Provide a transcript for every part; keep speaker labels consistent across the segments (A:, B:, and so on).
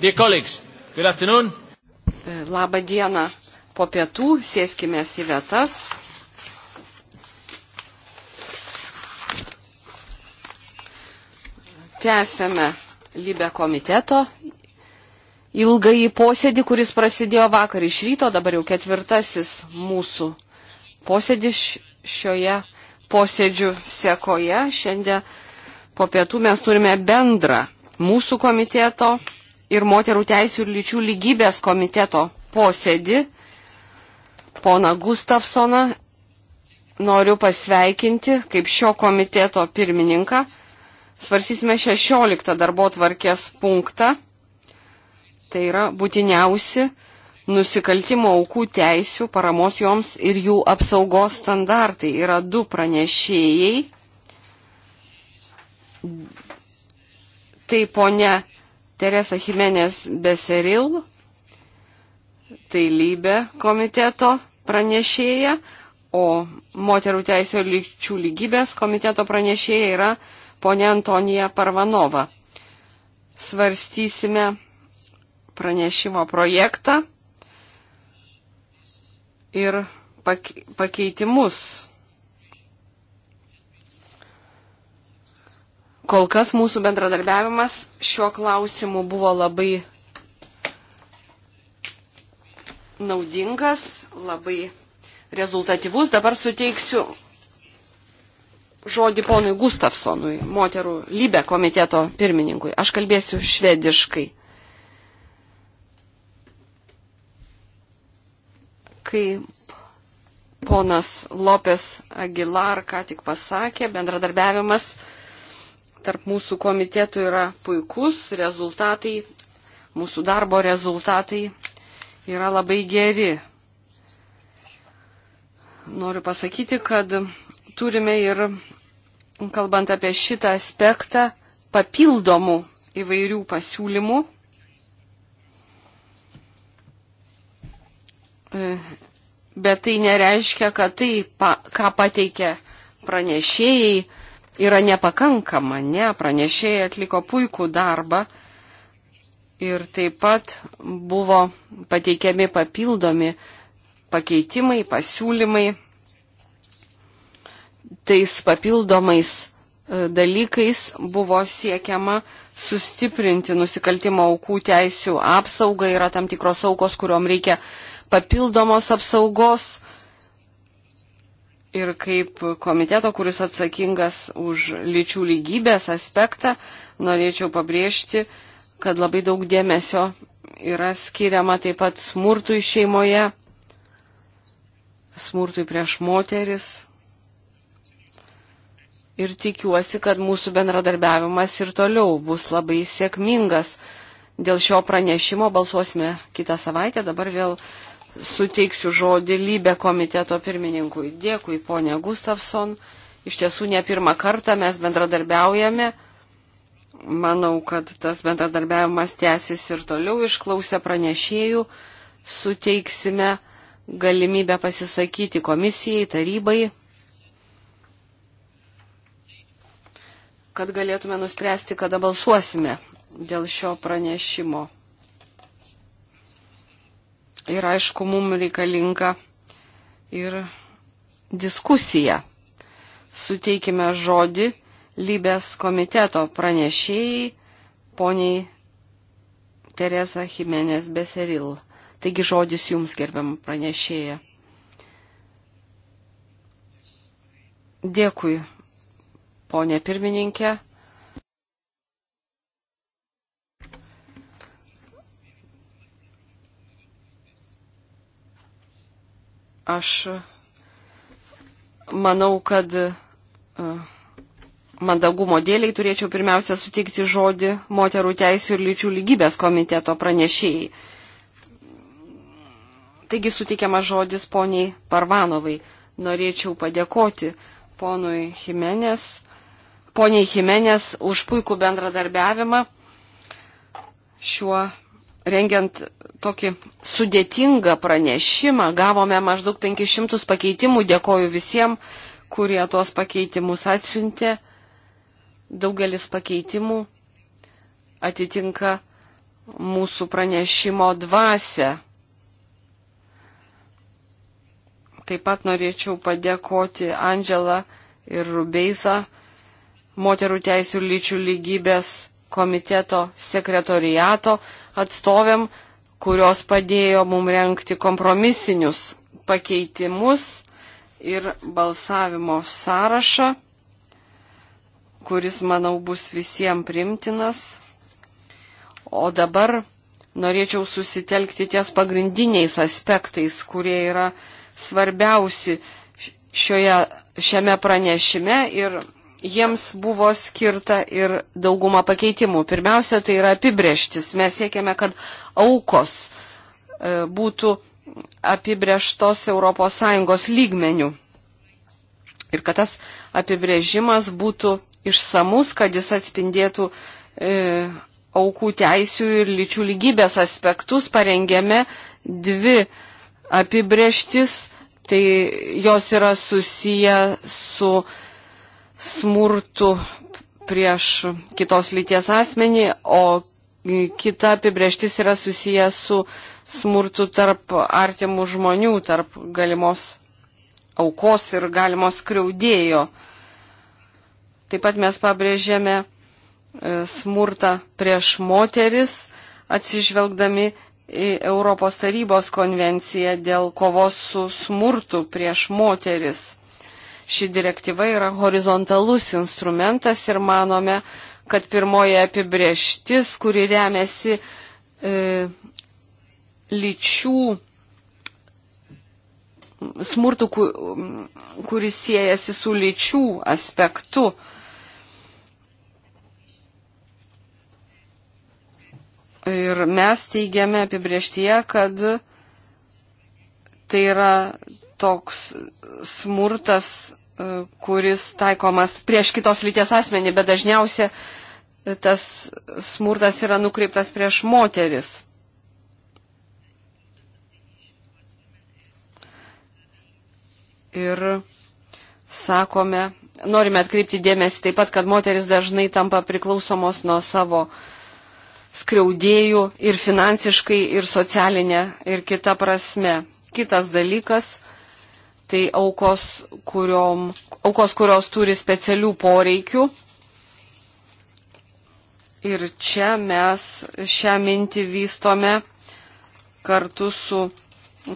A: Dear colleagues, good afternoon.
B: E, labą dieną po pietų, sėskime į vietas. Tęsėme Libė komiteto ilgąjį posėdį, kuris prasidėjo vakar iš ryto, dabar jau ketvirtasis mūsų posėdis šioje posėdžių sekoje. Šiandien po pietų mes turime bendrą mūsų komiteto ir moterų teisų ir lyčių lygybės komiteto posėdį. Pona Gustafsoną noriu pasveikinti kaip šio komiteto pirmininką. Svarsysime 16 darbo tvarkės punktą. Tai yra būtiniausi nusikaltimo aukų teisių, paramos joms ir jų apsaugos standartai. Yra du pranešėjai. Tai ponia Teresa Jimenez Beseril, tai lybė komiteto pranešėja, o moterų teisų ir lygčių lygybės komiteto pranešėja yra ponia Antonija Parvanova. Svarstysime pranešimo projektą ir pakeitimus Kol kas mūsų bendradarbiavimas šiuo klausimu buvo labai naudingas, labai rezultatyvus. Dabar suteiksiu žodį ponui Gustafsonui, moterų lybė komiteto pirmininkui. Aš kalbėsiu švediškai. Kai ponas Lopes Agilar ką tik pasakė, bendradarbiavimas tarp mūsų komitetų yra puikus, rezultatai, mūsų darbo rezultatai yra labai geri. Noriu pasakyti, kad turime ir, kalbant apie šitą aspektą, papildomų įvairių pasiūlymų. E, bet tai nereiškia, kad tai, ką pateikia pranešėjai, yra nepakankama, ne, pranešėjai atliko puikų darbą ir taip pat buvo pateikiami papildomi pakeitimai, pasiūlymai tais papildomais e, dalykais buvo siekiama sustiprinti nusikaltimo aukų teisių apsaugą. Yra tam tikros aukos, kuriuom reikia papildomos apsaugos ir kaip komiteto, kuris atsakingas už lyčių lygybės aspektą, norėčiau pabrėžti, kad labai daug dėmesio yra skiriama taip pat smurtui šeimoje, smurtui prieš moteris. Ir tikiuosi, kad mūsų bendradarbiavimas ir toliau bus labai sėkmingas. Dėl šio pranešimo balsuosime kitą savaitę, dabar vėl suteiksiu žodį lybę komiteto pirmininkui. Dėkui, ponė Gustafson. Iš tiesų, ne pirmą kartą mes bendradarbiaujame. Manau, kad tas bendradarbiavimas tęsis ir toliau išklausę pranešėjų. Suteiksime galimybę pasisakyti komisijai, tarybai, kad galėtume nuspręsti, kada balsuosime dėl šio pranešimo. Ir aišku, mums reikalinga ir diskusija. Suteikime žodį Lybės komiteto pranešėjai poniai Teresa Jimenez Beseril. Taigi žodis jums, gerbiam pranešėja. Dėkui, ponė pirmininkė. Aš manau, kad e, mandagumo dėliai turėčiau pirmiausia sutikti žodį moterų teisų ir lyčių lygybės komiteto pranešėjai. Taigi sutikiamas žodis poniai Parvanovai. Norėčiau padėkoti ponui Jimenės, poniai Jimenės už puikų bendradarbiavimą šiuo rengiant tokį sudėtingą pranešimą, gavome maždaug 500 pakeitimų, dėkoju visiems, kurie tuos pakeitimus atsiuntė. Daugelis pakeitimų atitinka mūsų pranešimo dvasę. Taip pat norėčiau padėkoti Andželą ir Rubeitą, moterų teisų lyčių lygybės komiteto sekretoriato atstovėm, kurios padėjo mums renkti kompromisinius pakeitimus ir balsavimo sąrašą, kuris, manau, bus visiems primtinas. O dabar norėčiau susitelkti ties pagrindiniais aspektais, kurie yra svarbiausi šioje, šiame pranešime ir jiems buvo skirta ir dauguma pakeitimų. Pirmiausia, tai yra apibrieštis. Mes siekiame, kad aukos e, būtų apibrieštos ES lygmenių. Ir kad tas apibrėžimas būtų išsamus, kad jis atspindėtų e, aukų teisių ir lyčių lygybės aspektus. Parengėme dvi apibrieštis, tai jos yra susiję su e, smurtų prieš kitos lyties asmenį, o kita apibrieštis yra susijęs su smurtu tarp artimų žmonių, tarp galimos aukos ir galimos kriaudėjo. Taip pat mes pabrėžėme e, smurtą prieš moteris, atsižvelgdami į Europos tarybos konvenciją dėl kovos su smurtu prieš moteris. Ši direktyva yra horizontalus instrumentas ir manome, kad pirmoji apibrieštis, kuri remiasi e, lyčių smurtų, kuris siejasi su lyčių aspektu. Ir mes teigiame apibrieštie, kad tai yra toks smurtas, e, kuris taikomas prieš kitos lyties asmenį, bet dažniausiai e, tas smurtas yra nukreiptas prieš moteris. Ir sakome, norime atkreipti dėmesį taip pat, kad moteris dažnai tampa priklausomos nuo savo skriaudėjų ir finansiškai, ir socialinė, ir kita prasme. Kitas dalykas tai aukos, kuriom, aukos, kurios turi specialių poreikių. Ir čia mes šią mintį vystome kartu, su,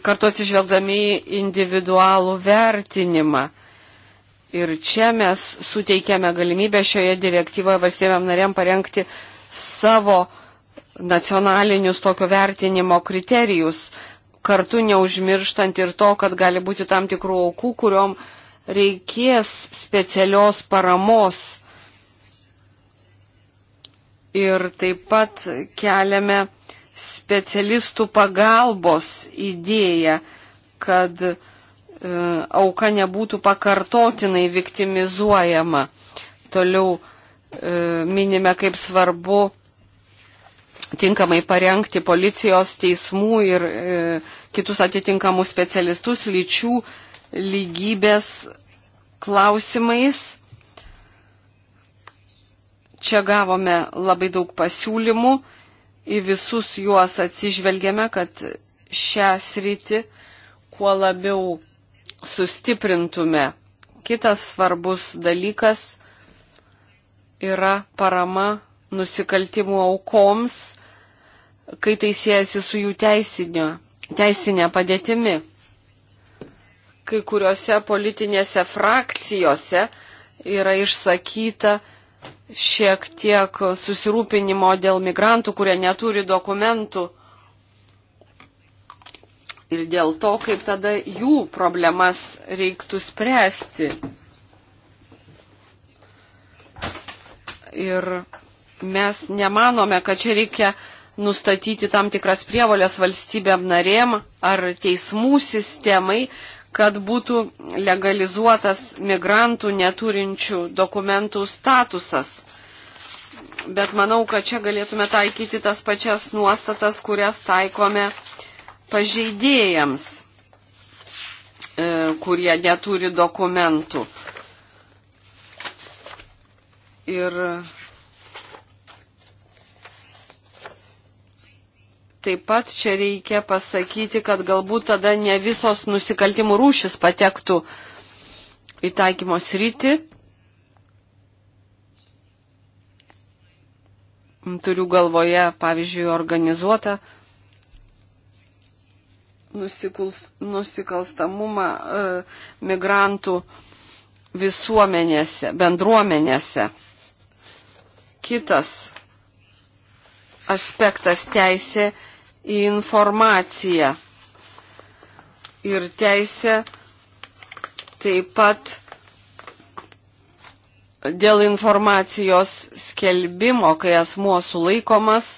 B: kartu atsižvelgdami į individualų vertinimą. Ir čia mes suteikėme galimybę šioje direktyvoje valstybėm narėm parengti savo nacionalinius tokio vertinimo kriterijus kartu neužmirštant ir to, kad gali būti tam tikrų aukų, kuriuom reikės specialios paramos. Ir taip pat keliame specialistų pagalbos idėją, kad e, auka nebūtų pakartotinai viktimizuojama. Toliau e, minime, kaip svarbu tinkamai parengti policijos teismų ir e, kitus atitinkamus specialistus lyčių lygybės klausimais. Čia gavome labai daug pasiūlymų, į visus juos atsižvelgėme, kad šią sritį kuo labiau sustiprintume. Kitas svarbus dalykas yra parama nusikaltimų aukoms kai tai siejasi su jų teisinio, teisinė padėtimi. Kai kuriuose politinėse frakcijose yra išsakyta šiek tiek susirūpinimo dėl migrantų, kurie neturi dokumentų ir dėl to, kaip tada jų problemas reiktų spręsti. Ir mes nemanome, kad čia reikia nustatyti tam tikras prievolės valstybėm narėm ar teismų sistemai, kad būtų legalizuotas migrantų neturinčių dokumentų statusas. Bet manau, kad čia galėtume taikyti tas pačias nuostatas, kurias taikome pažeidėjams, e, kurie neturi dokumentų. Ir Taip pat čia reikia pasakyti, kad galbūt tada ne visos nusikaltimų rūšis patektų į taikymo sritį. Turiu galvoje, pavyzdžiui, organizuotą nusikalstamumą e, migrantų visuomenėse, bendruomenėse. Kitas aspektas teisė į informaciją ir teisę taip pat dėl informacijos skelbimo, kai asmuo sulaikomas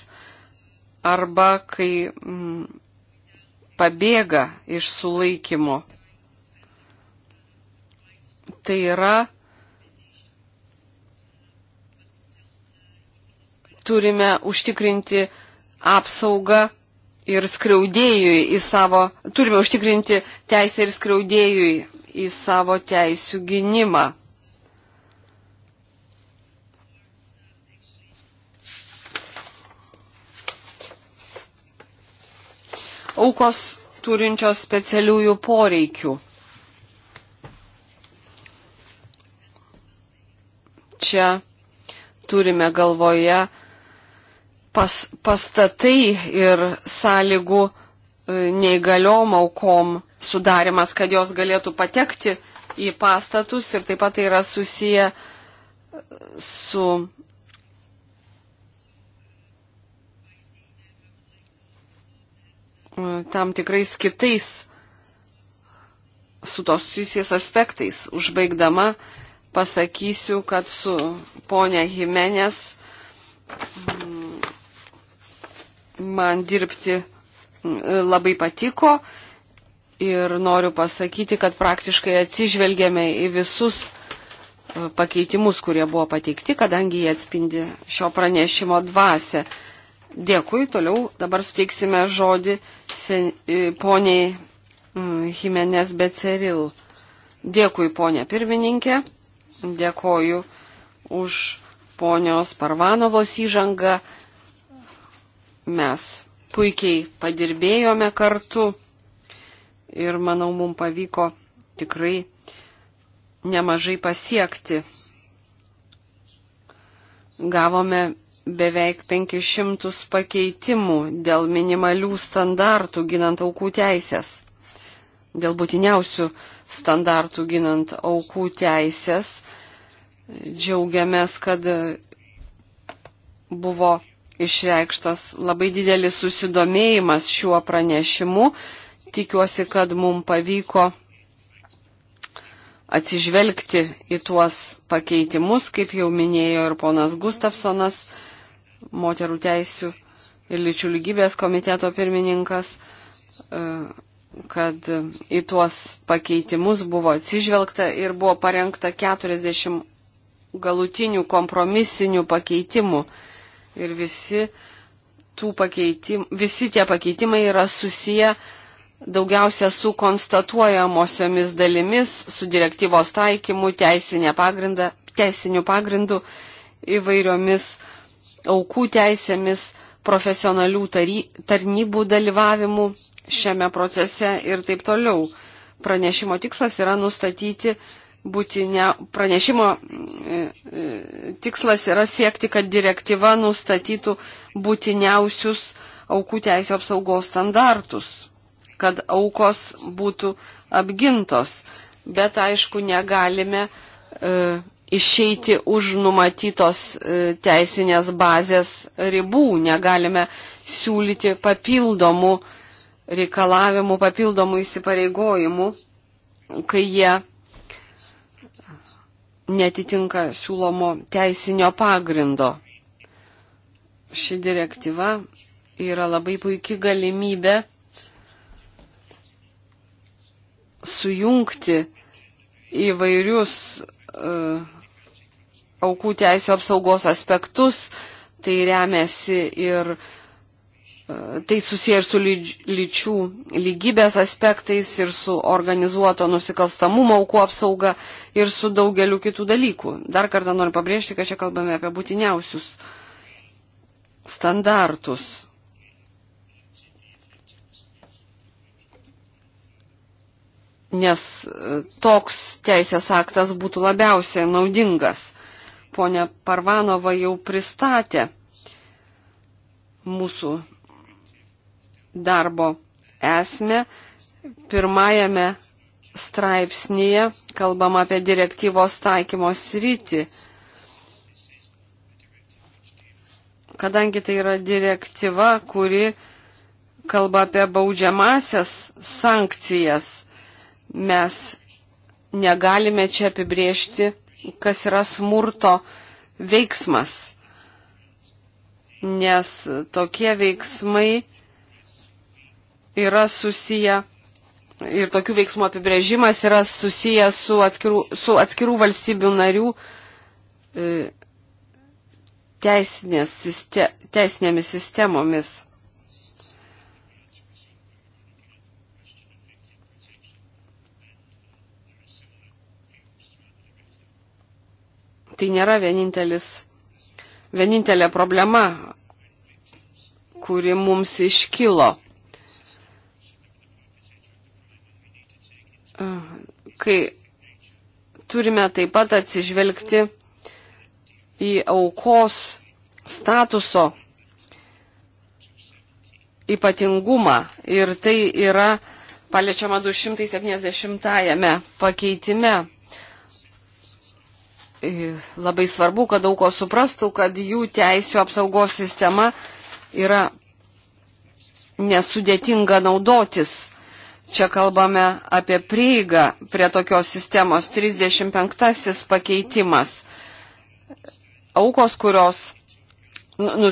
B: arba kai mm, pabėga iš sulaikymo. Tai yra, turime užtikrinti apsaugą ir skriaudėjui į savo, turime užtikrinti teisę ir skriaudėjui į savo teisų gynimą. Aukos turinčios specialiųjų poreikių. Čia turime galvoje pas, pastatai ir sąlygų e, neįgaliom aukom sudarimas, kad jos galėtų patekti į pastatus ir taip pat tai yra susiję e, su e, tam tikrais kitais su tos susijęs aspektais. Užbaigdama pasakysiu, kad su ponia Jimenės mm, man dirbti labai patiko ir noriu pasakyti, kad praktiškai atsižvelgėme į visus e, pakeitimus, kurie buvo pateikti, kadangi jie atspindi šio pranešimo dvasę. Dėkui, toliau dabar suteiksime žodį sen, e, poniai Jimenez Beceril. Dėkui, ponė pirmininkė, dėkoju už ponios Parvanovos įžangą Mes puikiai padirbėjome kartu ir manau, mums pavyko tikrai nemažai pasiekti. Gavome beveik 500 pakeitimų dėl minimalių standartų ginant aukų teisės, dėl būtiniausių standartų ginant aukų teisės. Džiaugiamės, kad buvo išreikštas labai didelis susidomėjimas šiuo pranešimu. Tikiuosi, kad mums pavyko atsižvelgti į tuos pakeitimus, kaip jau minėjo ir ponas Gustafsonas, moterų teisų ir lyčių lygybės komiteto pirmininkas, e, kad į tuos pakeitimus buvo atsižvelgta ir buvo parengta 40 galutinių kompromisinių pakeitimų. Ir visi, pakeitim, visi tie pakeitimai yra susiję daugiausia su konstatuojamosiomis dalimis, su direktyvos taikymu, pagrindą, teisiniu pagrindu įvairiomis aukų teisėmis, profesionalių tary, tarnybų dalyvavimu šiame procese ir taip toliau. Pranešimo tikslas yra nustatyti būtinio pranešimo e, e, tikslas yra siekti, kad direktyva nustatytų būtiniausius aukų teisų apsaugos standartus, kad aukos būtų apgintos. Bet aišku, negalime e, išeiti už numatytos e, teisinės bazės ribų, negalime siūlyti papildomų reikalavimų, papildomų įsipareigojimų, kai jie netitinka siūlomo teisinio pagrindo. Ši direktyva yra labai puikia galimybė sujungti įvairius uh, aukų teisų apsaugos aspektus, tai remiasi ir uh, Tai susiję ir su lyčių lygybės aspektais, ir su organizuoto nusikalstamumo aukų apsauga, ir su daugeliu kitų dalykų. Dar kartą noriu pabrėžti, kad čia kalbame apie būtiniausius standartus. Nes e, toks teisės aktas būtų labiausiai naudingas. Pone Parvanova jau pristatė mūsų darbo esmę. Pirmajame straipsnėje kalbama apie direktyvos taikymo sritį. Kadangi tai yra direktyva, kuri kalba apie baudžiamasias sankcijas, mes negalime čia apibriežti, kas yra smurto veiksmas, nes tokie veiksmai yra susiję ir tokių veiksmų apibrėžimas yra susijęs su atskirų, su atskirų valstybių narių e, teisinės, siste, teisinėmis sistemomis. Tai nėra vienintelis, vienintelė problema, kuri mums iškilo. kai turime taip pat atsižvelgti į aukos statuso ypatingumą ir tai yra paliečiama 270-ajame pakeitime. Labai svarbu, kad auko suprastų, kad jų teisų apsaugos sistema yra nesudėtinga naudotis Čia kalbame apie prieigą prie tokios sistemos 35 pakeitimas. Aukos, kurios nu, nu,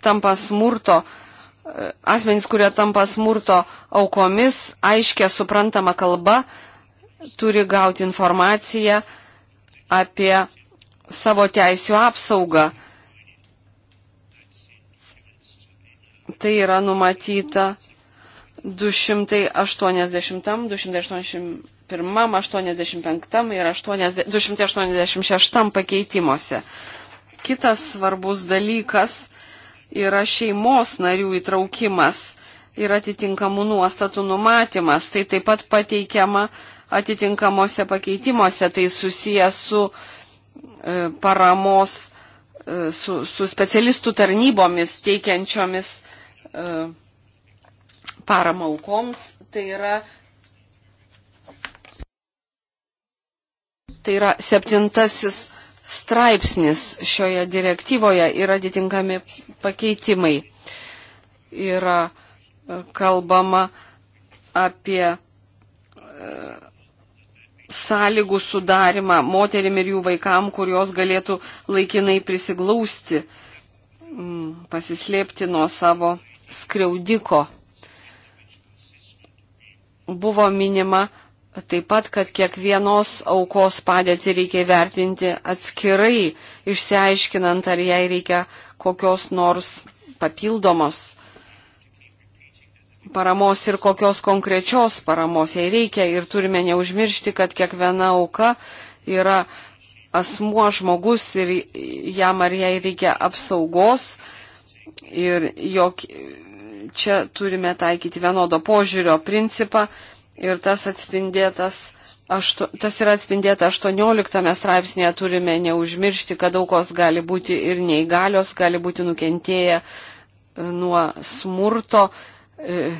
B: tampa smurto, asmenys, kurie tampa smurto aukomis, aiškia suprantama kalba, turi gauti informaciją apie savo teisų apsaugą. Tai yra numatyta 280, 281, 85 ir 80, 286 pakeitimuose. Kitas svarbus dalykas yra šeimos narių įtraukimas ir atitinkamų nuostatų numatymas. Tai taip pat pateikiama atitinkamuose pakeitimuose. Tai susijęs su e, paramos, e, su, su specialistų tarnybomis teikiančiomis. E, paramą aukoms, tai yra, tai yra septintasis straipsnis šioje direktyvoje yra atitinkami pakeitimai. Yra e, kalbama apie e, sąlygų sudarimą moterim ir jų vaikam, kur jos galėtų laikinai prisiglausti, pasislėpti nuo savo skriaudiko buvo minima taip pat, kad kiekvienos aukos padėtį reikia vertinti atskirai, išsiaiškinant, ar jai reikia kokios nors papildomos paramos ir kokios konkrečios paramos jai reikia. Ir turime neužmiršti, kad kiekviena auka yra asmuo žmogus ir jam ar jai reikia apsaugos. Ir jok, čia turime taikyti vienodo požiūrio principą ir tas atspindėtas. Ašto, tas yra atspindėta 18 straipsnėje, turime neužmiršti, kad aukos gali būti ir neįgalios, gali būti nukentėję e, nuo smurto. E,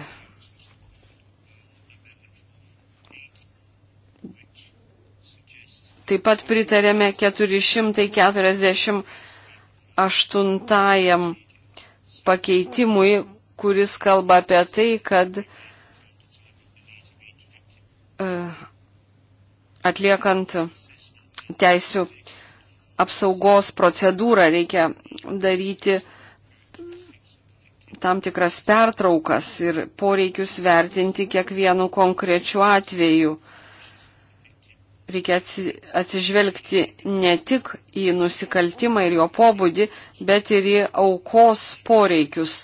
B: taip pat pritarėme 448 pakeitimui, kuris kalba apie tai, kad e, atliekant teisų apsaugos procedūrą reikia daryti tam tikras pertraukas ir poreikius vertinti kiekvienu konkrečiu atveju. Reikia atsižvelgti ne tik į nusikaltimą ir jo pobūdį, bet ir į aukos poreikius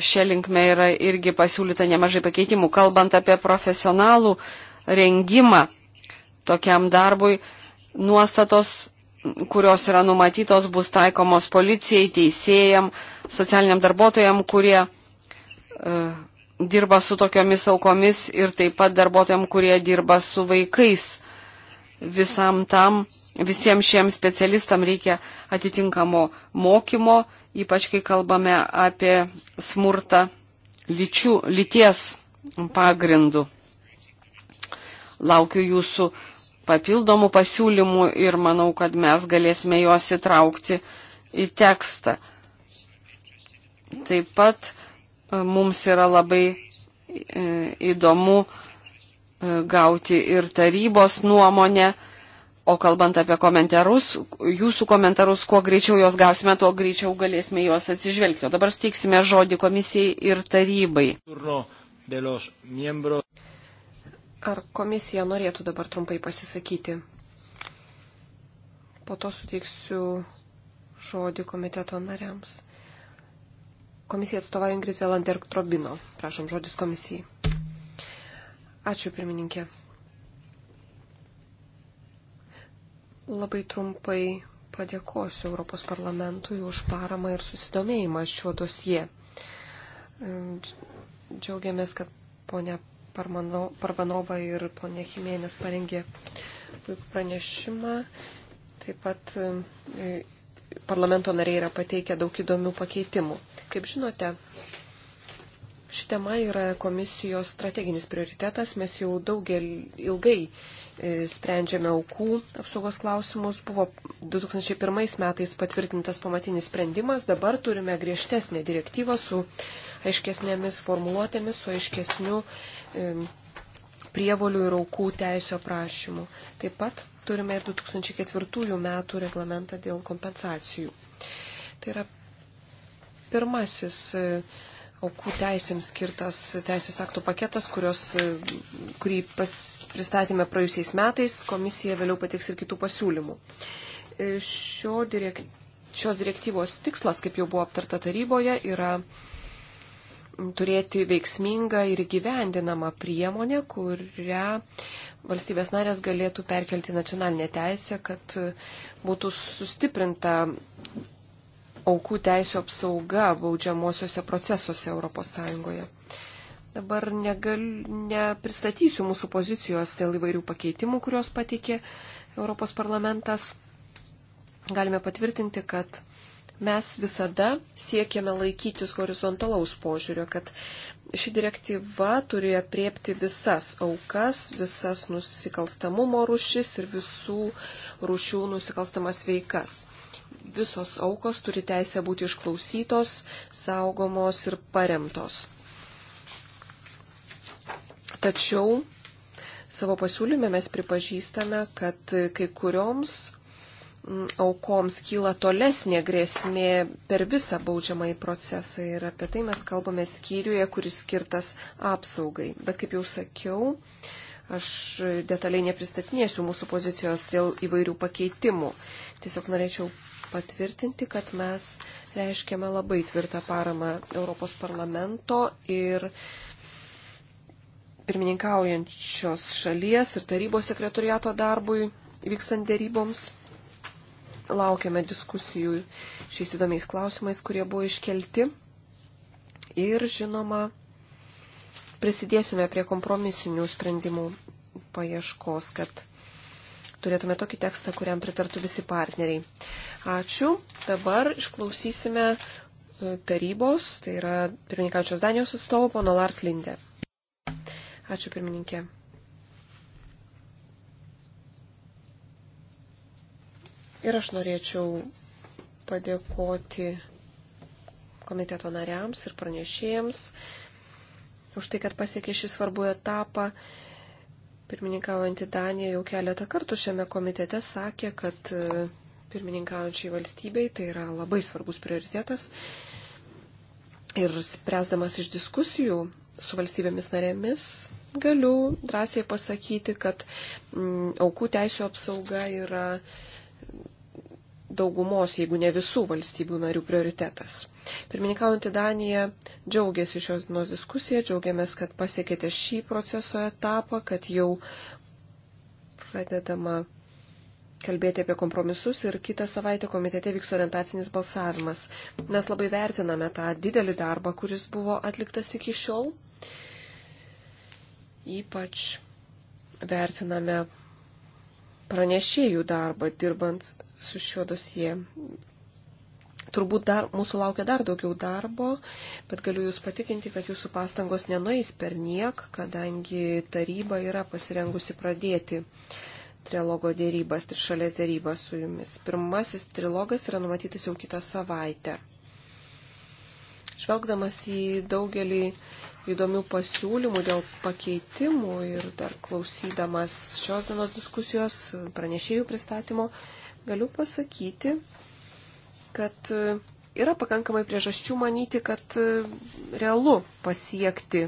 B: šia linkme yra irgi pasiūlyta nemažai pakeitimų. Kalbant apie profesionalų rengimą tokiam darbui, nuostatos, kurios yra numatytos, bus taikomos policijai, teisėjam, socialiniam darbuotojam, kurie uh, dirba su tokiomis aukomis ir taip pat darbuotojam, kurie dirba su vaikais. Visam tam, visiems šiems specialistam reikia atitinkamo mokymo ypač kai kalbame apie smurtą lyčių, lyties pagrindų. Laukiu jūsų papildomų pasiūlymų ir manau, kad mes galėsime juos įtraukti į tekstą. Taip pat e, mums yra labai e, įdomu e, gauti ir tarybos nuomonę, O kalbant apie komentarus, jūsų komentarus, kuo greičiau juos gausime, tuo greičiau galėsime juos atsižvelgti. O dabar steiksime žodį komisijai ir tarybai. Ar komisija norėtų dabar trumpai pasisakyti?
A: Po to suteiksiu žodį komiteto nariams. Komisija atstovauja Ingrid Velander Trobino. Prašom žodis komisijai. Ačiū, pirmininkė. Labai trumpai padėkosiu Europos parlamentui už paramą ir susidomėjimą šiuo dosie. Džiaugiamės, kad ponia Parvanova ir ponia Chimėnės parengė puikų pranešimą. Taip pat e, parlamento nariai yra pateikę daug įdomių pakeitimų. Kaip žinote, ši tema yra komisijos strateginis prioritetas. Mes jau daugel ilgai E, sprendžiame aukų apsaugos klausimus. Buvo 2001 metais patvirtintas pamatinis sprendimas, dabar turime griežtesnę direktyvą su aiškesnėmis formuluotėmis, su aiškesniu e, prievolių ir aukų teisio prašymu. Taip pat turime ir 2004 metų reglamentą dėl kompensacijų. Tai yra pirmasis e, aukų teisėms skirtas teisės aktų paketas, kurios, e, kurį pas, pristatėme praėjusiais metais, komisija vėliau patiks ir kitų pasiūlymų. E, šio direk, šios direktyvos tikslas, kaip jau buvo aptarta taryboje, yra turėti veiksmingą ir gyvendinamą priemonę, kurią valstybės narės galėtų perkelti nacionalinę teisę, kad būtų sustiprinta aukų teisų apsauga baudžiamosiuose procesuose ES. Dabar negal, nepristatysiu mūsų pozicijos dėl įvairių pakeitimų, kuriuos patikė Europos parlamentas. Galime patvirtinti, kad mes visada siekiame laikytis horizontalaus požiūrio, kad ši direktyva turi apriepti visas aukas, visas nusikalstamumo rušis ir visų rušių nusikalstamas veikas visos aukos turi teisę būti išklausytos, saugomos ir paremtos. Tačiau savo pasiūlyme mes pripažįstame, kad kai kurioms mm, aukoms kyla tolesnė grėsmė per visą baudžiamąjį procesą ir apie tai mes kalbame skyriuje, kuris skirtas apsaugai. Bet kaip jau sakiau, aš detaliai nepristatinėsiu mūsų pozicijos dėl įvairių pakeitimų. Tiesiog norėčiau patvirtinti, kad mes reiškiame labai tvirtą paramą Europos parlamento ir pirmininkaujančios šalies ir tarybos sekretoriato darbui vykstant dėryboms. Laukiame diskusijų šiais įdomiais klausimais, kurie buvo iškelti. Ir, žinoma, prisidėsime prie kompromisinių sprendimų paieškos, kad turėtume tokį tekstą, kuriam pritartų visi partneriai. Ačiū. Dabar išklausysime e, tarybos, tai yra pirmininkaučios Danijos atstovo, pono Lars Lindė. Ačiū pirmininkė. Ir aš norėčiau padėkoti komiteto nariams ir pranešėjams už tai, kad pasiekė šį svarbų etapą Pirmininkaujantį Daniją jau keletą kartų šiame komitete sakė, kad e, pirmininkaujančiai valstybei tai yra labai svarbus prioritetas. Ir spręsdamas iš diskusijų su valstybėmis narėmis, galiu drąsiai pasakyti, kad mm, aukų teisų apsauga yra daugumos, jeigu ne visų valstybių narių prioritetas. Pirmininkaujantį Daniją džiaugiasi šios dienos diskusiją, džiaugiamės, kad pasiekėte šį proceso etapą, kad jau pradedama kalbėti apie kompromisus ir kitą savaitę komitete vyks orientacinis balsavimas. Mes labai vertiname tą didelį darbą, kuris buvo atliktas iki šiol. Ypač vertiname pranešėjų darbą dirbant su šiuo dosie. Turbūt dar, mūsų laukia dar daugiau darbo, bet galiu Jūs patikinti, kad Jūsų pastangos nenueis per niek, kadangi taryba yra pasirengusi pradėti trilogo dėrybas, trišalės dėrybas su Jumis. Pirmasis trilogas yra numatytas jau kitą savaitę. Žvelgdamas į daugelį uh, įdomių pasiūlymų dėl pakeitimų ir dar klausydamas šios dienos diskusijos pranešėjų pristatymo galiu pasakyti, kad e, yra pakankamai priežasčių manyti, kad e, realu pasiekti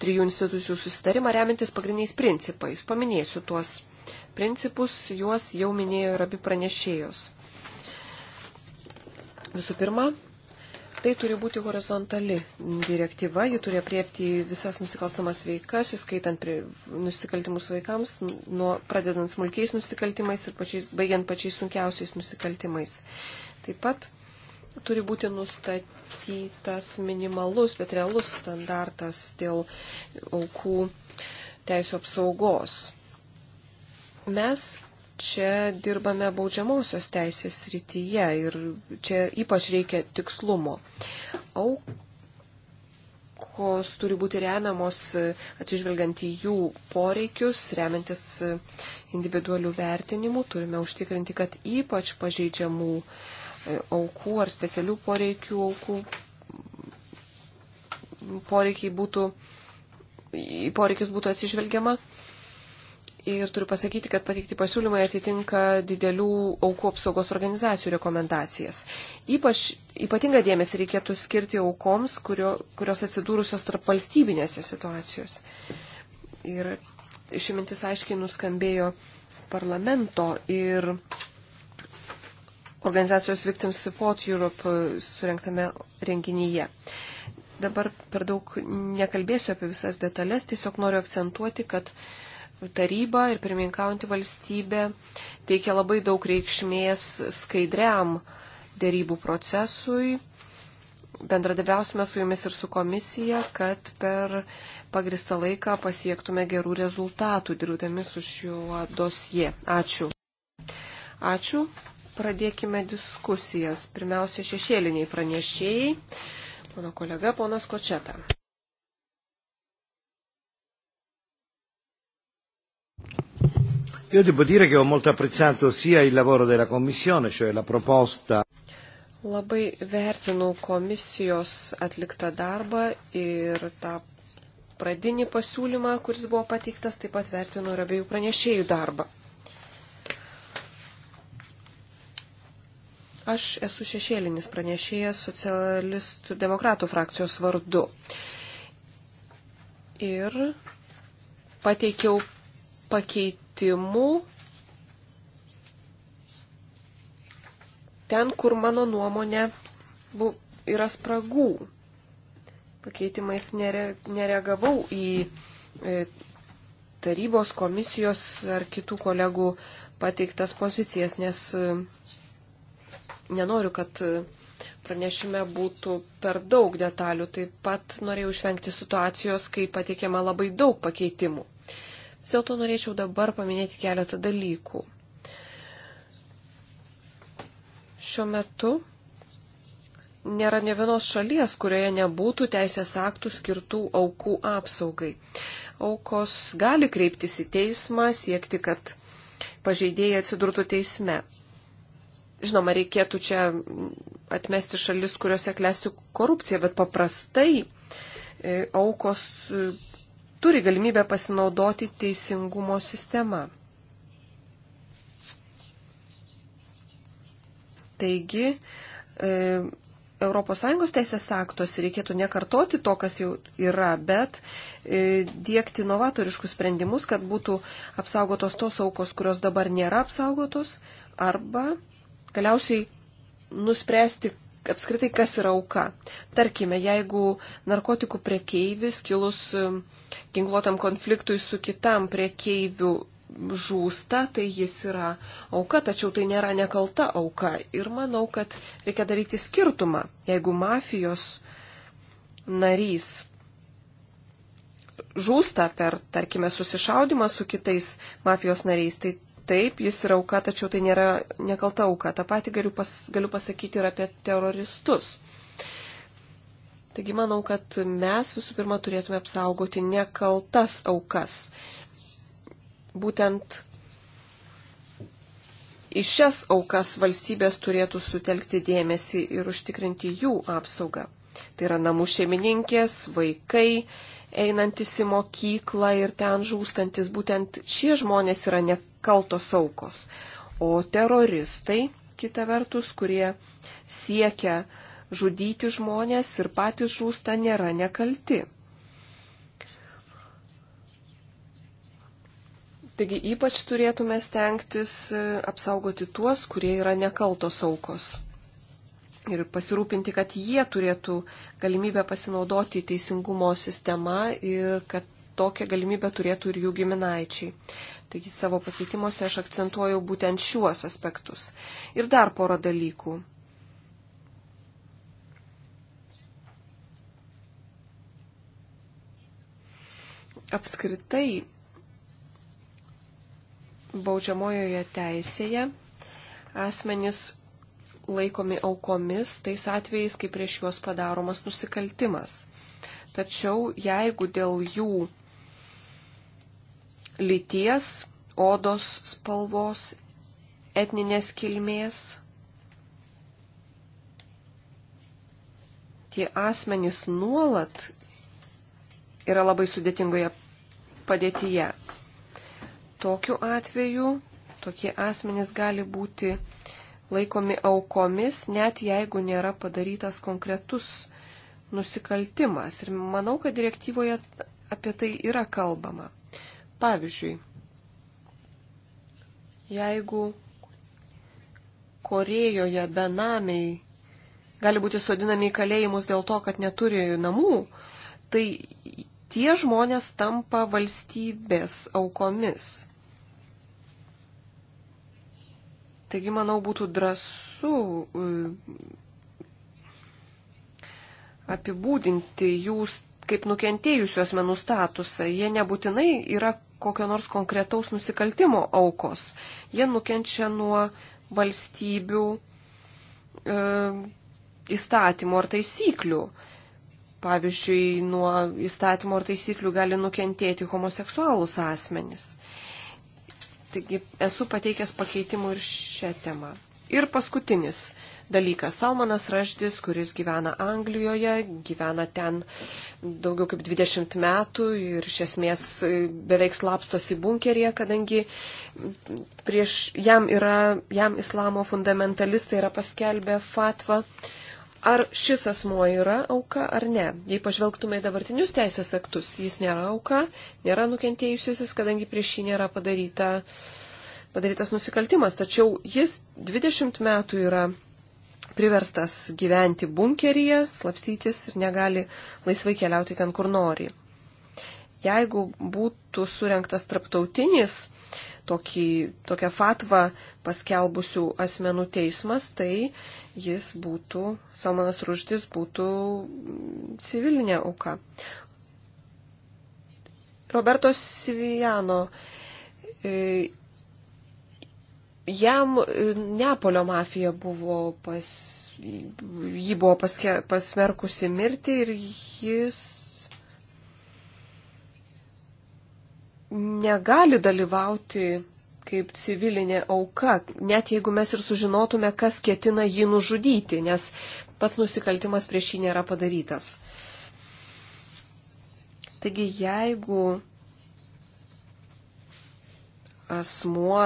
A: trijų institucijų susitarimą remintis pagrindiniais principais. Paminėsiu tuos principus, juos jau minėjo ir abi pranešėjos. Visų pirma, Tai turi būti horizontali direktyva, ji turi apriepti visas nusikalstamas veikas, įskaitant nusikaltimus vaikams, nuo, pradedant smulkiais nusikaltimais ir pačiais, baigiant pačiais sunkiausiais nusikaltimais. Taip pat turi būti nustatytas minimalus, bet realus standartas dėl aukų teisų apsaugos. Mes čia dirbame baudžiamosios teisės rytyje ir čia ypač reikia tikslumo. Aukos turi būti remiamos atsižvelgiant į jų poreikius, remiantis individualių vertinimų, turime užtikrinti, kad ypač pažeidžiamų e, aukų ar specialių poreikių aukų poreikiai būtų, į poreikius būtų atsižvelgiama ir turiu pasakyti, kad pateikti pasiūlymai atitinka didelių aukų apsaugos organizacijų rekomendacijas. Ypač ypatinga dėmesį reikėtų skirti aukoms, kurio, kurios atsidūrusios tarp valstybinėse situacijose. Ir šimintis aiškiai nuskambėjo parlamento ir organizacijos Victims Support Europe surinktame renginyje dabar per daug nekalbėsiu apie visas detalės, tiesiog noriu akcentuoti, kad taryba ir pirmininkaujantį valstybę teikia labai daug reikšmės skaidriam dėrybų procesui. Bendradabiausime su jumis ir su komisija, kad per pagristą laiką pasiektume gerų rezultatų dirbdami su šiuo dosie. Ačiū. Ačiū. Pradėkime diskusijas. Pirmiausia, šešėliniai pranešėjai. Mano kolega, ponas Kočeta. Io devo dire che ho molto
B: apprezzato sia il lavoro della Commissione, cioè la proposta.
A: Labai vertinu komisijos atliktą darbą ir tą pradinį pasiūlymą, kuris buvo pateiktas, taip pat vertinu ir abiejų pranešėjų darbą. Aš esu šešėlinis pranešėjas socialistų demokratų frakcijos vardu. Ir pateikiau pakeitimą pakeitimų ten, kur mano nuomonė yra spragų. Pakeitimais nere, nereagavau į e, tarybos komisijos ar kitų kolegų pateiktas pozicijas, nes e, nenoriu, kad e, pranešime būtų per daug detalių. Taip pat norėjau išvengti situacijos, kai pateikiama labai daug pakeitimų. Vis dėlto norėčiau dabar paminėti keletą dalykų. Šiuo metu nėra ne vienos šalies, kurioje nebūtų teisės aktų skirtų aukų apsaugai. Aukos gali kreiptis į teismą, siekti, kad pažeidėjai atsidurtų teisme. Žinoma, reikėtų čia atmesti šalis, kuriuose klesti korupcija, bet paprastai e, aukos turi galimybę pasinaudoti teisingumo sistema. Taigi, ES teisės aktuose reikėtų nekartoti to, kas jau yra, bet e, dėkti novatoriškus sprendimus, kad būtų apsaugotos tos aukos, kurios dabar nėra apsaugotos, arba galiausiai nuspręsti apskritai, kas yra auka. Tarkime, jeigu narkotikų prekeivis kilus ginkluotam konfliktui su kitam priekeiviu žūsta, tai jis yra auka, tačiau tai nėra nekalta auka. Ir manau, kad reikia daryti skirtumą, jeigu mafijos narys žūsta per, tarkime, susišaudimą su kitais mafijos nariais, tai taip, jis yra auka, tačiau tai nėra nekalta auka. Ta pati galiu, pas, galiu pasakyti ir apie teroristus. Taigi manau, kad mes visų pirma turėtume apsaugoti nekaltas aukas. Būtent į šias aukas valstybės turėtų sutelkti dėmesį ir užtikrinti jų apsaugą. Tai yra namų šeimininkės, vaikai, einantis į mokyklą ir ten žūstantis, būtent šie žmonės yra nekaltos aukos. O teroristai, kita vertus, kurie siekia uh, žudyti žmonės ir patys žūsta nėra nekalti. Taigi ypač turėtume stengtis e, apsaugoti tuos, kurie yra nekaltos aukos. Ir pasirūpinti, kad jie turėtų galimybę pasinaudoti teisingumo sistema ir kad tokią galimybę turėtų ir jų giminaičiai. Taigi savo pakeitimuose aš akcentuoju būtent šiuos aspektus. Ir dar porą dalykų. apskritai baudžiamojoje teisėje asmenys laikomi aukomis tais atvejais, kai prieš juos padaromas nusikaltimas. Tačiau jeigu dėl jų lyties, odos spalvos, etninės kilmės, tie asmenys nuolat yra labai sudėtingoje padėtyje. Tokiu atveju tokie asmenys gali būti laikomi aukomis, net jeigu nėra padarytas konkretus nusikaltimas. Ir manau, kad direktyvoje apie tai yra kalbama. Pavyzdžiui, jeigu Korejoje benamiai gali būti sodinami į kalėjimus dėl to, kad neturi namų, tai tie žmonės tampa valstybės aukomis. Taigi, manau, būtų drąsu e, apibūdinti jūs kaip nukentėjusių asmenų statusą. Jie nebūtinai yra kokio nors konkretaus nusikaltimo aukos. Jie nukenčia nuo valstybių e, įstatymų ar taisyklių. E, Pavyzdžiui, nuo įstatymo ar taisyklių gali nukentėti homoseksualus asmenys. Taigi esu pateikęs pakeitimų ir šią temą. Ir paskutinis dalykas. Salmanas Raždis, kuris gyvena Anglijoje, gyvena ten daugiau kaip 20 metų ir iš esmės e, beveik slapstosi bunkeryje, kadangi prieš jam, yra, jam islamo fundamentalistai yra paskelbę fatvą ar šis asmuo yra auka ar ne. Jei pažvelgtume į dabartinius teisės aktus, jis nėra auka, nėra nukentėjusiasis, kadangi prieš jį nėra padaryta, padarytas nusikaltimas. Tačiau jis 20 metų yra priverstas gyventi bunkeryje, slapstytis ir negali laisvai keliauti ten, kur nori. Jeigu būtų surinktas traptautinis tokį, tokią fatvą paskelbusių asmenų teismas, tai jis būtų, Salmanas Ruždis būtų civilinė auka. Roberto Sivijano, e, jam e, Neapolio mafija buvo pas, jį buvo paske, pasmerkusi mirti ir jis negali dalyvauti kaip civilinė auka, net jeigu mes ir sužinotume, kas ketina jį nužudyti, nes pats nusikaltimas prieš jį nėra padarytas. Taigi jeigu asmuo,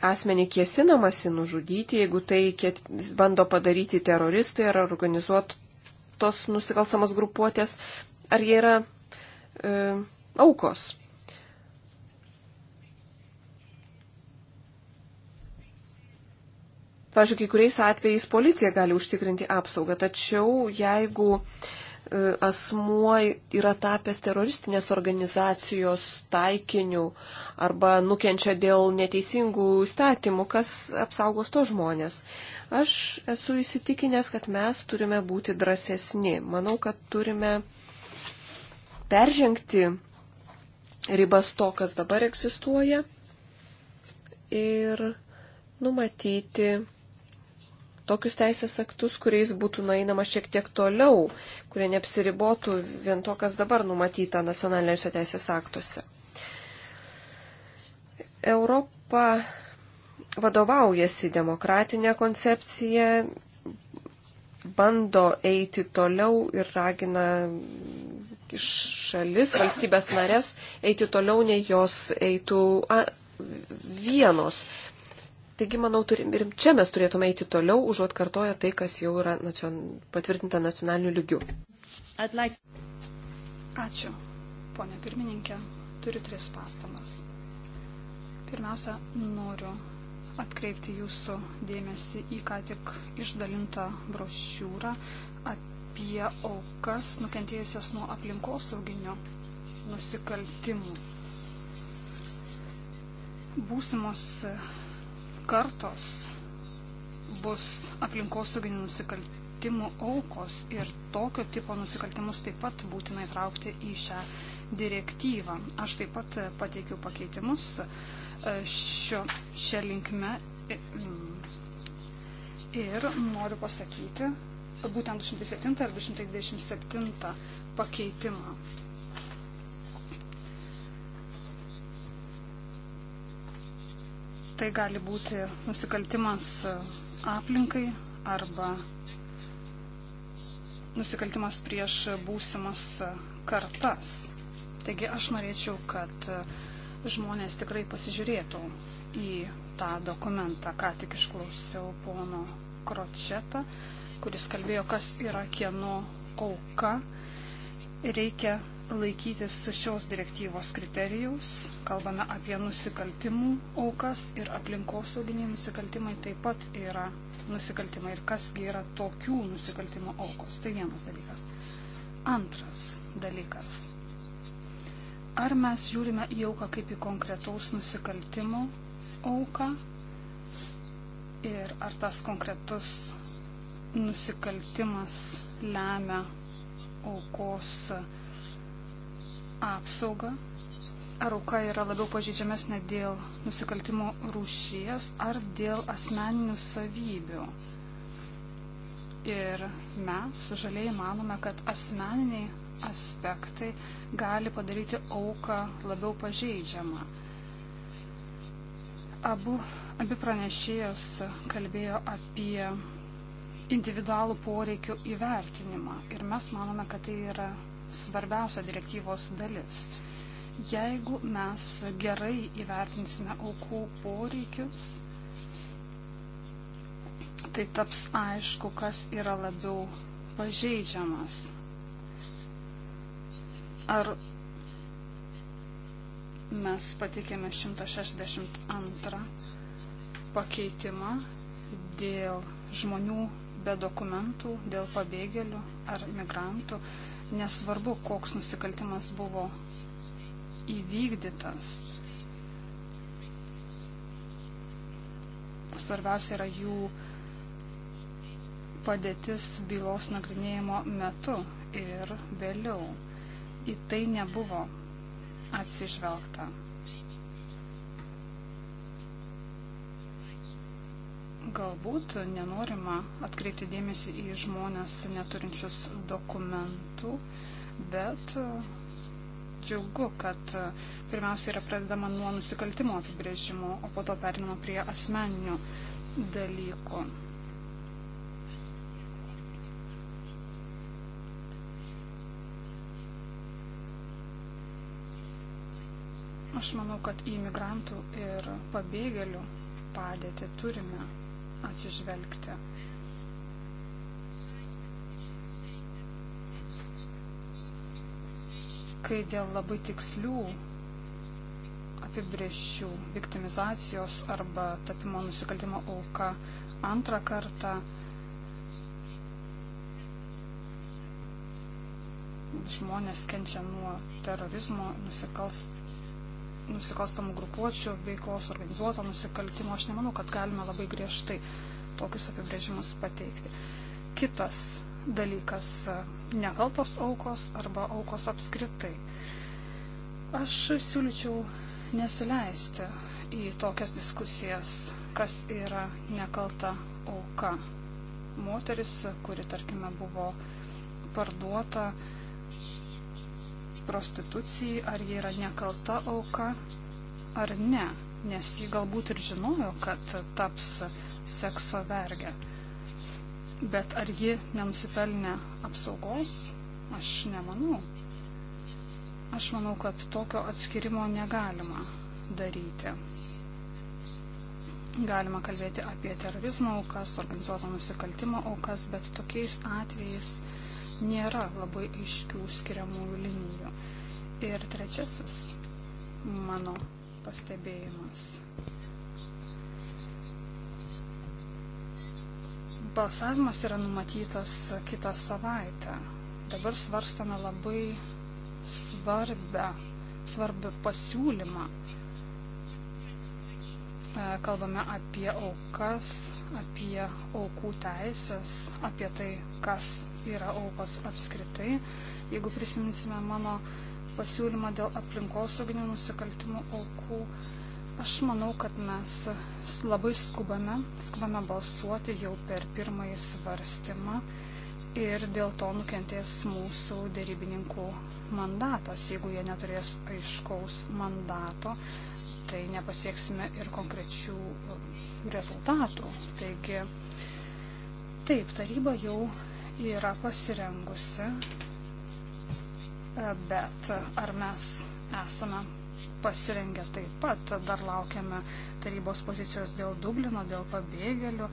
A: asmenį kėsinamasi nužudyti, jeigu tai ket, bando padaryti teroristai ar organizuotos nusikalstamos grupuotės, ar jie yra e, aukos. Pavyzdžiui, kai kuriais atvejais policija gali užtikrinti apsaugą, tačiau jeigu e, asmuo yra tapęs teroristinės organizacijos taikiniu arba nukenčia dėl neteisingų statymų, kas apsaugos to žmonės. Aš esu įsitikinęs, kad mes turime būti drąsesni. Manau, kad turime peržengti ribas to, kas dabar egzistuoja ir numatyti tokius teisės aktus, kuriais būtų nueinama šiek tiek toliau, kurie neapsiribotų vien to, kas dabar numatyta nacionaliniuose teisės aktuose. Europa vadovaujasi demokratinė koncepcija, bando eiti toliau ir ragina šalis, valstybės narės eiti toliau, nei jos eitų a, vienos. Taigi, manau, turim, ir čia mes turėtume eiti toliau, užuot kartoja tai, kas jau yra nacion, patvirtinta nacionaliniu lygiu.
C: Like... Ačiū, ponė pirmininkė. Turiu tris pastamas. Pirmiausia, noriu atkreipti jūsų dėmesį į ką tik išdalintą brošiūrą, at, apie aukas nukentėjusias nuo aplinkosauginio nusikaltimų. Būsimos kartos bus aplinkosauginių nusikaltimų aukos ir tokio tipo nusikaltimus taip pat būtina įtraukti į šią direktyvą. Aš taip pat pateikiau pakeitimus e, šio, šią linkme e, mm, ir noriu pasakyti, būtent 207 ir 227 pakeitimą. Tai gali būti nusikaltimas e, aplinkai arba nusikaltimas prieš būsimas e, kartas. Taigi aš norėčiau, kad e, žmonės tikrai pasižiūrėtų į tą dokumentą, ką tik išklausiau pono Kročetą kuris kalbėjo, kas yra kieno auka, reikia laikytis šios direktyvos kriterijaus. Kalbame apie nusikaltimų aukas ir aplinkosauginiai nusikaltimai taip pat yra nusikaltimai ir kasgi yra tokių nusikaltimų aukos. Tai vienas dalykas. Antras dalykas. Ar mes žiūrime į auką kaip į konkretaus nusikaltimo auką ir ar tas konkretus nusikaltimas lemia aukos apsaugą. Ar auka yra labiau pažydžiamesnė dėl nusikaltimo rūšies ar dėl asmeninių savybių. Ir mes, žaliai, manome, kad asmeniniai aspektai gali padaryti auką labiau pažeidžiamą. Abu, abi pranešėjos kalbėjo apie individualų poreikių įvertinimą. Ir mes manome, kad tai yra svarbiausia direktyvos dalis. Jeigu mes gerai įvertinsime aukų poreikius, tai taps aišku, kas yra labiau pažeidžiamas. Ar mes patikėme 162 pakeitimą dėl žmonių be dokumentų, dėl pabėgėlių ar migrantų, nesvarbu, koks nusikaltimas buvo įvykdytas. Svarbiausia yra jų padėtis bylos nagrinėjimo metu ir vėliau. Į tai nebuvo atsižvelgta. galbūt nenorima atkreipti dėmesį į žmonės neturinčius dokumentų, bet e, džiugu, kad e, pirmiausia yra pradedama nuo nusikaltimo apibrėžimo, o po to perinama prie asmeninių dalykų. Aš manau, kad į imigrantų ir pabėgėlių padėtį turime atsižvelgti. Kai dėl labai tikslių apibrėžčių viktimizacijos arba tapimo nusikaltimo auka antrą kartą žmonės kenčia nuo terorizmo nusikalstamų nusikalstamų grupuočių veiklos organizuoto nusikaltimo, aš nemanau, kad galime labai griežtai tokius apibrėžimus pateikti. Kitas dalykas - nekaltos aukos arba aukos apskritai. Aš siūlyčiau nesileisti į tokias diskusijas, kas yra nekalta auka. Moteris, kuri, tarkime, buvo parduota, uh, prostitucijai, ar ji yra nekalta auka, ar ne, nes ji galbūt ir žinojo, kad taps sekso vergė. Bet ar ji nenusipelnė apsaugos, aš nemanau. Aš manau, kad tokio atskirimo negalima daryti galima kalbėti apie terorizmo aukas, organizuoto nusikaltimo aukas, bet tokiais atvejais nėra labai aiškių skiriamųjų linijų. Ir trečiasis mano pastebėjimas. Balsavimas yra numatytas kitą savaitę. Dabar svarstome labai svarbę, svarbę pasiūlymą Kalbame apie aukas, apie aukų teisės, apie tai, kas yra aukos apskritai. Jeigu prisiminsime mano pasiūlymą dėl aplinkosauginių nusikaltimų aukų, aš manau, kad mes labai skubame, skubame balsuoti jau per pirmąjį svarstymą ir dėl to nukentės mūsų dėrybininkų mandatas, jeigu jie neturės aiškaus mandato tai nepasieksime ir konkrečių rezultatų. Taigi, taip, taryba jau yra pasirengusi, bet ar mes esame pasirengę taip pat, dar laukiame tarybos pozicijos dėl Dublino, dėl pabėgėlių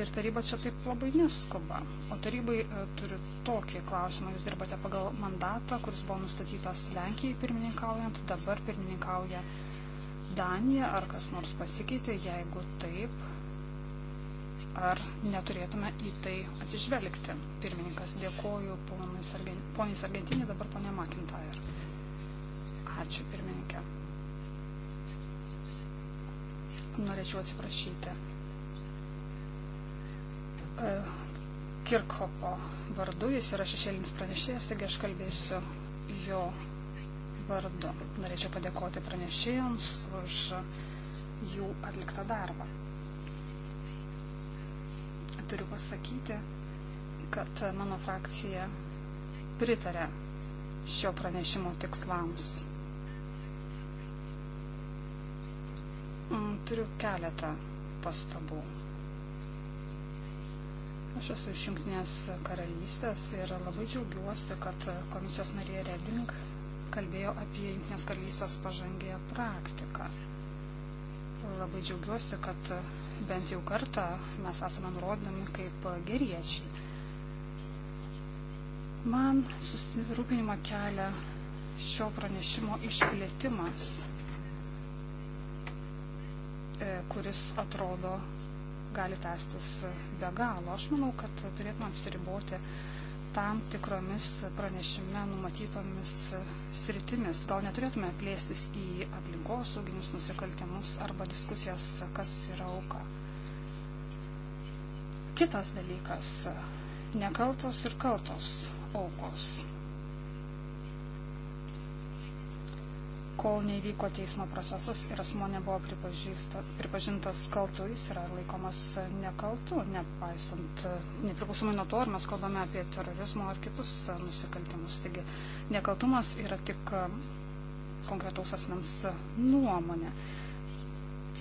C: ir taryba čia taip labai neskuba. O tarybai e, turiu tokį klausimą. Jūs dirbate pagal mandatą, kuris buvo nustatytas Lenkijai pirmininkaujant, dabar pirmininkauja Danija, ar kas nors pasikeitė, jeigu taip, ar neturėtume į tai atsižvelgti. Pirmininkas, dėkoju poniai Sargentinė, dabar ponia McIntyre. Ačiū, pirmininkė. Norėčiau atsiprašyti. E, Kirkhopo vardu, jis yra šešėlinis pranešėjas, taigi aš kalbėsiu jo vardu. Norėčiau padėkoti pranešėjams už jų atliktą darbą. Turiu pasakyti, kad mano frakcija pritarė šio pranešimo tikslams. Mm, turiu keletą pastabų. Aš esu iš Junktinės karalystės ir labai džiaugiuosi, kad komisijos narė Reding kalbėjo apie Junktinės karalystės pažangėją praktiką. Labai džiaugiuosi, kad bent jau kartą mes esame nurodinami kaip geriečiai. Man susirūpinimą kelia šio pranešimo išplėtimas, e, kuris atrodo gali tęstis be galo. Aš manau, kad turėtume apsiriboti tam tikromis pranešime numatytomis sritimis. Gal neturėtume plėstis į aplinkosauginius nusikaltimus arba diskusijas, kas yra auka. Kitas dalykas - nekaltos ir kaltos aukos. kol nevyko teismo procesas ir asmo nebuvo pripažintas kaltu, jis yra laikomas nekaltu, nepaisant, nepriklausomai nuo to, ar mes kalbame apie terorizmo ar kitus nusikaltimus. Taigi nekaltumas yra tik konkretaus asmens nuomonė.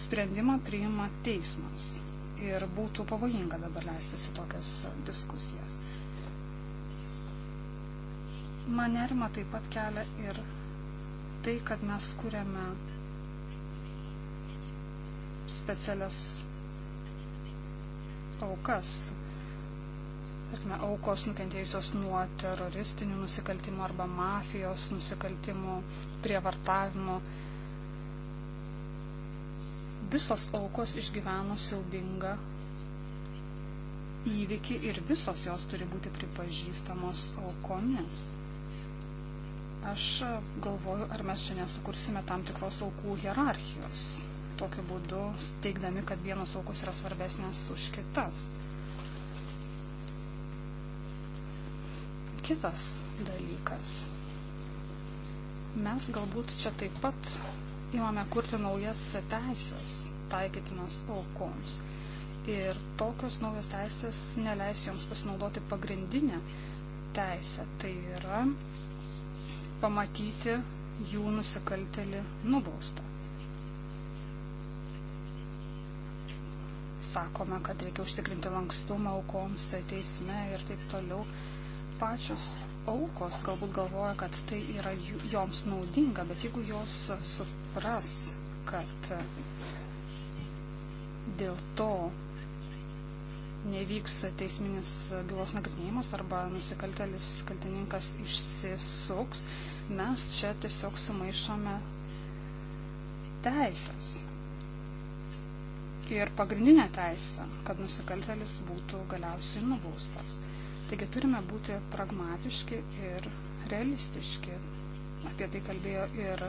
C: Sprendimą priima teismas ir būtų pavojinga dabar leistis į tokias diskusijas. Man nerima taip pat kelia ir tai, kad mes kuriame specialias aukas. Tarkime, aukos nukentėjusios nuo teroristinių nusikaltimų arba mafijos nusikaltimų, prievartavimo. Visos aukos išgyveno siaubingą įvykį ir visos jos turi būti pripažįstamos aukomis. Aš galvoju, ar mes čia nesukursime tam tikros aukų hierarchijos, tokiu būdu steigdami, kad vienos aukos yra svarbesnės už kitas. Kitas dalykas. Mes galbūt čia taip pat imame kurti naujas teisės taikytinas aukoms. Ir tokios naujos teisės neleis joms pasinaudoti pagrindinę teisę. Tai yra pamatyti jų nusikaltelį nubaustą. Sakome, kad reikia užtikrinti lankstumą aukoms teisme ir taip toliau. Pačios aukos galbūt galvoja, kad tai yra joms naudinga, bet jeigu jos supras, kad dėl to nevyks teisminis bylos nagrinėjimas arba nusikaltelis kaltininkas išsisuks, mes čia tiesiog sumaišome teisės. Ir pagrindinę teisę, kad nusikaltelis būtų galiausiai nubaustas. Taigi turime būti pragmatiški ir realistiški. Apie tai kalbėjo ir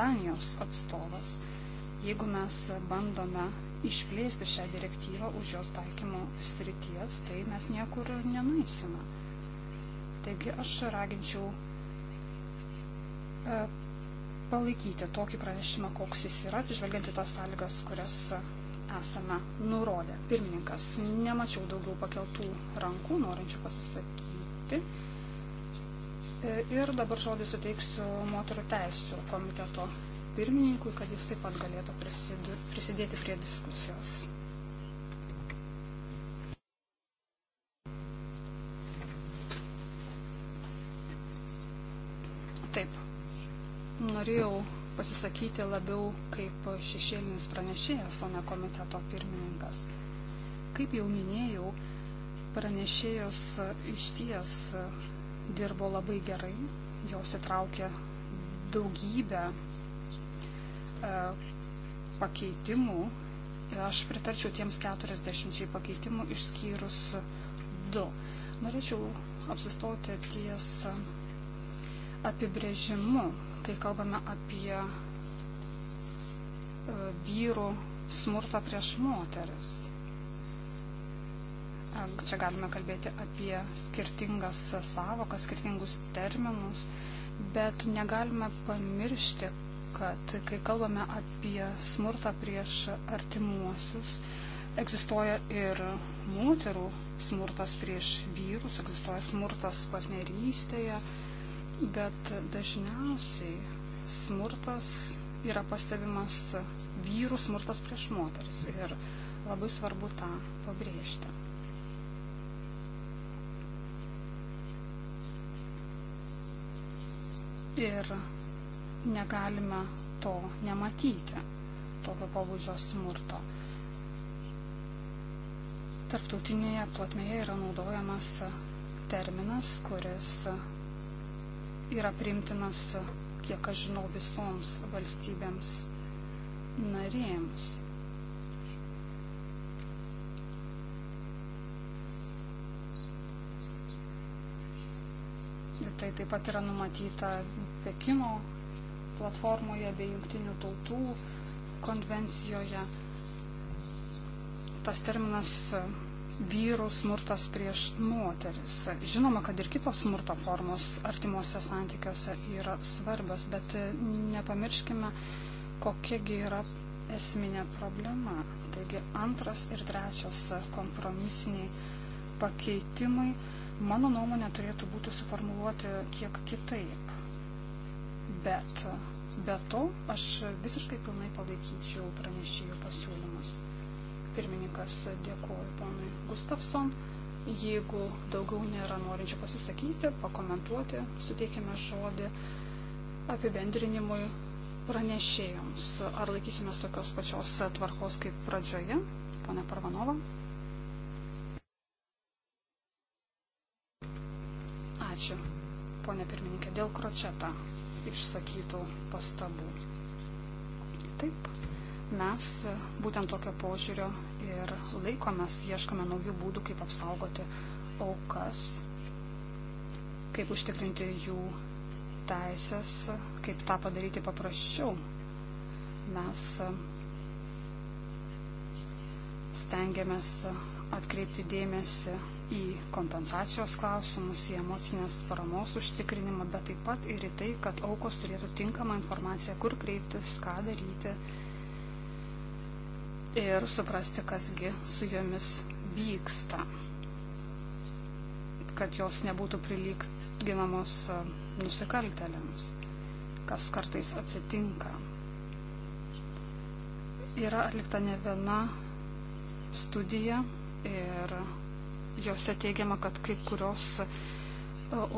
C: Danijos atstovas. Jeigu mes bandome išplėsti šią direktyvą už jos taikymo srities, tai mes niekur nenuisime. Taigi aš raginčiau e, palaikyti tokį pranešimą, koks jis yra, atsižvelgiant į tas sąlygas, kurias esame nurodę. Pirmininkas, nemačiau daugiau pakeltų rankų, norinčių pasisakyti. E, ir dabar žodį suteiksiu moterų teisų komiteto pirmininkui, kad jis taip pat galėtų prisidėti prie diskusijos. Taip, norėjau pasisakyti labiau kaip šešėlinis pranešėjas, o ne komiteto pirmininkas. Kaip jau minėjau, pranešėjos išties dirbo labai gerai, jos įtraukė daugybę E, pakeitimų. Aš pritarčiau tiems 40 pakeitimų išskyrus 2. Norėčiau apsistoti ties apibrėžimu, kai kalbame apie e, vyrų smurtą prieš moteris. E, čia galime kalbėti apie skirtingas savokas, skirtingus terminus, bet negalime pamiršti, kad kai kalbame apie smurtą prieš artimuosius, egzistuoja ir moterų smurtas prieš vyrus, egzistuoja smurtas partnerystėje, bet dažniausiai smurtas yra pastebimas vyrų smurtas prieš moteris ir labai svarbu tą pabrėžti. Ir negalime to nematyti, tokio pobūdžio smurto. Tarptautinėje plotmėje yra naudojamas terminas, kuris yra primtinas, kiek aš žinau, visoms valstybėms narėms. Tai taip pat yra numatyta Pekino platformoje bei jungtinių tautų konvencijoje. Tas terminas e, vyrų smurtas prieš moteris. Žinoma, kad ir kitos smurto formos artimuose santykiuose yra svarbios, bet e, nepamirškime, kokiagi yra esminė problema. Taigi antras ir trečias kompromisiniai pakeitimai, mano nuomonė, turėtų būti suformuoluoti kiek kitaip bet be to aš visiškai pilnai palaikyčiau pranešėjų pasiūlymus. Pirmininkas dėkoju ponui Gustafson. Jeigu daugiau nėra norinčių pasisakyti, pakomentuoti, suteikime žodį apibendrinimui pranešėjams. Ar laikysime tokios pačios tvarkos kaip pradžioje, pana Parvanova? Ačiū, ponė pirmininkė, dėl kročetą išsakytų pastabų. Taip, mes būtent tokio požiūrio ir laikomės, ieškome naujų būdų, kaip apsaugoti aukas, kaip užtikrinti jų teisės, kaip tą padaryti paprasčiau. Mes stengiamės atkreipti dėmesį į kompensacijos klausimus, į emocinės paramos užtikrinimą, bet taip pat ir į tai, kad aukos turėtų tinkamą informaciją, kur kreiptis, ką daryti ir suprasti, kasgi su jomis vyksta, kad jos nebūtų prilyginamos e, nusikaltelėms, kas kartais atsitinka. Yra atlikta ne viena studija ir Jose teigiama, kad kai kurios e,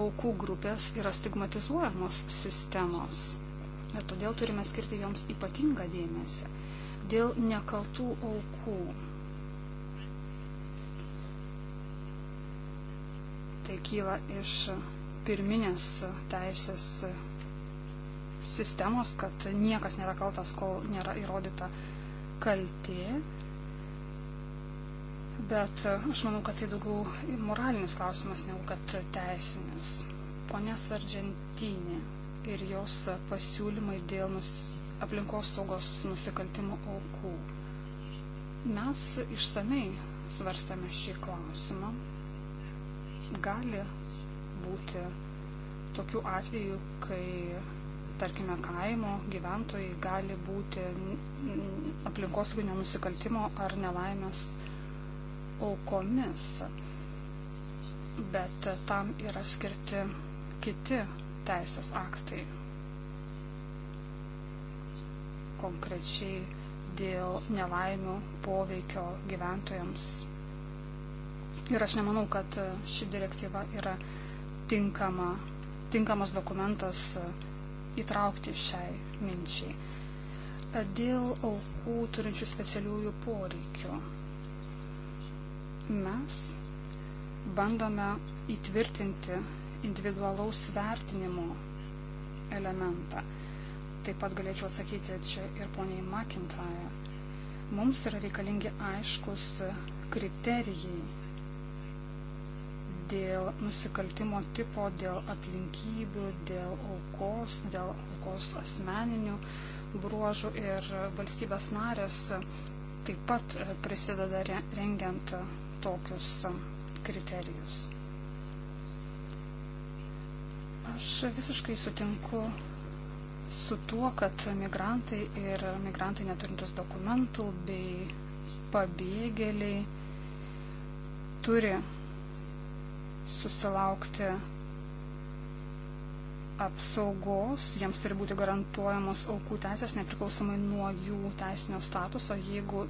C: aukų grupės yra stigmatizuojamos sistemos. Ir todėl turime skirti joms ypatingą dėmesį. Dėl nekaltų aukų. Tai kyla iš pirminės teisės sistemos, kad niekas nėra kaltas, kol nėra įrodyta kaltė. Bet e, aš manau, kad tai daugiau moralinis klausimas negu kad teisinis. Ponės Argentinė ir jos pasiūlymai dėl nus... aplinkos saugos nusikaltimų aukų. Mes išsamei svarstame šį klausimą. Gali būti tokių atvejų, kai, tarkime, kaimo gyventojai gali būti aplinkosauginio nusikaltimo ar nelaimės aukomis, bet tam yra skirti kiti teisės aktai. Konkrečiai dėl nelaimių poveikio gyventojams. Ir aš nemanau, kad ši direktyva yra tinkama, tinkamas dokumentas įtraukti šiai minčiai. Dėl aukų turinčių specialiųjų poreikių mes bandome įtvirtinti individualaus vertinimo elementą. Taip pat galėčiau atsakyti čia ir poniai McIntyre. Mums yra reikalingi aiškus kriterijai dėl nusikaltimo tipo, dėl aplinkybių, dėl aukos, dėl aukos asmeninių bruožų ir valstybės narės taip pat prisideda rengiant tokius um, kriterijus. Aš visiškai sutinku su tuo, kad migrantai ir migrantai neturintus dokumentų bei pabėgėliai turi susilaukti apsaugos, jiems turi būti garantuojamos aukų teisės nepriklausomai nuo jų teisinio statuso, jeigu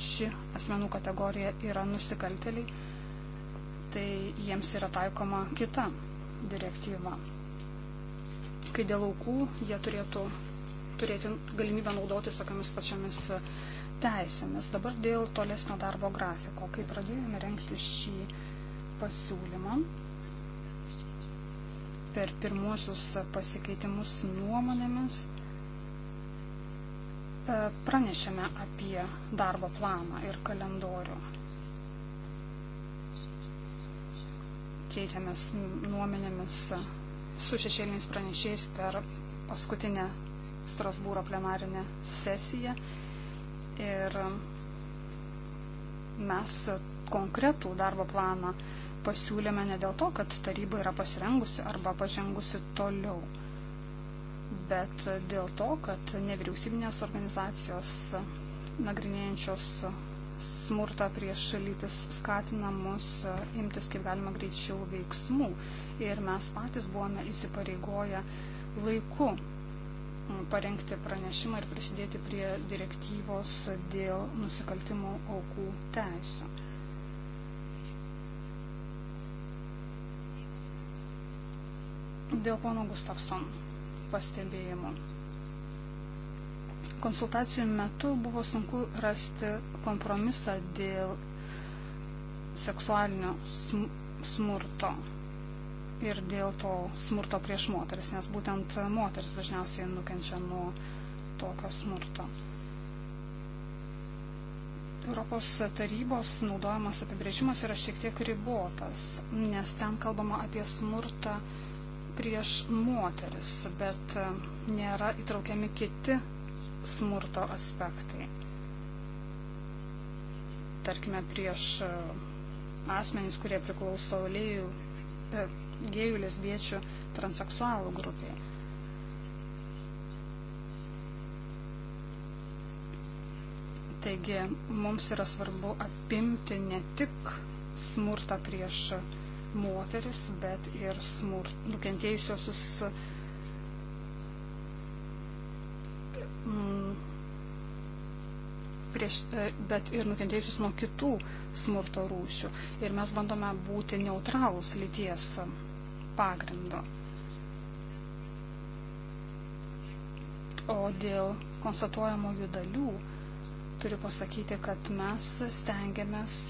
C: ši asmenų kategorija yra nusikalteliai, tai jiems yra taikoma kita direktyva. Kai dėl aukų jie turėtų turėti galimybę naudotis tokiamis pačiamis teisėmis. Dabar dėl tolesnio darbo grafiko. Kai pradėjome renkti šį pasiūlymą, per pirmuosius pasikeitimus nuomonėmis E, pranešėme apie darbo planą ir kalendorių. Keitėmės nuomenėmis su šešėliniais pranešėjais per paskutinę Strasbūro plenarinę sesiją ir mes konkretų darbo planą pasiūlėme ne dėl to, kad taryba yra pasirengusi arba pažengusi toliau bet dėl to, kad nevyriausybinės organizacijos nagrinėjančios smurtą prieš lytis skatina mus e, imtis kaip galima greičiau veiksmų. Ir mes patys buvome įsipareigoję laiku parengti pranešimą ir prisidėti prie direktyvos dėl nusikaltimų aukų teisų. Dėl pono Gustafsono pastebėjimų. Konsultacijų metu buvo sunku rasti kompromisą dėl seksualinio smurto ir dėl to smurto prieš moteris, nes būtent moteris dažniausiai nukenčia nuo tokio smurto. Europos tarybos naudojamas apibrėžimas yra šiek tiek ribotas, nes ten kalbama apie smurtą prieš moteris, bet e, nėra įtraukiami kiti smurto aspektai. Tarkime, prieš e, asmenys, kurie priklauso lėjų, e, gėjų, lesbiečių, transeksualų grupiai. Taigi mums yra svarbu apimti ne tik smurtą prieš moteris, moteris, bet ir smurt, nukentėjusiosius mm, prieš, e, bet ir nukentėjusius nuo kitų smurto rūšių. Ir mes bandome būti neutralūs lyties pagrindo. O dėl konstatuojamojų dalių turiu pasakyti, kad mes stengiamės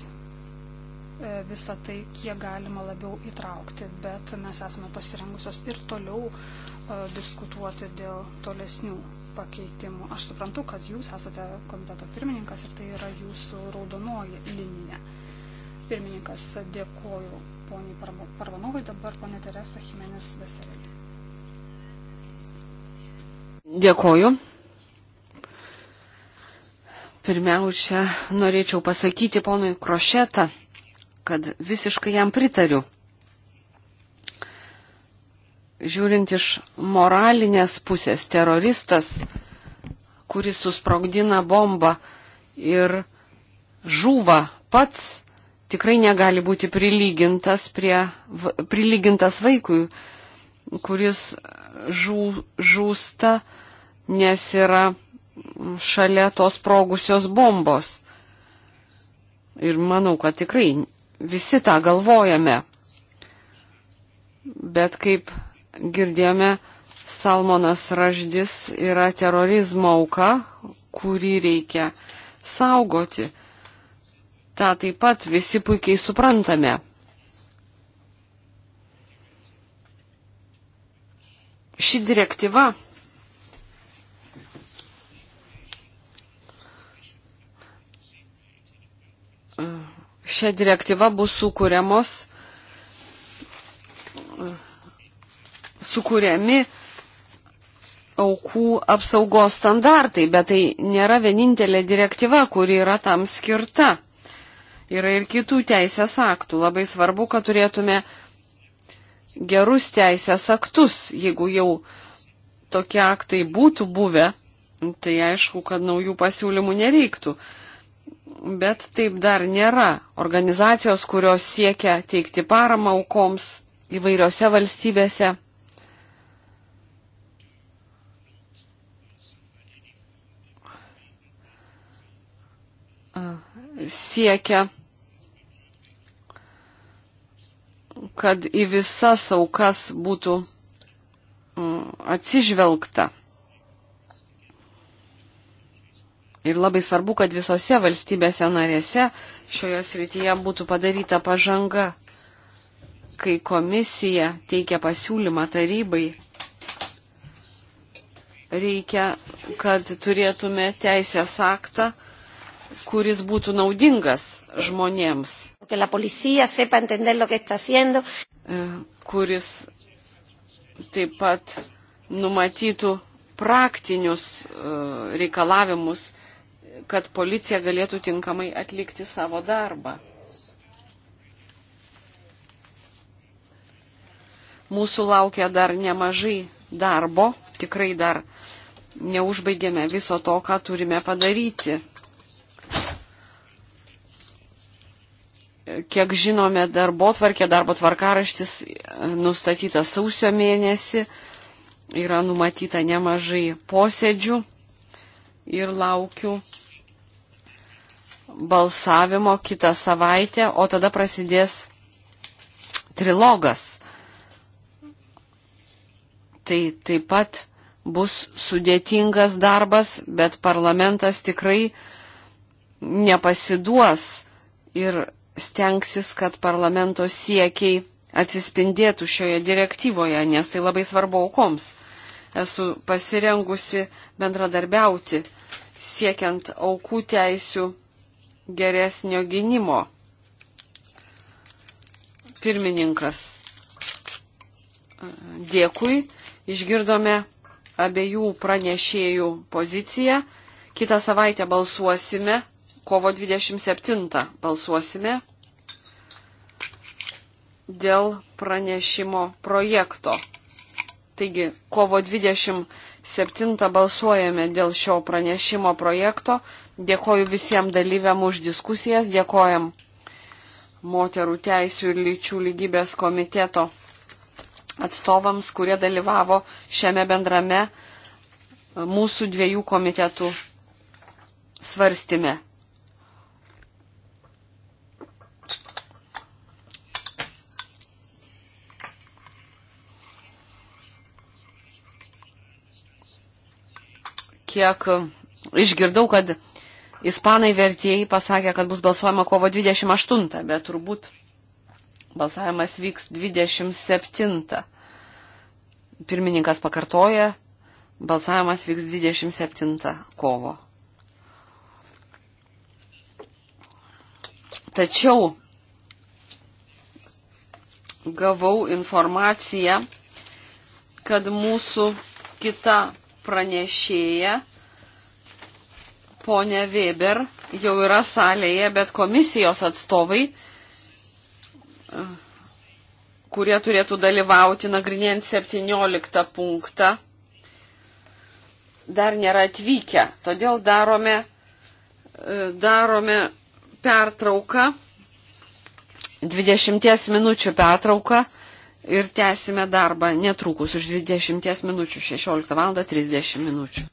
C: E, visą tai kiek galima labiau įtraukti, bet mes esame pasirengusios ir toliau e, diskutuoti dėl tolesnių pakeitimų. Aš suprantu, kad jūs esate komiteto pirmininkas ir tai yra jūsų raudonoji linija. Pirmininkas, dėkoju poniai Parvanovai, dabar ponė Teresa Jimenez Veselė.
B: Dėkoju. Pirmiausia, norėčiau pasakyti ponui Krošetą, kad visiškai jam pritariu. Žiūrint iš moralinės pusės, teroristas, kuris susprogdina bombą ir žūva pats, tikrai negali būti prilygintas, prie, prilygintas vaikui, kuris žū, žūsta, nes yra šalia tos sprogusios bombos. Ir manau, kad tikrai Visi tą galvojame. Bet kaip girdėjome, Salmonas Raždis yra terorizmo auka, kurį reikia saugoti. Ta taip pat visi puikiai suprantame. Ši direktyva šią direktyvą bus sukūriamos, sukūriami aukų apsaugos standartai, bet tai nėra vienintelė direktyva, kuri yra tam skirta. Yra ir kitų teisės aktų. Labai svarbu, kad turėtume gerus teisės aktus. Jeigu jau tokie aktai būtų buvę, tai aišku, kad naujų pasiūlymų nereiktų bet taip dar nėra. Organizacijos, kurios siekia teikti paramą aukoms įvairiose valstybėse. siekia, kad į visas aukas būtų mm, atsižvelgta. Ir labai svarbu, kad visose valstybėse narėse šioje srityje būtų padaryta pažanga. Kai komisija teikia pasiūlymą tarybai, reikia, kad turėtume teisės aktą, kuris būtų naudingas žmonėms. E, kuris taip pat numatytų praktinius e, reikalavimus kad policija galėtų tinkamai atlikti savo darbą. Mūsų laukia dar nemažai darbo, tikrai dar neužbaigėme viso to, ką turime padaryti. Kiek žinome, darbo tvarkė, darbo tvarkaraštis nustatytas sausio mėnesį, yra numatyta nemažai posėdžių ir laukiu balsavimo kitą savaitę, o tada prasidės trilogas. Tai taip pat bus sudėtingas darbas, bet parlamentas tikrai nepasiduos ir stengsis, kad parlamento siekiai atsispindėtų šioje direktyvoje, nes tai labai svarbu aukoms. Esu pasirengusi bendradarbiauti siekiant aukų teisių geresnio gynimo. Pirmininkas, dėkui, išgirdome abiejų pranešėjų poziciją. Kitą savaitę balsuosime, kovo 27 balsuosime dėl pranešimo projekto. Taigi, kovo 27 balsuojame dėl šio pranešimo projekto, Dėkoju visiems dalyviam už diskusijas, dėkojam moterų teisų ir lyčių lygybės komiteto atstovams, kurie dalyvavo šiame bendrame e, mūsų dviejų komitetų svarstymė. Kiek išgirdau, kad Ispanai vertėjai pasakė, kad bus balsuojama kovo 28, bet turbūt balsavimas vyks 27. Pirmininkas pakartoja, balsavimas vyks 27 kovo. Tačiau gavau informaciją, kad mūsų kita pranešėja Pone Weber jau yra salėje, bet komisijos atstovai, kurie turėtų dalyvauti nagrinėjant 17 punktą, dar nėra atvykę. Todėl darome, e, darome pertrauką, 20 minučių pertrauką ir tęsime darbą netrukus už 20 minučių, 16 val. 30 minučių.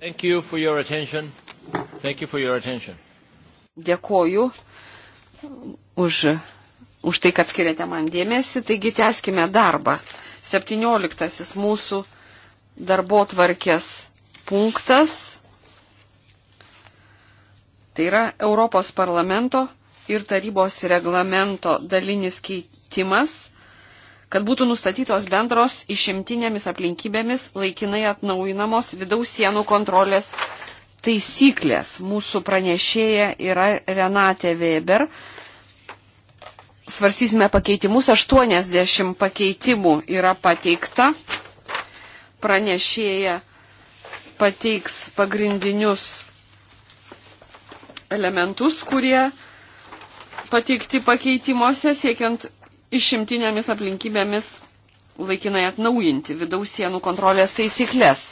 A: Thank you for your attention. Thank you for your attention.
B: Dėkoju už, už tai, kad skiriate man dėmesį. Taigi tęskime darbą. 17. mūsų darbo tvarkės punktas. Tai yra Europos parlamento ir tarybos reglamento dalinis keitimas kad būtų nustatytos bendros išimtinėmis aplinkybėmis laikinai atnaujinamos vidaus sienų kontrolės taisyklės. Mūsų pranešėja yra Renate Weber. Svarstysime pakeitimus. 80 pakeitimų yra pateikta. Pranešėja pateiks pagrindinius elementus, kurie pateikti pakeitimuose, siekiant išimtinėmis aplinkybėmis laikinai atnaujinti vidaus sienų kontrolės taisyklės.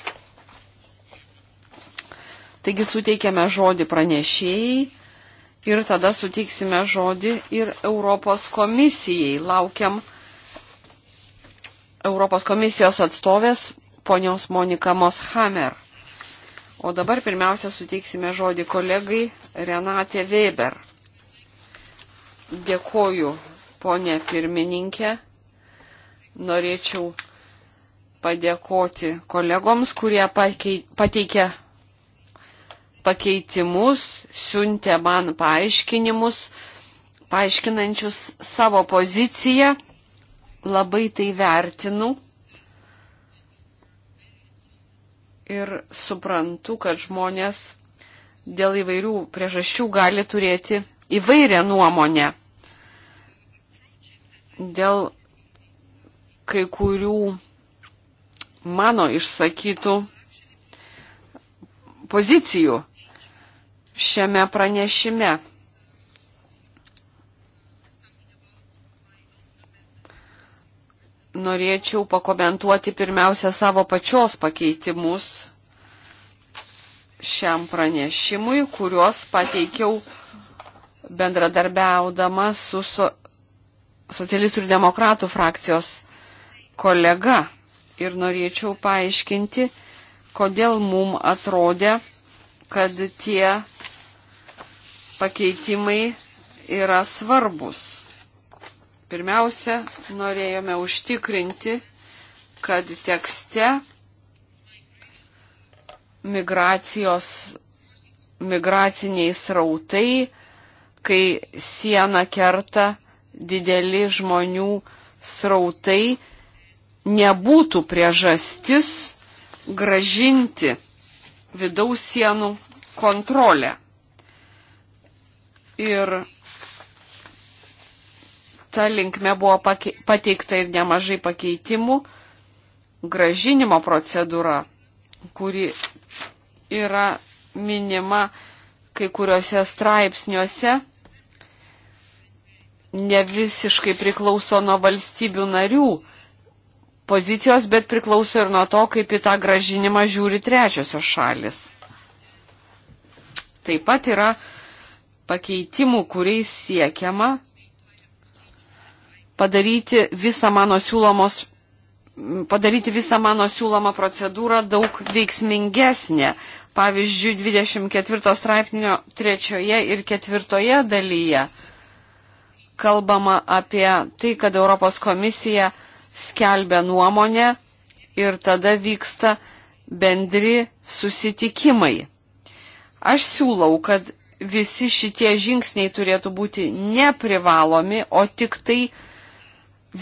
B: Taigi suteikiame žodį pranešėjai ir tada suteiksime žodį ir Europos komisijai. Laukiam Europos komisijos atstovės ponios Monika Moshammer. O dabar pirmiausia suteiksime žodį kolegai Renate Weber. Dėkoju ponė pirmininkė. Norėčiau padėkoti kolegoms, kurie pateikė pakeitimus, siuntė man paaiškinimus, paaiškinančius savo poziciją. Labai tai vertinu. Ir suprantu, kad žmonės dėl įvairių priežasčių gali turėti įvairią nuomonę dėl kai kurių mano išsakytų pozicijų šiame pranešime. Norėčiau pakomentuoti pirmiausia savo pačios pakeitimus šiam pranešimui, kuriuos pateikiau bendradarbiaudama su socialistų ir demokratų frakcijos kolega ir norėčiau paaiškinti, kodėl mum atrodė, kad tie pakeitimai yra svarbus. Pirmiausia, norėjome užtikrinti, kad tekste migracijos, migraciniai srautai, kai siena kerta dideli žmonių srautai nebūtų priežastis gražinti vidaus sienų kontrolę. Ir ta linkme buvo pateikta ir nemažai pakeitimų. Gražinimo procedūra, kuri yra minima kai kuriuose straipsniuose, ne visiškai priklauso nuo valstybių narių pozicijos, bet priklauso ir nuo to, kaip į tą gražinimą žiūri trečiosios šalis. Taip pat yra pakeitimų, kuriais siekiama padaryti visą mano siūlomos padaryti visą mano siūlomą procedūrą daug veiksmingesnė. Pavyzdžiui, 24 straipsnio trečioje ir ketvirtoje dalyje kalbama apie tai, kad Europos komisija skelbia nuomonę ir tada vyksta bendri susitikimai. Aš siūlau, kad visi šitie žingsniai turėtų būti neprivalomi, o tik tai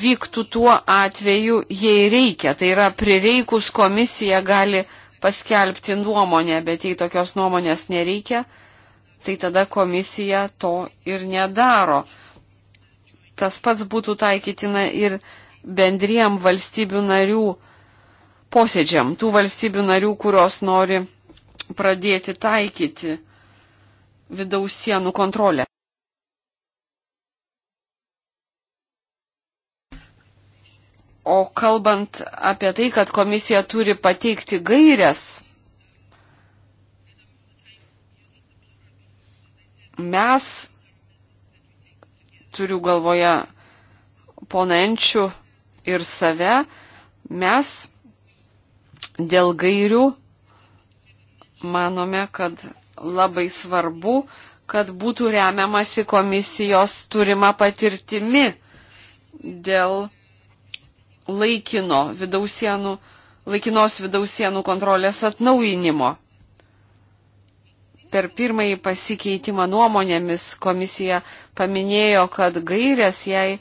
B: vyktų tuo atveju, jei reikia. Tai yra, prireikus komisija gali paskelbti nuomonę, bet jei tokios nuomonės nereikia, tai tada komisija to ir nedaro tas pats būtų taikytina ir bendriem valstybių narių posėdžiam, tų valstybių narių, kurios nori pradėti taikyti vidaus sienų kontrolę. O kalbant apie tai, kad komisija turi pateikti gairias, mes turiu galvoje ponenčių ir save, mes dėl gairių manome, kad labai svarbu, kad būtų remiamasi komisijos turima patirtimi dėl laikino vidaus sienų, laikinos vidaus sienų kontrolės atnaujinimo per pirmąjį pasikeitimą nuomonėmis komisija paminėjo, kad gairias jai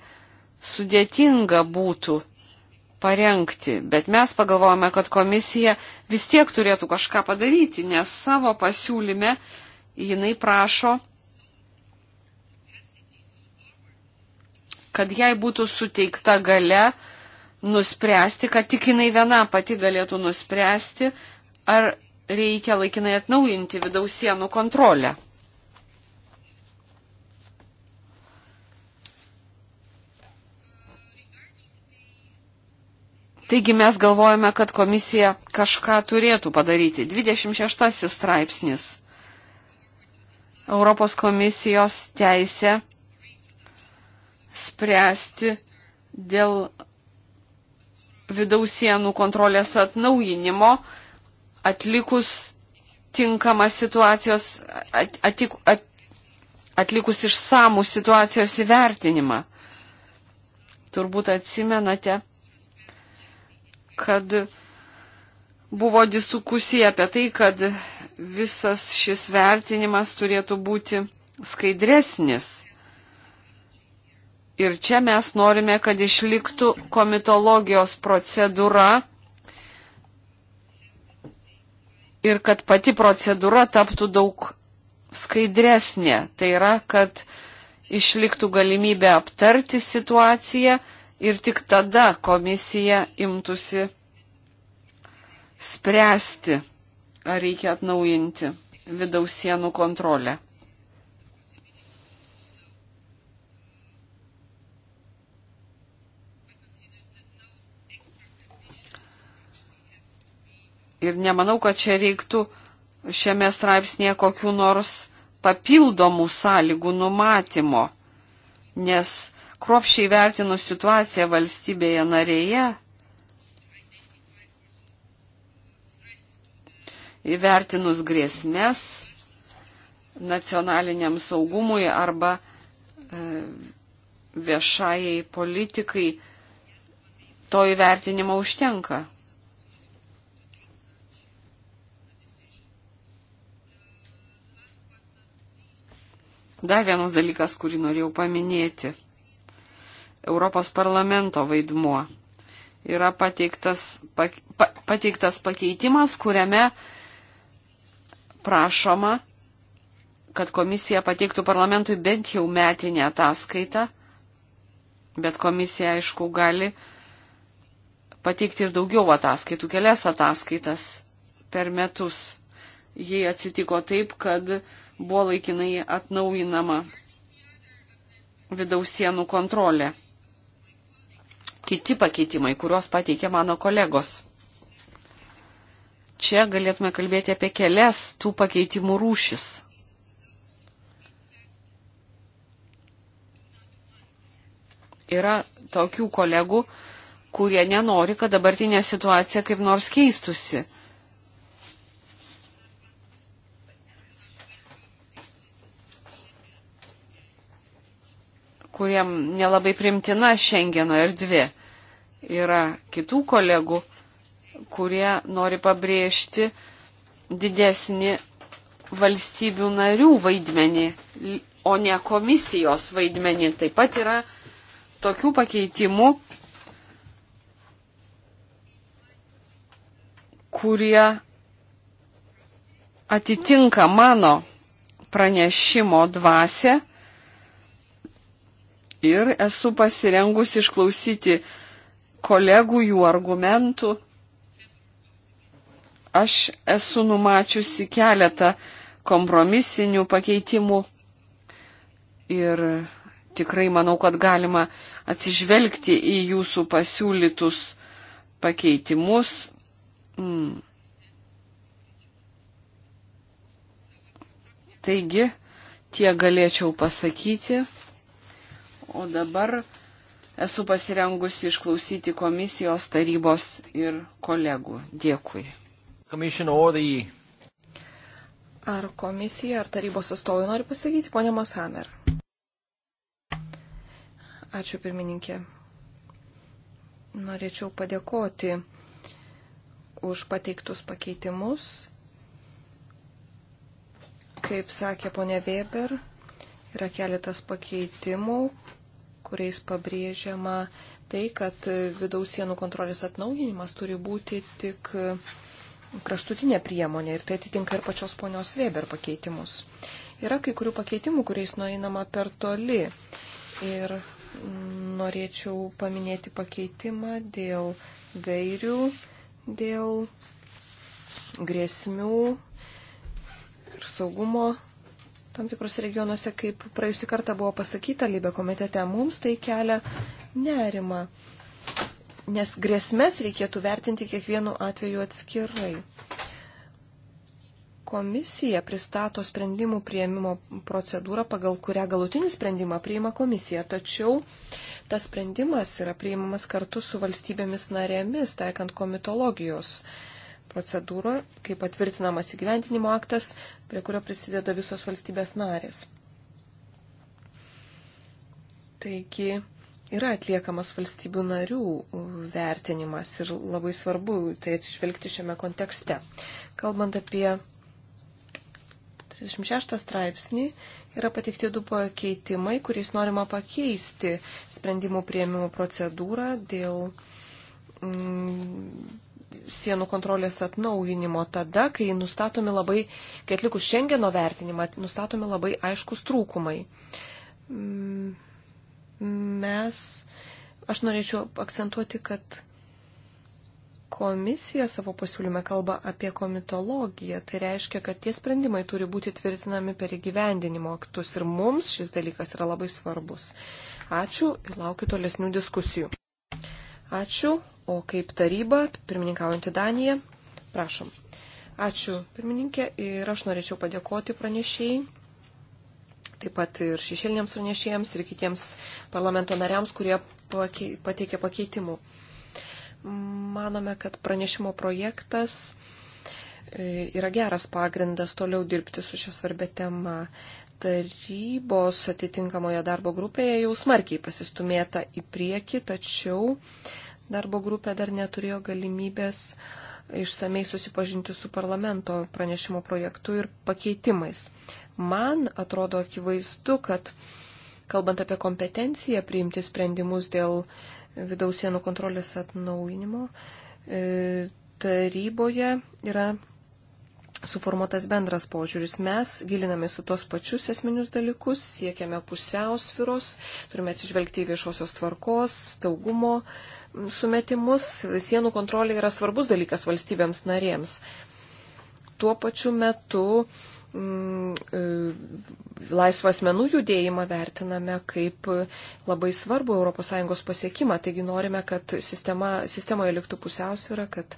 B: sudėtinga būtų parengti, bet mes pagalvojame, kad komisija vis tiek turėtų kažką padaryti, nes savo pasiūlyme jinai prašo, kad jai būtų suteikta gale nuspręsti, kad tik jinai viena pati galėtų nuspręsti, ar reikia laikinai atnaujinti vidaus sienų kontrolę. Taigi mes galvojame, kad komisija kažką turėtų padaryti. 26 straipsnis. Europos komisijos teisė spręsti dėl vidaus sienų kontrolės atnaujinimo atlikus tinkamą situacijos, at, atik, at, atlikus išsamų situacijos įvertinimą. Turbūt atsimenate, kad buvo diskusija apie tai, kad visas šis vertinimas turėtų būti skaidresnis. Ir čia mes norime, kad išliktų komitologijos procedūra ir kad pati procedūra taptų daug skaidresnė. Tai yra, kad išliktų galimybė aptarti situaciją ir tik tada komisija imtųsi spręsti, ar reikia atnaujinti vidaus sienų kontrolę. ir nemanau, kad čia reiktų šiame straipsnėje kokiu nors papildomų sąlygų numatymo, nes kruopšiai vertinus situaciją valstybėje narėje, įvertinus grėsmės nacionaliniam saugumui arba e, viešajai politikai, to įvertinimo užtenka. Dar vienas dalykas, kurį norėjau paminėti. Europos parlamento vaidmuo. Yra pateiktas, pa, pa, pateiktas pakeitimas, kuriame prašoma, kad komisija pateiktų parlamentui bent jau metinę ataskaitą, bet komisija, aišku, gali pateikti ir daugiau ataskaitų, kelias ataskaitas per metus. Jei atsitiko taip, kad uh, buvo laikinai atnaujinama vidaus sienų kontrolė. Kiti pakeitimai, kuriuos pateikė mano kolegos. Čia galėtume kalbėti apie kelias tų pakeitimų rūšis. Yra tokių kolegų, kurie nenori, kad dabartinė situacija kaip nors keistusi. kuriem nelabai primtina Šengeno erdvė. Yra kitų kolegų, kurie nori pabrėžti didesnį valstybių narių vaidmenį, o ne komisijos vaidmenį. Taip pat yra tokių pakeitimų, kurie atitinka mano pranešimo dvasę ir esu pasirengusi išklausyti kolegų jų argumentų. Aš esu numačiusi keletą kompromisinių pakeitimų ir tikrai manau, kad galima atsižvelgti į jūsų pasiūlytus pakeitimus. Mm. Taigi, tie galėčiau pasakyti. O dabar esu pasirengusi išklausyti komisijos tarybos ir kolegų. Dėkui.
A: Ar komisija ar tarybos atstovai nori pasakyti, ponė Mosamer? Ačiū pirmininkė. Norėčiau padėkoti už pateiktus pakeitimus. Kaip sakė ponė Weber, yra keletas pakeitimų, kuriais pabrėžiama tai, kad vidaus sienų kontrolės atnaujinimas turi būti tik kraštutinė priemonė ir tai atitinka ir pačios ponios Weber pakeitimus. Yra kai kurių pakeitimų, kuriais nueinama per toli. Ir norėčiau paminėti pakeitimą dėl gairių, dėl grėsmių ir saugumo tam tikrose regionuose, kaip praėjusį kartą buvo pasakyta Libė komitete, mums tai kelia nerima, nes grėsmės reikėtų vertinti kiekvienu atveju atskirai. Komisija pristato sprendimų prieimimo procedūrą, pagal kurią galutinį sprendimą priima komisija, tačiau tas sprendimas yra priimamas kartu su valstybėmis narėmis, taikant komitologijos uh, procedūrą, kai patvirtinamas įgyventinimo aktas, prie kurio prisideda visos valstybės narės. Taigi yra atliekamas valstybių narių vertinimas ir labai svarbu tai atsižvelgti šiame kontekste. Kalbant apie 36 straipsnį yra pateikti du pakeitimai, kuriais norima pakeisti sprendimų prieimimo procedūrą dėl mm, sienų kontrolės atnaujinimo tada, kai nustatomi labai, kai atlikus Šengeno vertinimą, nustatomi labai aiškus trūkumai. Mm, mes, aš norėčiau akcentuoti, kad komisija savo pasiūlyme kalba apie komitologiją. Tai reiškia, kad tie sprendimai turi būti tvirtinami per įgyvendinimo aktus ir mums šis dalykas yra labai svarbus. Ačiū ir laukiu tolesnių diskusijų. Ačiū. O kaip taryba, pirmininkaujantį Daniją, prašom. Ačiū, pirmininkė, ir aš norėčiau padėkoti pranešėjai, taip pat ir šešėliniams pranešėjams, ir kitiems parlamento nariams, kurie pateikė pakeitimų. Manome, kad pranešimo projektas e, yra geras pagrindas toliau dirbti su šią svarbę temą tarybos atitinkamoje darbo grupėje jau smarkiai pasistumėta į priekį, tačiau darbo grupė dar neturėjo galimybės išsamei susipažinti su parlamento pranešimo projektu ir pakeitimais. Man atrodo akivaizdu, kad kalbant apie kompetenciją priimti sprendimus dėl vidaus sienų kontrolės atnaujinimo, e, taryboje yra suformuotas bendras požiūris. Mes giliname su tos pačius esminius dalykus, siekiame pusiausviros, turime atsižvelgti į viešosios tvarkos, saugumo sumetimus. Sienų kontrolė yra svarbus dalykas valstybėms narėms. Tuo pačiu metu e, laisvą asmenų judėjimą vertiname kaip labai svarbu ES pasiekimą. Taigi norime, kad sistema, sistemoje liktų pusiausvyrą, kad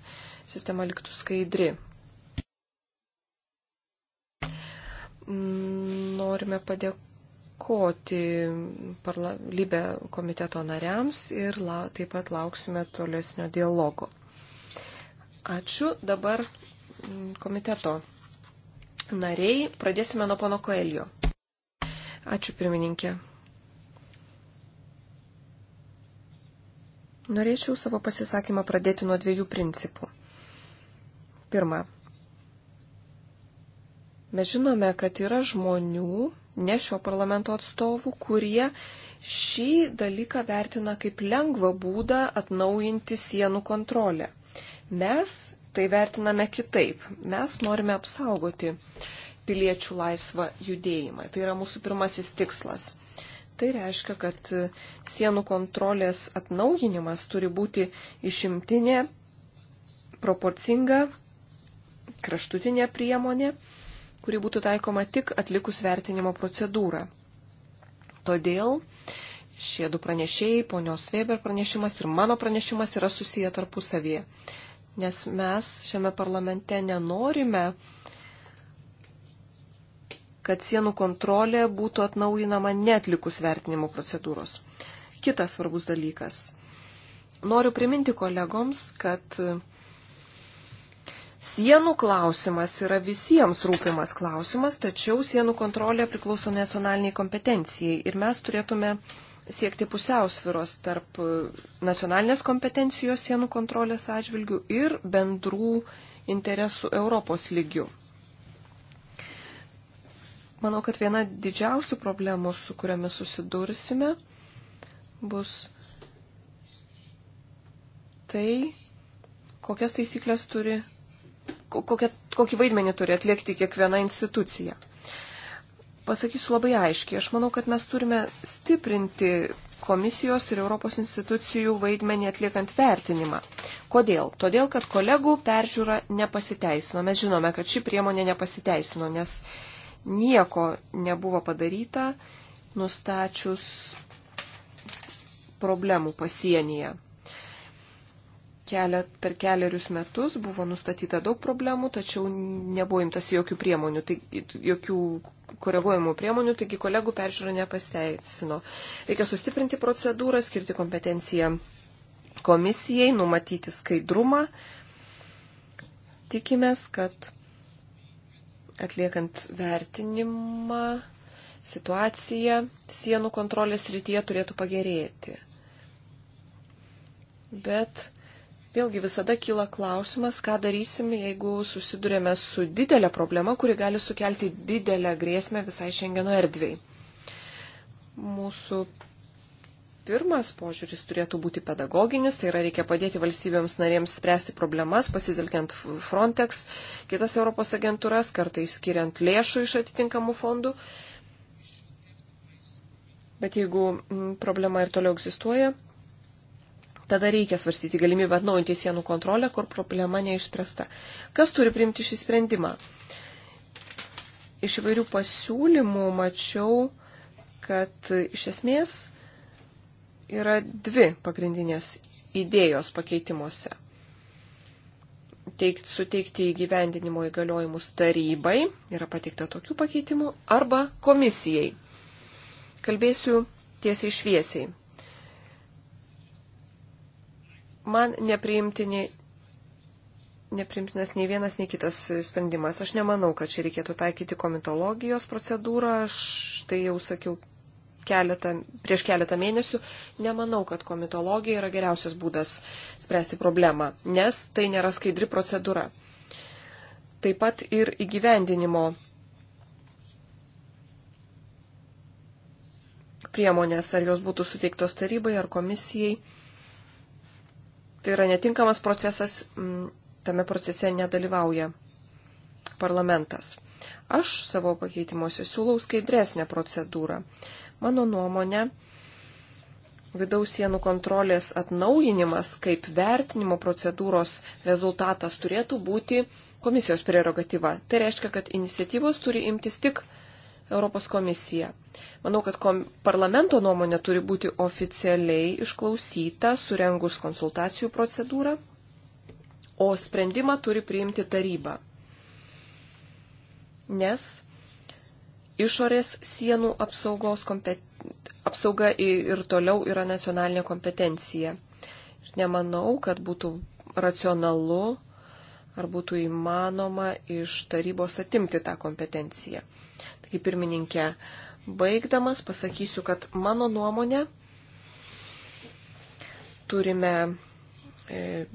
A: sistema liktų skaidri. norime padėkoti parla, Libė komiteto nariams ir la, taip pat lauksime tolesnio dialogo. Ačiū. Dabar mm, komiteto nariai. Pradėsime nuo pono Koelio. Ačiū pirmininkė. Norėčiau savo pasisakymą pradėti nuo dviejų principų. Pirma, Mes žinome, kad yra žmonių, ne šio parlamento atstovų, kurie šį dalyką vertina kaip lengvą būdą atnaujinti sienų kontrolę. Mes tai vertiname kitaip. Mes norime apsaugoti piliečių laisvą judėjimą. Tai yra mūsų pirmasis tikslas. Tai reiškia, kad sienų kontrolės atnaujinimas turi būti išimtinė, proporcinga, kraštutinė priemonė kuri būtų taikoma tik atlikus vertinimo procedūrą. Todėl šie du pranešėjai, ponios Weber pranešimas ir mano pranešimas yra susiję tarpusavie. Nes mes šiame parlamente nenorime, kad sienų kontrolė būtų atnaujinama netlikus vertinimo procedūros. Kitas svarbus dalykas. Noriu priminti kolegoms, kad Sienų klausimas yra visiems rūpimas klausimas, tačiau sienų kontrolė priklauso nacionaliniai kompetencijai ir mes turėtume siekti pusiausviros tarp e, nacionalinės kompetencijos sienų kontrolės atžvilgių ir bendrų interesų Europos lygių. Manau, kad viena didžiausių problemų, su kuriomis susidursime, bus tai, kokias taisyklės turi kokia, kokį vaidmenį turi atlikti kiekviena institucija. Pasakysiu labai aiškiai, aš manau, kad mes turime stiprinti komisijos ir Europos institucijų vaidmenį atliekant vertinimą. Kodėl? Todėl, kad kolegų peržiūra nepasiteisino. Mes žinome, kad ši priemonė nepasiteisino, nes nieko nebuvo padaryta nustačius problemų pasienyje keliat, per keliarius metus buvo nustatyta daug problemų, tačiau nebuvo imtas jokių priemonių, tai, jokių koreguojamų priemonių, taigi kolegų peržiūra nepasteisino. Reikia sustiprinti procedūrą, skirti kompetenciją komisijai, numatyti skaidrumą. Tikimės, kad atliekant vertinimą situacija sienų kontrolės rytyje turėtų pagerėti. Bet Vėlgi visada kyla klausimas, ką darysim, jeigu susidurėme su didelė problema, kuri gali sukelti didelę grėsmę visai Šengeno erdvėjai. Mūsų pirmas požiūris turėtų būti pedagoginis, tai yra reikia padėti valstybėms narėms spręsti problemas, pasitelkiant Frontex, kitas Europos agentūras, kartais skiriant lėšų iš atitinkamų fondų. Bet jeigu problema ir toliau egzistuoja, Tada reikia svarstyti galimybę atnaujinti sienų kontrolę, kur problema neišspręsta. Kas turi priimti šį sprendimą? Iš įvairių pasiūlymų mačiau, kad iš esmės yra dvi pagrindinės idėjos pakeitimuose. Teikt, suteikti įgyvendinimo įgaliojimus tarybai yra pateikta tokių pakeitimų arba komisijai. Kalbėsiu tiesiai šviesiai. Man nepriimtini neprimtinas nei vienas, nei kitas sprendimas. Aš nemanau, kad čia reikėtų taikyti komitologijos procedūrą. Aš tai jau sakiau keletą, prieš keletą mėnesių. Nemanau, kad komitologija yra geriausias būdas spręsti problemą, nes tai nėra skaidri procedūra. Taip pat ir įgyvendinimo priemonės, ar jos būtų suteiktos tarybai ar komisijai tai yra netinkamas procesas, mm, tame procese nedalyvauja parlamentas. Aš savo pakeitimuose siūlau skaidresnę procedūrą. Mano nuomonė, vidaus sienų kontrolės atnaujinimas kaip vertinimo procedūros rezultatas turėtų būti komisijos prerogatyva. Tai reiškia, kad iniciatyvos turi imtis tik Europos komisija. Manau, kad kom parlamento nuomonė turi būti oficialiai išklausyta, surengus konsultacijų procedūrą, o sprendimą turi priimti taryba. Nes išorės sienų apsaugos kompet... apsauga ir toliau yra nacionalinė kompetencija. Ir nemanau, kad būtų racionalu ar būtų įmanoma iš tarybos atimti tą kompetenciją į pirmininkę. Baigdamas pasakysiu, kad mano nuomonė turime e,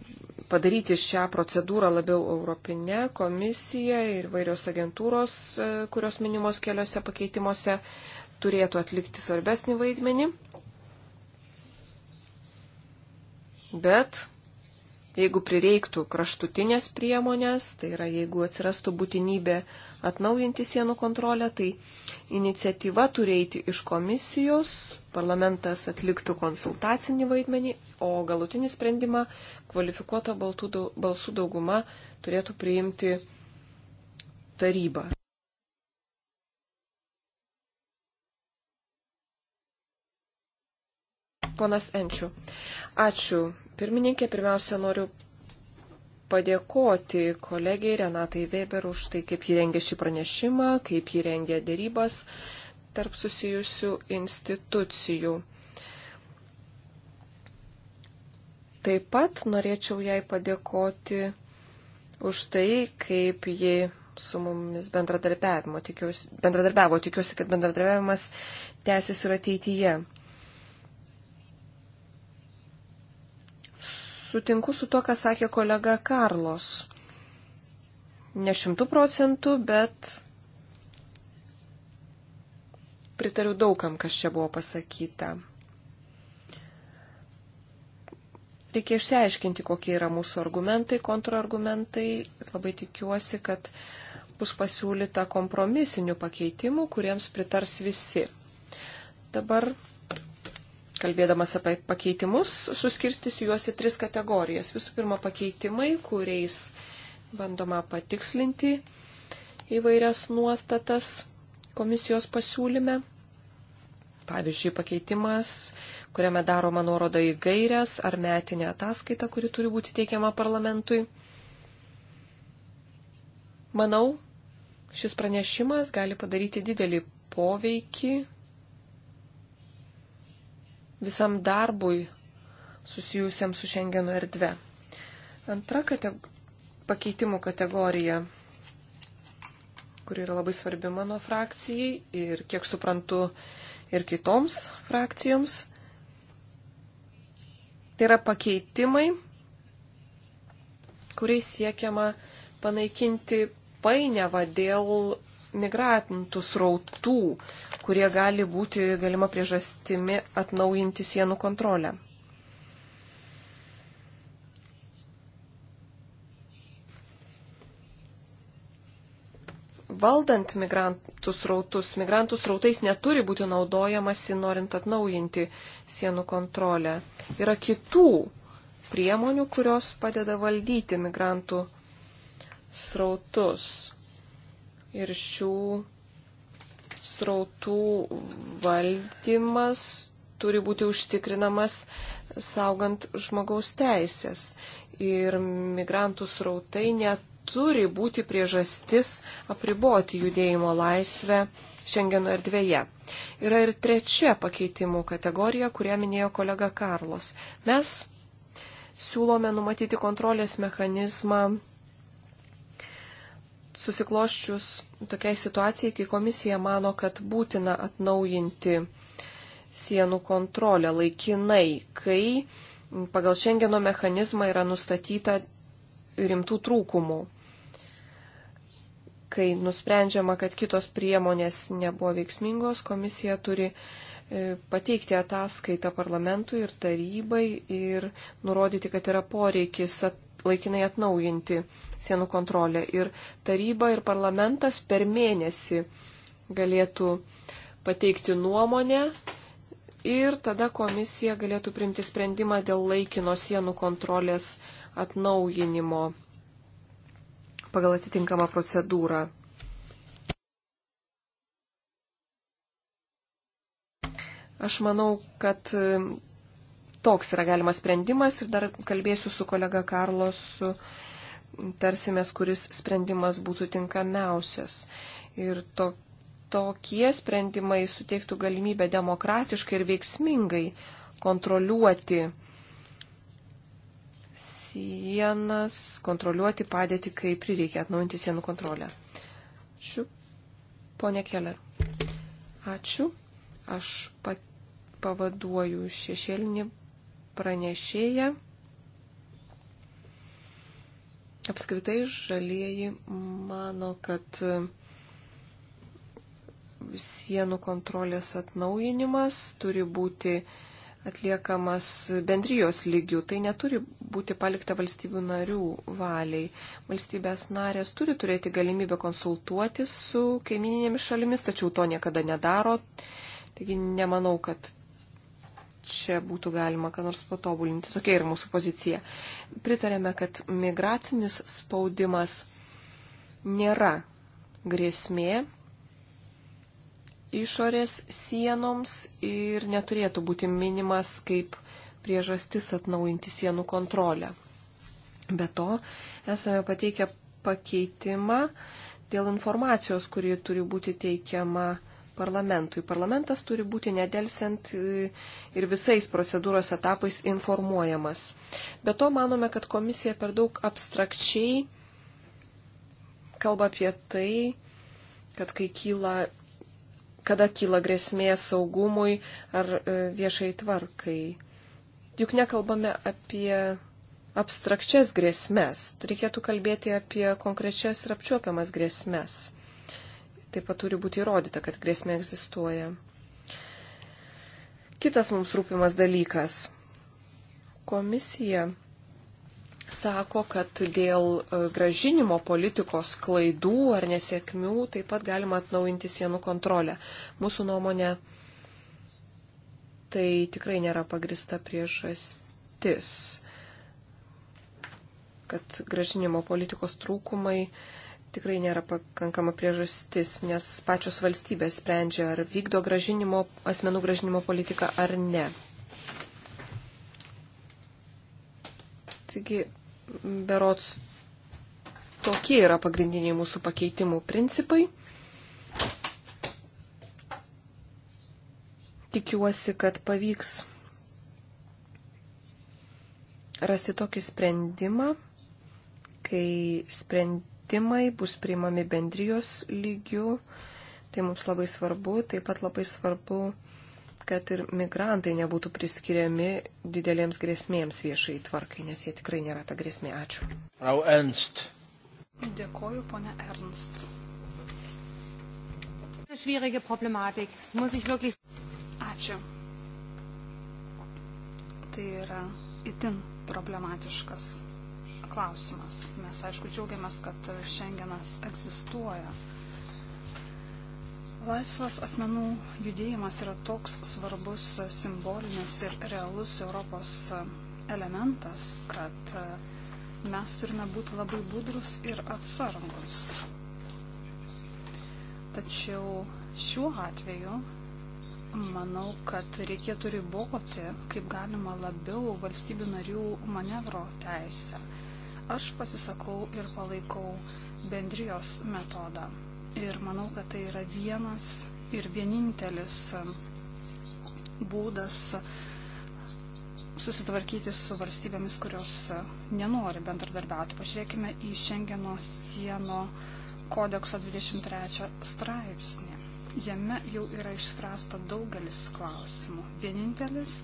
A: padaryti šią procedūrą labiau europinę, komisija ir vairios agentūros, e, kurios minimos keliose pakeitimuose, turėtų atlikti svarbesnį vaidmenį. Bet jeigu prireiktų kraštutinės priemonės, tai yra jeigu atsirastų būtinybė uh, atnaujinti sienų kontrolę, tai iniciatyva turi eiti iš komisijos, parlamentas atliktų konsultacinį vaidmenį, o galutinį sprendimą kvalifikuota balsų dauguma turėtų priimti taryba. Ponas Enčių. Ačiū. Pirmininkė, pirmiausia, noriu padėkoti kolegiai Renatai Weber už tai, kaip jį rengė šį pranešimą, kaip jį rengė dėrybas tarp susijusių institucijų. Taip pat norėčiau jai padėkoti už tai, kaip ji su mumis bendradarbiavo. Tikiuosi, bendradarbiavo. tikiuosi kad bendradarbiavimas tęsis ir ateityje. sutinku su to, ką sakė kolega Karlos. Ne šimtų procentų, bet pritariu daugam, kas čia buvo pasakyta. Reikia išsiaiškinti, kokie yra mūsų argumentai, kontrargumentai. Labai tikiuosi, kad bus pasiūlyta kompromisinių pakeitimų, kuriems pritars visi. Dabar kalbėdamas apie pakeitimus, suskirstysiu juos į tris kategorijas. Visų pirma, pakeitimai, kuriais bandoma patikslinti įvairias nuostatas komisijos pasiūlyme. Pavyzdžiui, pakeitimas, kuriame daroma nuoroda į gairias ar metinę ataskaitą, kuri turi būti teikiama parlamentui. Manau, šis pranešimas gali padaryti didelį poveikį visam darbui susijusiam su Šengeno erdve. Antra kate pakeitimų kategorija, kuri yra labai svarbi mano frakcijai ir, kiek suprantu, ir kitoms frakcijoms. Tai yra pakeitimai, kuriais siekiama panaikinti painiavą dėl migrantų srautų, kurie gali būti galima priežastimi atnaujinti sienų kontrolę. Valdant migrantų srautus, migrantų srautais neturi būti naudojamasi, norint atnaujinti sienų kontrolę. Yra kitų priemonių, kurios padeda valdyti migrantų srautus ir šių srautų valdymas turi būti užtikrinamas saugant žmogaus teisės. Ir migrantų srautai neturi būti priežastis apriboti judėjimo laisvę Šengeno erdvėje. Yra ir trečia pakeitimų kategorija, kurią minėjo kolega Karlos. Mes siūlome numatyti kontrolės mechanizmą susikloščius tokiai situacijai, kai komisija mano, kad būtina atnaujinti sienų kontrolę laikinai, kai pagal Šengeno mechanizmą yra nustatyta rimtų trūkumų, kai nusprendžiama, kad kitos priemonės nebuvo veiksmingos, komisija turi e, pateikti ataskaitą parlamentui ir tarybai ir nurodyti, kad yra poreikis at laikinai atnaujinti sienų kontrolę. Ir taryba ir parlamentas per mėnesį galėtų pateikti nuomonę ir tada komisija galėtų primti sprendimą dėl laikino sienų kontrolės atnaujinimo pagal atitinkamą procedūrą. Aš manau, kad toks yra galimas sprendimas ir dar kalbėsiu su kolega Karlosu, tarsimės, kuris sprendimas būtų tinkamiausias. Ir to, tokie sprendimai suteiktų galimybę demokratiškai ir veiksmingai kontroliuoti sienas, kontroliuoti padėtį, kai prireikia atnaujinti sienų kontrolę. Ačiū, ponė Keller. Ačiū. Aš pat pavaduoju šešėlinį pranešėja. Apskritai žalieji mano, kad sienų kontrolės atnaujinimas turi būti atliekamas bendrijos lygių. Tai neturi būti palikta valstybių narių valiai. Valstybės narės turi turėti galimybę konsultuotis su kaimininėmis šalimis, tačiau to niekada nedaro. Taigi nemanau, kad čia būtų galima ką nors patobulinti. Tokia ir mūsų pozicija. Pritarėme, kad migracinis spaudimas nėra grėsmė išorės sienoms ir neturėtų būti minimas kaip priežastis atnaujinti sienų kontrolę. Be to, esame pateikę pakeitimą dėl informacijos, kuri turi būti teikiama parlamentui. Parlamentas turi būti nedelsiant e, ir visais procedūros etapais informuojamas. Be to manome, kad komisija per daug abstrakčiai kalba apie tai, kad kai kyla, kada kyla grėsmė saugumui ar e, viešai tvarkai. Juk nekalbame apie abstrakčias grėsmės, reikėtų kalbėti apie konkrečias ir apčiuopiamas grėsmės. Taip pat turi būti įrodyta, kad grėsmė egzistuoja. Kitas mums rūpimas dalykas. Komisija sako, kad dėl e, gražinimo politikos klaidų ar nesėkmių taip pat galima atnaujinti sienų kontrolę. Mūsų nuomonė, tai tikrai nėra pagrista priežastis, kad gražinimo politikos trūkumai tikrai nėra pakankama priežastis, nes pačios valstybės sprendžia, ar vykdo gražinimo, asmenų gražinimo politiką ar ne. Taigi, berots, tokie yra pagrindiniai mūsų pakeitimų principai. Tikiuosi, kad pavyks rasti tokį sprendimą, kai sprendimą pakeitimai bus priimami bendrijos lygių. Tai mums labai svarbu. Taip pat labai svarbu, kad ir migrantai nebūtų priskiriami didelėms grėsmėms viešai tvarkai, nes jie tikrai nėra ta grėsmė. Ačiū.
C: Frau Ernst. Dėkoju, ponia Ernst. Ačiū. Tai yra itin problematiškas klausimas. Mes, aišku, džiaugiamės, kad šiandienas egzistuoja. Laisvas asmenų judėjimas yra toks svarbus simbolinis ir realus Europos elementas, kad mes turime būti labai budrus ir atsargus. Tačiau šiuo atveju manau, kad reikėtų riboti, kaip galima labiau valstybių narių manevro teisę. Aš pasisakau ir palaikau bendrijos metodą. Ir manau, kad tai yra vienas ir vienintelis būdas susitvarkyti su valstybėmis, kurios nenori bendradarbiauti. Pažiūrėkime į Šengeno sieno kodekso 23 straipsnį. Jame jau yra išspręsta daugelis klausimų. Vienintelis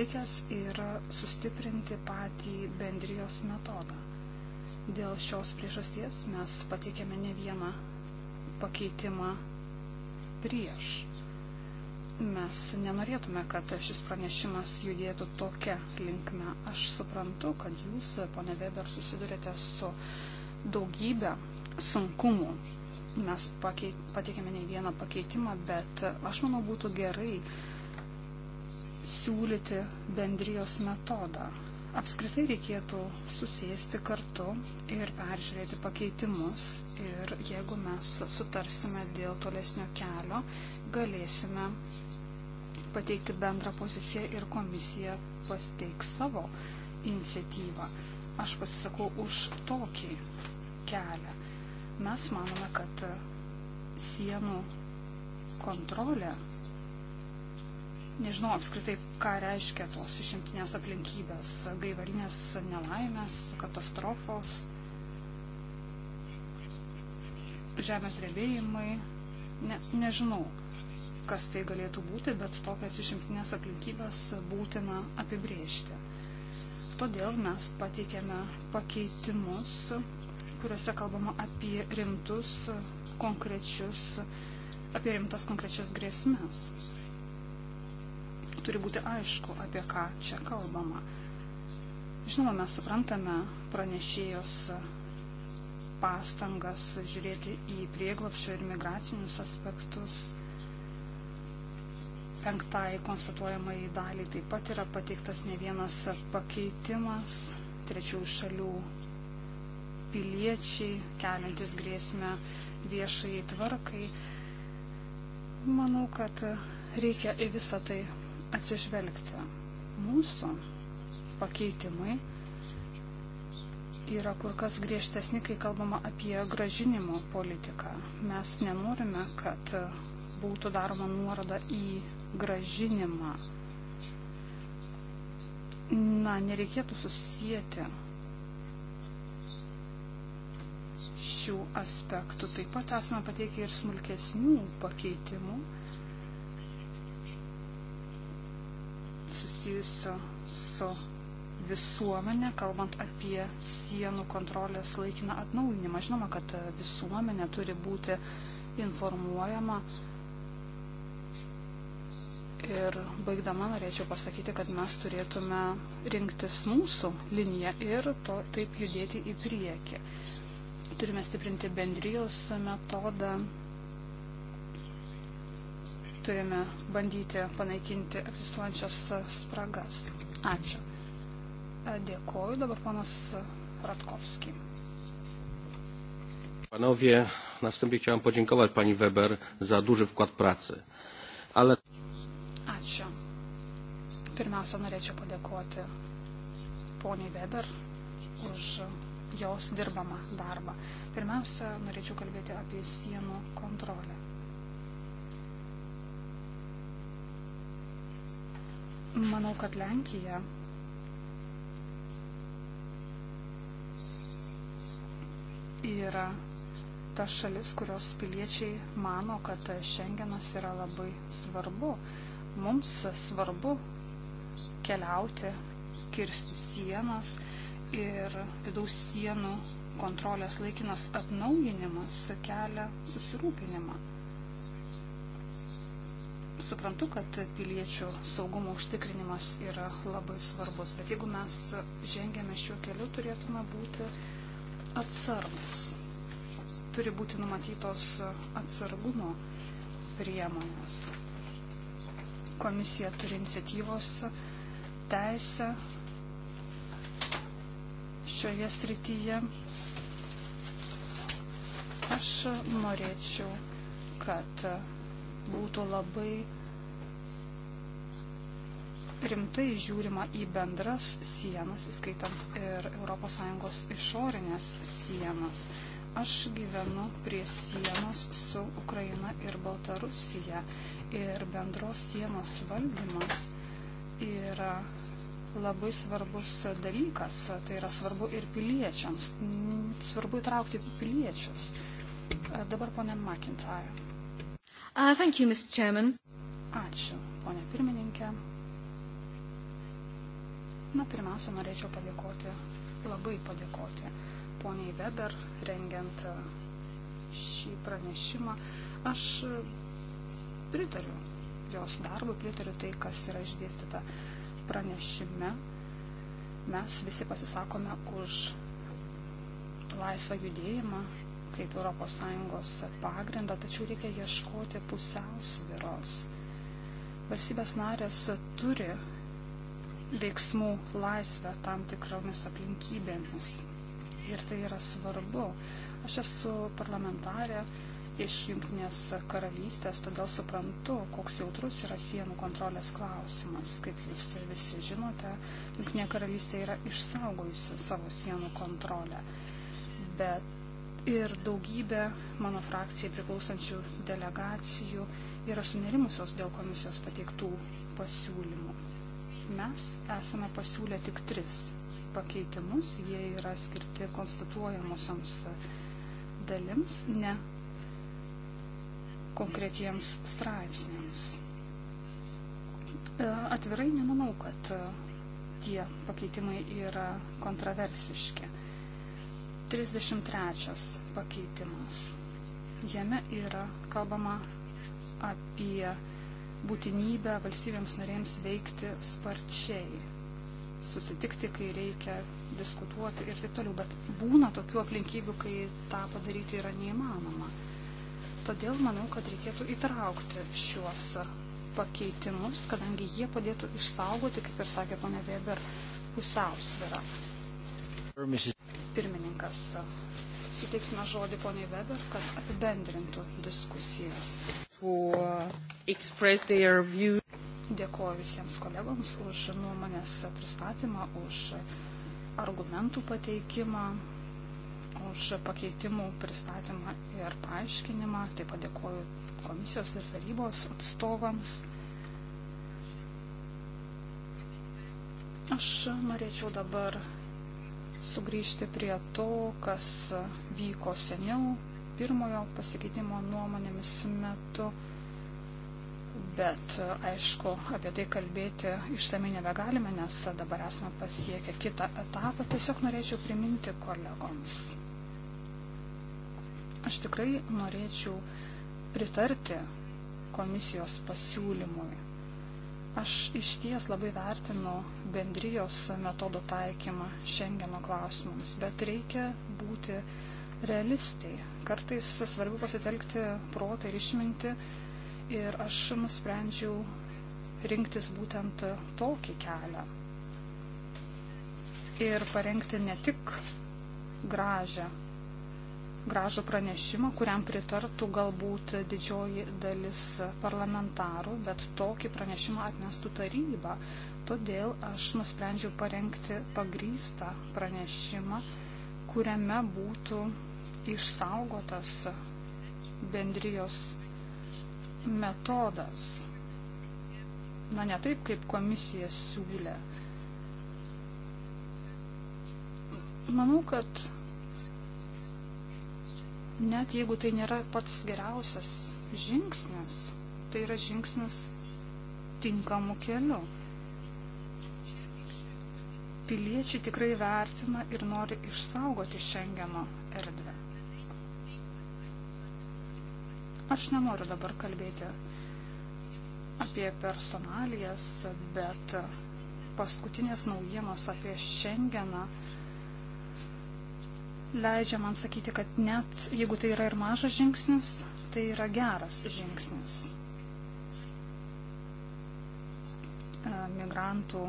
C: likęs yra sustiprinti patį bendrijos metodą. Dėl šios priežasties mes pateikėme ne vieną pakeitimą prieš. Mes nenorėtume, kad šis pranešimas judėtų tokia linkme. Aš suprantu, kad jūs, ponė Weber, susidurėte su daugybė sunkumų. Mes pateikėme ne vieną pakeitimą, bet aš manau būtų gerai siūlyti bendrijos metodą Apskritai reikėtų susėsti kartu ir peržiūrėti pakeitimus. Ir jeigu mes sutarsime dėl tolesnio kelio, galėsime pateikti bendrą poziciją ir komisija pasteiks savo iniciatyvą. Aš pasisakau už tokį kelią. Mes manome, kad sienų kontrolė, nežinau apskritai, ką reiškia tos išimtinės aplinkybės, gaivalinės nelaimės, katastrofos, žemės drebėjimai. Ne, nežinau, kas tai galėtų būti, bet tokias išimtinės aplinkybės būtina apibriežti. Todėl mes pateikėme pakeitimus, kuriuose kalbama apie rimtus konkrečius, apie rimtas konkrečias grėsmės turi būti aišku, apie ką čia kalbama. Žinoma, mes suprantame pranešėjos pastangas žiūrėti į prieglopščio ir migracinius aspektus. Penktai konstatuojamai daliai taip pat yra pateiktas ne vienas pakeitimas trečiųjų šalių piliečiai, keliantis grėsmę viešai tvarkai. Manau, kad reikia į visą tai atsižvelgti. Mūsų pakeitimai yra kur kas griežtesni, kai kalbama apie gražinimo politiką. Mes nenorime, kad būtų daroma nuoroda į gražinimą. Na, nereikėtų susijęti šių aspektų. Taip pat esame pateikę ir smulkesnių pakeitimų susijusio su visuomenė, kalbant apie sienų kontrolės laikiną atnaujinimą. Žinoma, kad visuomenė turi būti informuojama. Ir baigdama norėčiau pasakyti, kad mes turėtume rinktis mūsų liniją ir to, taip judėti į priekį. Turime stiprinti bendrijos metodą, turime bandyti panaikinti egzistuojančias spragas. Ačiū. Dėkoju. Dabar ponas Radkowski. Panowie, na wstępie chciałem podziękować pani Weber za duży wkład pracy. Ale... Ačiū. Pirmiausia, norėčiau padėkoti poniai Weber už jos dirbamą darbą. Pirmiausia, norėčiau kalbėti apie sienų kontrolę. Manau, kad Lenkija yra ta šalis, kurios piliečiai mano, kad Šengenas yra labai svarbu. Mums svarbu keliauti, kirsti sienas ir vidaus sienų kontrolės laikinas atnaujinimas kelia susirūpinimą suprantu, kad piliečių saugumo užtikrinimas yra labai svarbus, bet jeigu mes žengėme šiuo keliu, turėtume būti atsargus. Turi būti numatytos atsargumo priemonės. Komisija turi iniciatyvos teisę šioje srityje. Aš norėčiau, kad būtų labai rimtai žiūrima į bendras sienas, įskaitant ir ES išorinės sienas. Aš gyvenu prie sienos su Ukraina ir Baltarusija ir bendros sienos valdymas yra labai svarbus dalykas, tai yra svarbu ir piliečiams, svarbu įtraukti piliečius. Dabar ponė McIntyre.
B: Uh, thank you, Mr. Chairman.
C: Ačiū, ponė pirmininkė. Na, pirmiausia, norėčiau padėkoti, labai padėkoti poniai Weber, rengiant e, šį pranešimą. Aš e, pritariu jos darbui, pritariu tai, kas yra išdėstyta pranešime. Mes visi pasisakome už laisvą judėjimą kaip ES pagrindą, tačiau reikia ieškoti pusiausviros. Varsybės narės turi veiksmų laisvę tam tikromis aplinkybėmis. Ir tai yra svarbu. Aš esu parlamentarė iš Junktinės karalystės, todėl suprantu, koks jautrus yra sienų kontrolės klausimas. Kaip jūs visi žinote, Junktinė karalystė yra išsaugojusi savo sienų kontrolę. Bet ir daugybė mano frakcijai priklausančių delegacijų yra sunerimusios dėl komisijos pateiktų pasiūlymų. Mes esame pasiūlę tik tris pakeitimus, jie yra skirti konstituojamosioms dalims, ne konkretiems straipsniams. E, atvirai nemanau, kad e, tie pakeitimai yra kontroversiški. 33 pakeitimas. Jame yra kalbama apie būtinybę valstybėms narėms veikti sparčiai, susitikti, kai reikia, diskutuoti ir taip toliau. Bet būna tokių aplinkybių, kai tą padaryti yra neįmanoma. Todėl manau, kad reikėtų įtraukti šiuos pakeitimus, kadangi jie padėtų išsaugoti, kaip ir sakė ponė Weber, pusiausvyrą. Pirmininkas, suteiksime žodį poniai Weber, kad apibendrintų diskusijas. Uh, dėkuoju visiems kolegoms už nuomonės pristatymą, už argumentų pateikimą, už pakeitimų pristatymą ir paaiškinimą. Taip pat dėkuoju komisijos ir tarybos atstovams. Aš norėčiau dabar sugrįžti prie to, kas vyko seniau, pirmojo pasikeitimo nuomonėmis metu, bet aišku, apie tai kalbėti išsamei nebegalime, nes dabar esame pasiekę kitą etapą. Tiesiog norėčiau priminti kolegoms. Aš tikrai norėčiau pritarti komisijos pasiūlymui Aš iš ties labai vertinu bendrijos metodo taikymą Šengeno klausimams, bet reikia būti realistai. Kartais svarbu pasitelkti protą ir išminti ir aš nusprendžiau rinktis būtent tokį kelią. Ir parengti ne tik gražią gražų pranešimą, kuriam pritartų galbūt didžioji dalis parlamentarų, bet tokį pranešimą atmestų taryba. Todėl aš nusprendžiau parengti pagrystą pranešimą, kuriame būtų išsaugotas bendrijos metodas. Na ne taip, kaip komisija siūlė. Manau, kad net jeigu tai nėra pats geriausias žingsnis, tai yra žingsnis tinkamu keliu. Piliečiai tikrai vertina ir nori išsaugoti Šengeno erdvę. Aš nenoriu dabar kalbėti apie personalijas, bet paskutinės naujienos apie Šengeną leidžia man sakyti, kad net jeigu tai yra ir mažas žingsnis, tai yra geras žingsnis. E, migrantų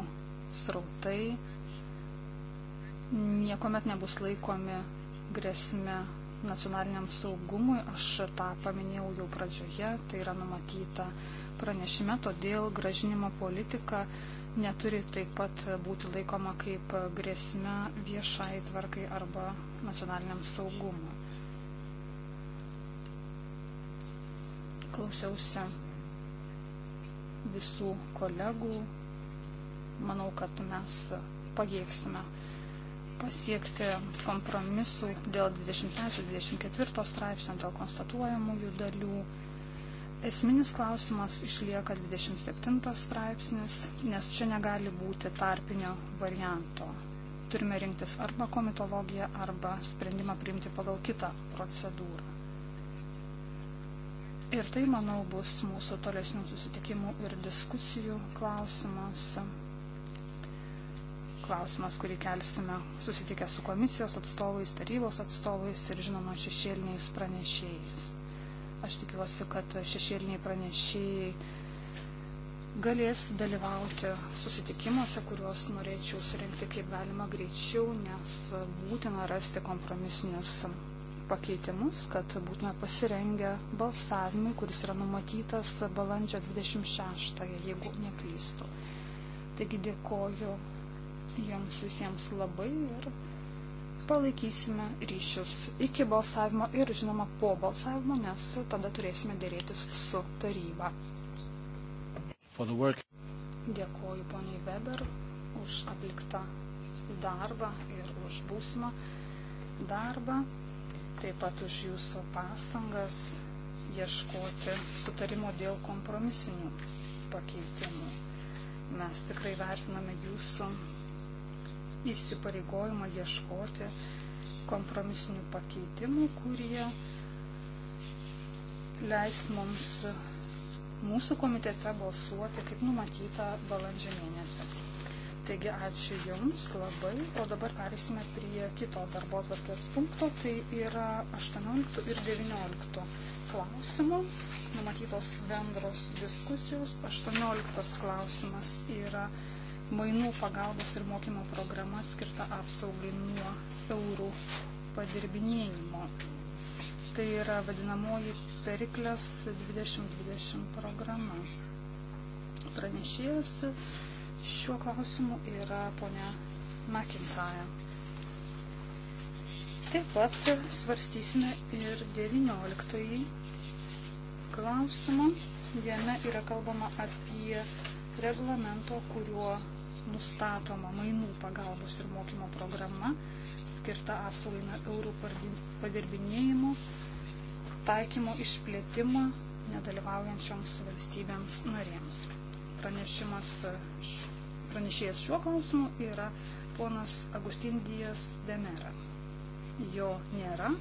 C: srautai niekuomet nebus laikomi grėsime nacionaliniam saugumui. Aš tą paminėjau jau pradžioje, tai yra numatyta pranešime, todėl gražinimo politika uh, neturi taip pat būti laikoma kaip grėsme viešai tvarkai arba nacionaliniam saugumui. Klausiausi visų kolegų. Manau, kad mes pajėgsime pasiekti kompromisų dėl 23-24 straipsnio, dėl konstatuojamųjų dalių Esminis klausimas išlieka 27 straipsnis, nes čia negali būti tarpinio varianto. Turime rinktis arba komitologiją, arba sprendimą priimti pagal kitą procedūrą. Ir tai, manau, bus mūsų tolesnių susitikimų ir diskusijų klausimas. Klausimas, kurį kelsime susitikę su komisijos atstovais, tarybos atstovais ir, žinoma, šešėliniais pranešėjais. Aš tikiuosi, kad šešėliniai pranešėjai galės dalyvauti susitikimuose, kuriuos norėčiau surinkti kaip galima greičiau, nes būtina rasti kompromisinius pakeitimus, kad būtume pasirengę balsavimui, kuris yra numatytas balandžio 26-ąją, jeigu neklystu. Taigi dėkoju jums visiems labai ir palaikysime ryšius iki balsavimo ir žinoma po balsavimo, nes tada turėsime dėrėtis su taryba. Dėkoju poniai Weber už atliktą darbą ir už būsimą darbą, taip pat už jūsų pastangas ieškoti sutarimo dėl kompromisinių pakeitimų. Mes tikrai vertiname jūsų įsipareigojimą ieškoti kompromisinių pakeitimų, kurie leis mums mūsų komitete balsuoti, kaip numatyta balandžio mėnesį. Taigi ačiū Jums labai, o dabar perėsime prie kito darbo atvarkės punkto, tai yra 18 ir 19 klausimų, numatytos bendros diskusijos. 18 klausimas yra mainų pagalbos ir mokymo programa skirta apsaugai nuo eurų padirbinėjimo. Tai yra vadinamoji Periklės 2020 programa. Pranešėjas šiuo klausimu yra ponia McIntyre. Taip pat svarstysime ir 19 klausimą. Jame yra kalbama apie reglamento, kuriuo nustatoma mainų pagalbos ir mokymo programa skirta apsaugai nuo eurų padirbinėjimo, taikymo išplėtimą nedalyvaujančioms valstybėms narėms. Pranešimas, pranešėjas šiuo klausimu yra ponas Agustindijas Demera. Jo nėra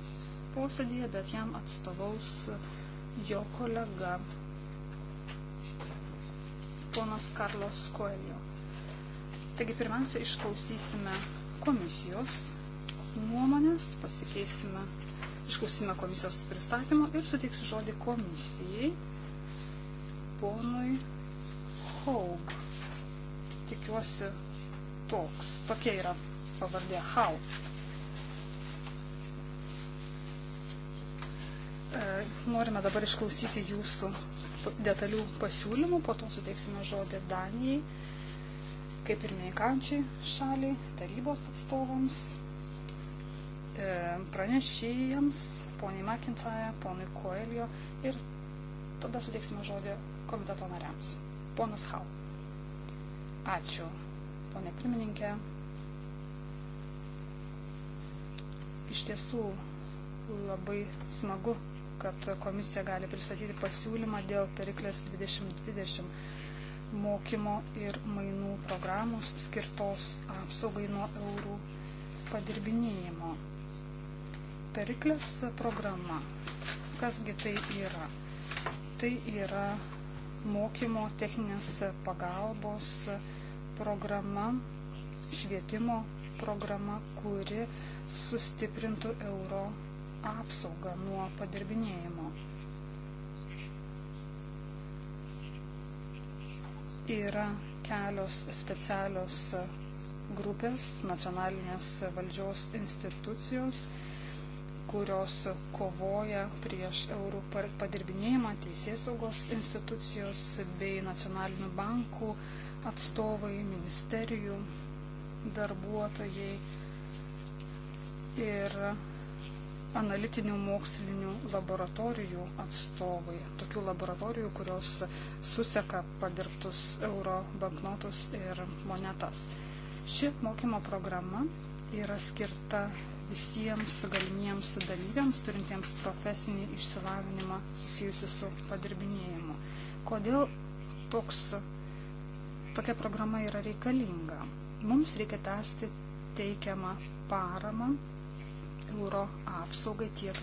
C: posėdėje, bet jam atstovaus jo kolega ponas Karlos Koelio. Taigi pirmiausia, išklausysime komisijos nuomonės, pasikeisime, išklausysime komisijos pristatymą ir suteiksiu žodį komisijai ponui Haug. Tikiuosi toks. Tokia yra pavardė Haug. E, norime dabar išklausyti jūsų detalių pasiūlymų, po to suteiksime žodį Danijai kaip ir neįkančiai šaliai, tarybos atstovams, e, pranešėjams, poniai McIntyre, ponui Koelio ir tada suteiksime žodį komiteto nariams. Ponas Hau. Ačiū, ponė pirmininkė. Iš tiesų labai smagu, kad komisija gali pristatyti pasiūlymą dėl periklės 2020 mokymo ir mainų programos skirtos apsaugai nuo eurų padirbinėjimo. Periklės programa. Kasgi tai yra? Tai yra mokymo techninės pagalbos programa, švietimo programa, kuri sustiprintų euro apsaugą nuo padirbinėjimo. Yra kelios specialios grupės, nacionalinės valdžios institucijos, kurios kovoja prieš eurų padirbinėjimą, teisės saugos institucijos bei nacionalinių bankų atstovai, ministerijų darbuotojai ir analitinių mokslinių laboratorijų atstovai, tokių laboratorijų, kurios suseka padirbtus euro banknotus ir monetas. Ši mokymo programa yra skirta visiems galimiems dalyviams, turintiems profesinį išsilavinimą susijusi su padirbinėjimu. Kodėl toks, tokia programa yra reikalinga? Mums reikia tęsti teikiamą paramą euro apsaugai tiek ES,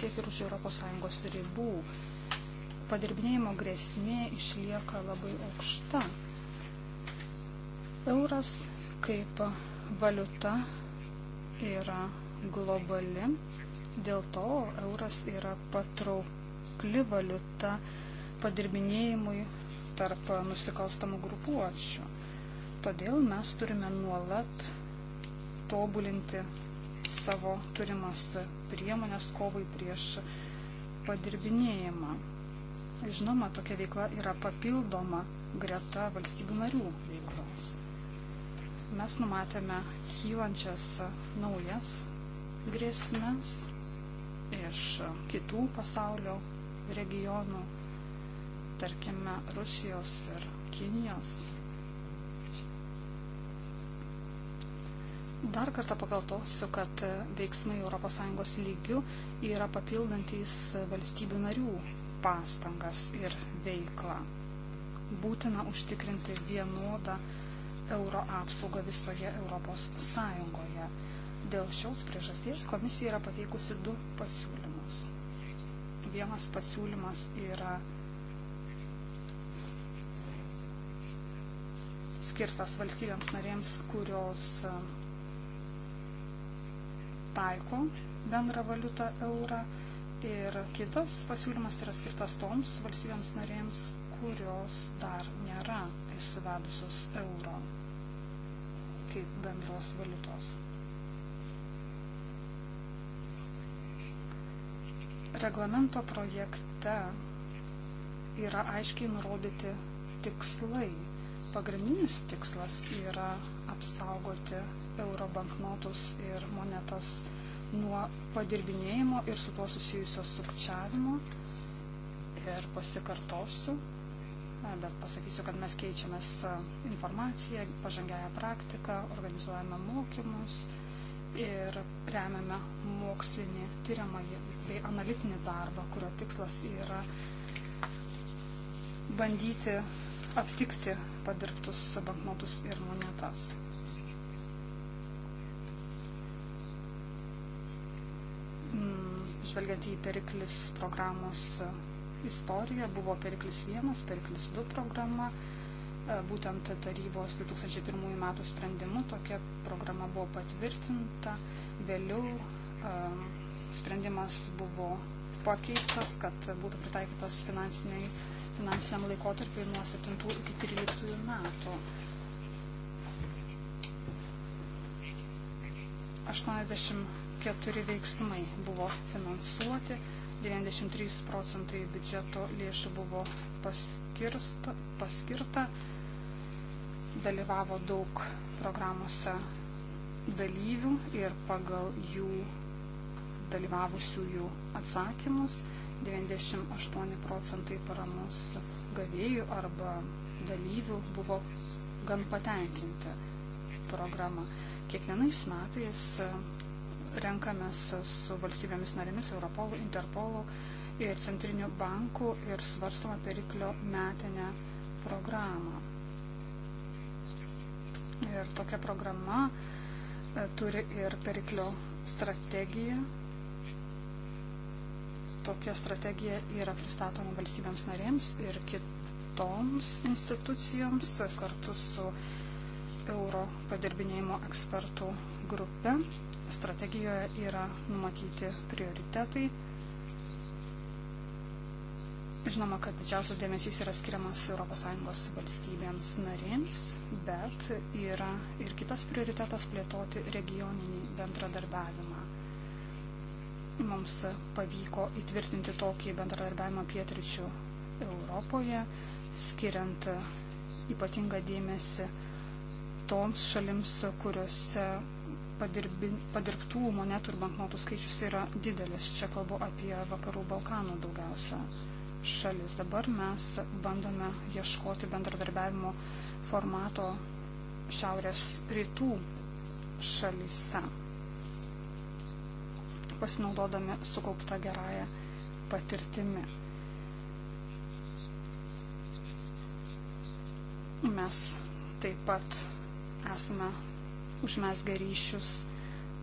C: tiek ir už ES ribų. Padirbinėjimo grėsmė išlieka labai aukšta. Euras kaip valiuta yra globali, dėl to euras yra patraukli valiuta padirbinėjimui tarp nusikalstamų grupuočių. Todėl mes turime nuolat tobulinti savo turimas priemonės kovai prieš padirbinėjimą. Žinoma, tokia veikla yra papildoma greta valstybių narių veiklos. Mes numatėme kylančias naujas grėsmės iš kitų pasaulio regionų, tarkime Rusijos ir Kinijos Dar kartą pakartosiu, kad veiksmai ES lygių yra papildantis valstybių narių pastangas ir veiklą. Būtina užtikrinti vienodą euro apsaugą visoje ES. Dėl šios priežasties komisija yra pateikusi du pasiūlymus. Vienas pasiūlymas yra skirtas valstybėms narėms, kurios taiko bendrą valiutą eurą ir kitas pasiūlymas yra skirtas toms valstybėms narėms, kurios dar nėra įsivedusios euro kaip bendros valiutos. Reglamento projekte yra aiškiai nurodyti tikslai. Pagrindinis tikslas yra apsaugoti euro banknotus ir monetas nuo padirbinėjimo ir su tuo susijusio sukčiavimo. Ir pasikartosiu, bet pasakysiu, kad mes keičiamės informaciją, pažangiają praktiką, organizuojame mokymus ir remiame mokslinį, tyriamąjį bei analitinį darbą, kurio tikslas yra bandyti aptikti padirbtus banknotus ir monetas. Mm, žvelgiant į Periklis programos e, istoriją, buvo Periklis 1, Periklis 2 programa. E, būtent tarybos 2001 metų sprendimu tokia programa buvo patvirtinta. Vėliau e, sprendimas buvo pakeistas, kad būtų pritaikytas finansiniam laikotarpiui nuo 7 iki 13 metų. 80 keturi veiksmai buvo finansuoti, 93 procentai biudžeto lėšų buvo paskirsta, paskirta, dalyvavo daug programuose dalyvių ir pagal jų dalyvavusiųjų atsakymus 98 procentai paramos gavėjų arba dalyvių buvo gan patenkinti programa. Kiekvienais metais renkamės su valstybėmis narėmis, Europolu, Interpolu ir Centriniu banku ir svarstoma periklio metinę programą. Ir tokia programa e, turi ir periklio strategiją. Tokia strategija yra pristatoma valstybėms narėms ir kitoms institucijoms kartu su euro padirbinėjimo ekspertų grupė strategijoje yra numatyti prioritetai. Žinoma, kad didžiausias dėmesys yra skiriamas ES valstybėms narėms, bet yra ir kitas prioritetas plėtoti regioninį bendradarbiavimą. Mums pavyko įtvirtinti tokį bendradarbiavimą pietričių Europoje, skiriant ypatingą dėmesį toms šalims, kuriuose padirbi, padirbtų monetų ir banknotų skaičius yra didelis. Čia kalbu apie vakarų Balkanų daugiausia šalis. Dabar mes bandome ieškoti bendradarbiavimo formato šiaurės rytų šalyse, pasinaudodami sukauptą gerąją patirtimi. Mes taip pat esame užmesgę ryšius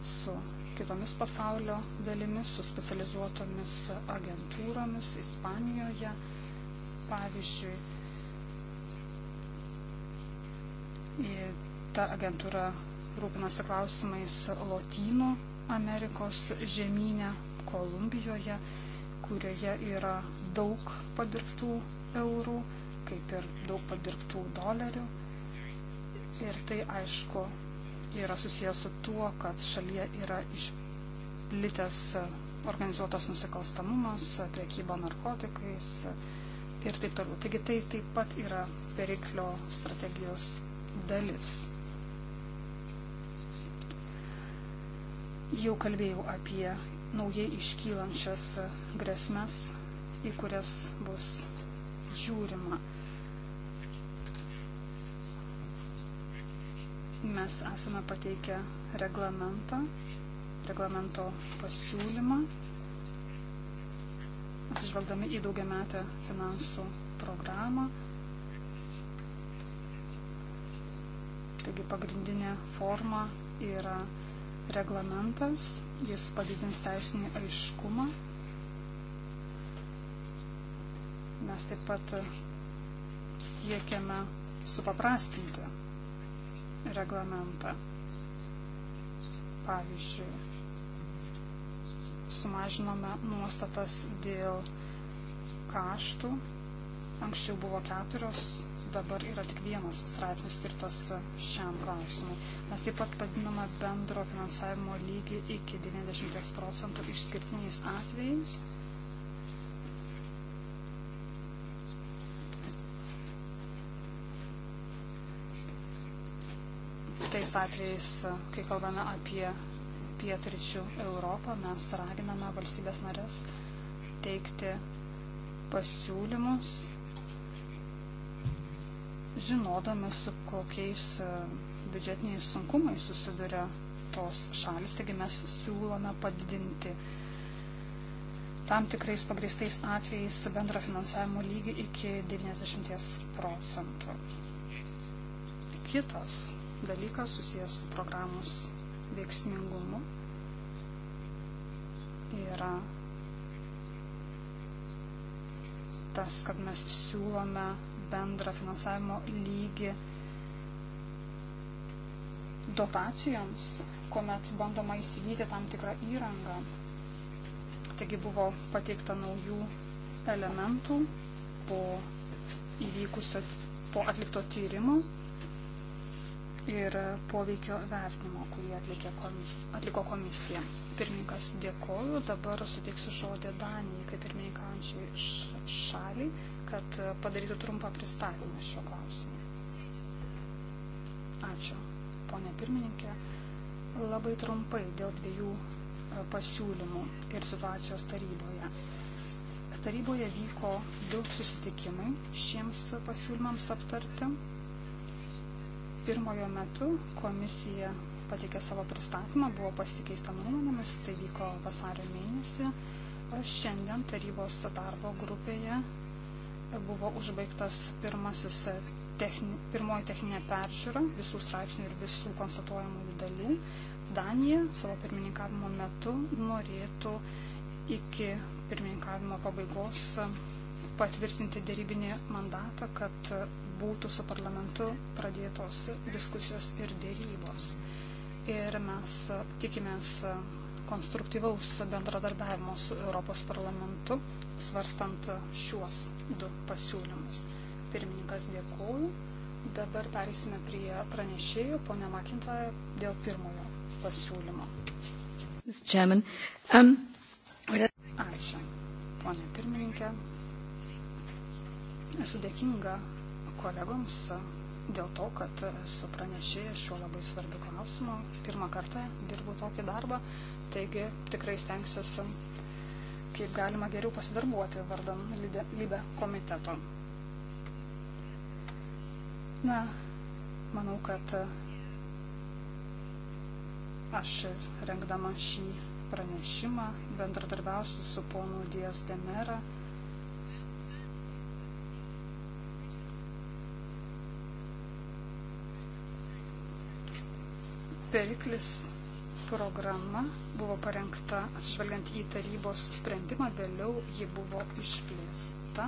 C: su kitomis pasaulio dalimis, su specializuotomis agentūromis Ispanijoje, pavyzdžiui. Ta agentūra rūpinasi klausimais Lotynų Amerikos žemynė, Kolumbijoje, kurioje yra daug padirbtų eurų, kaip ir daug padirbtų dolerių. Ir tai aišku Tai yra susijęs su tuo, kad šalyje yra išplitęs e, organizuotas nusikalstamumas, priekyba narkotikais e, ir taip toliau. Taigi tai taip pat yra periklio strategijos dalis. Jau kalbėjau apie naujai iškylančias e, grėsmes, į kurias bus žiūrima. Mes esame pateikę reglamentą, reglamento pasiūlymą, atsižvelgdami į daugiametę finansų programą. Taigi pagrindinė forma yra reglamentas, jis padidins teisinį aiškumą. Mes taip pat siekiame supaprastinti reglamentą. Pavyzdžiui, sumažinome nuostatas dėl kaštų. Anksčiau buvo keturios, dabar yra tik vienas straipsnis skirtas šiam klausimui. Mes taip pat padiname bendro finansavimo lygį iki 90 procentų išskirtiniais atvejais. tais atvejais, kai kalbame apie pietričių Europą, mes raginame valstybės narės teikti pasiūlymus, žinodami, su kokiais e, biudžetiniais sunkumais susiduria tos šalis. Taigi mes siūlome padidinti tam tikrais pagristais atvejais bendro finansavimo lygį iki 90 procentų. Kitas dalykas susijęs su programos veiksmingumu yra tas, kad mes siūlome bendrą finansavimo lygį dotacijoms, kuomet bandoma įsigyti tam tikrą įrangą. Taigi buvo pateikta naujų elementų po įvykusio, po atlikto tyrimo ir poveikio vertinimo, kurį komis, atliko komisija. Pirmininkas dėkoju, dabar suteiksiu žodį Danijai kaip pirmininkaujančiai šaliai, kad padarytų trumpą pristatymą šio klausimu. Ačiū, ponė pirmininkė. Labai trumpai dėl dviejų e, pasiūlymų ir situacijos taryboje. Taryboje vyko daug susitikimai šiems pasiūlymams aptarti pirmojo metu komisija pateikė savo pristatymą, buvo pasikeista nuomonėmis, tai vyko vasario mėnesį. Šiandien tarybos darbo grupėje buvo užbaigtas pirmasis techni, pirmoji techninė peržiūra visų straipsnių ir visų konstatuojamų dalių. Danija savo pirmininkavimo metu norėtų iki pirmininkavimo pabaigos patvirtinti dėrybinį mandatą, kad būtų su parlamentu pradėtos diskusijos ir dėrybos. Ir mes tikimės konstruktyvaus bendradarbiavimo su Europos parlamentu, svarstant šiuos du pasiūlymus. Pirmininkas dėkuoju. Dabar perėsime prie pranešėjų, ponia Makintoje, dėl pirmojo pasiūlymo. Um, Ačiū, ponia pirmininkė. Esu dėkinga kolegoms dėl to, kad esu pranešėja šiuo labai svarbiu klausimu. Pirmą kartą dirbu tokį darbą, taigi tikrai stengsiuosi, kaip galima geriau pasidarbuoti vardan lybe komiteto. Na, manau, kad aš rengdama šį pranešimą bendradarbiausiu su ponu Dijas Demera. De Periklis programa buvo parengta atsižvelgiant į tarybos sprendimą, vėliau ji buvo išplėsta,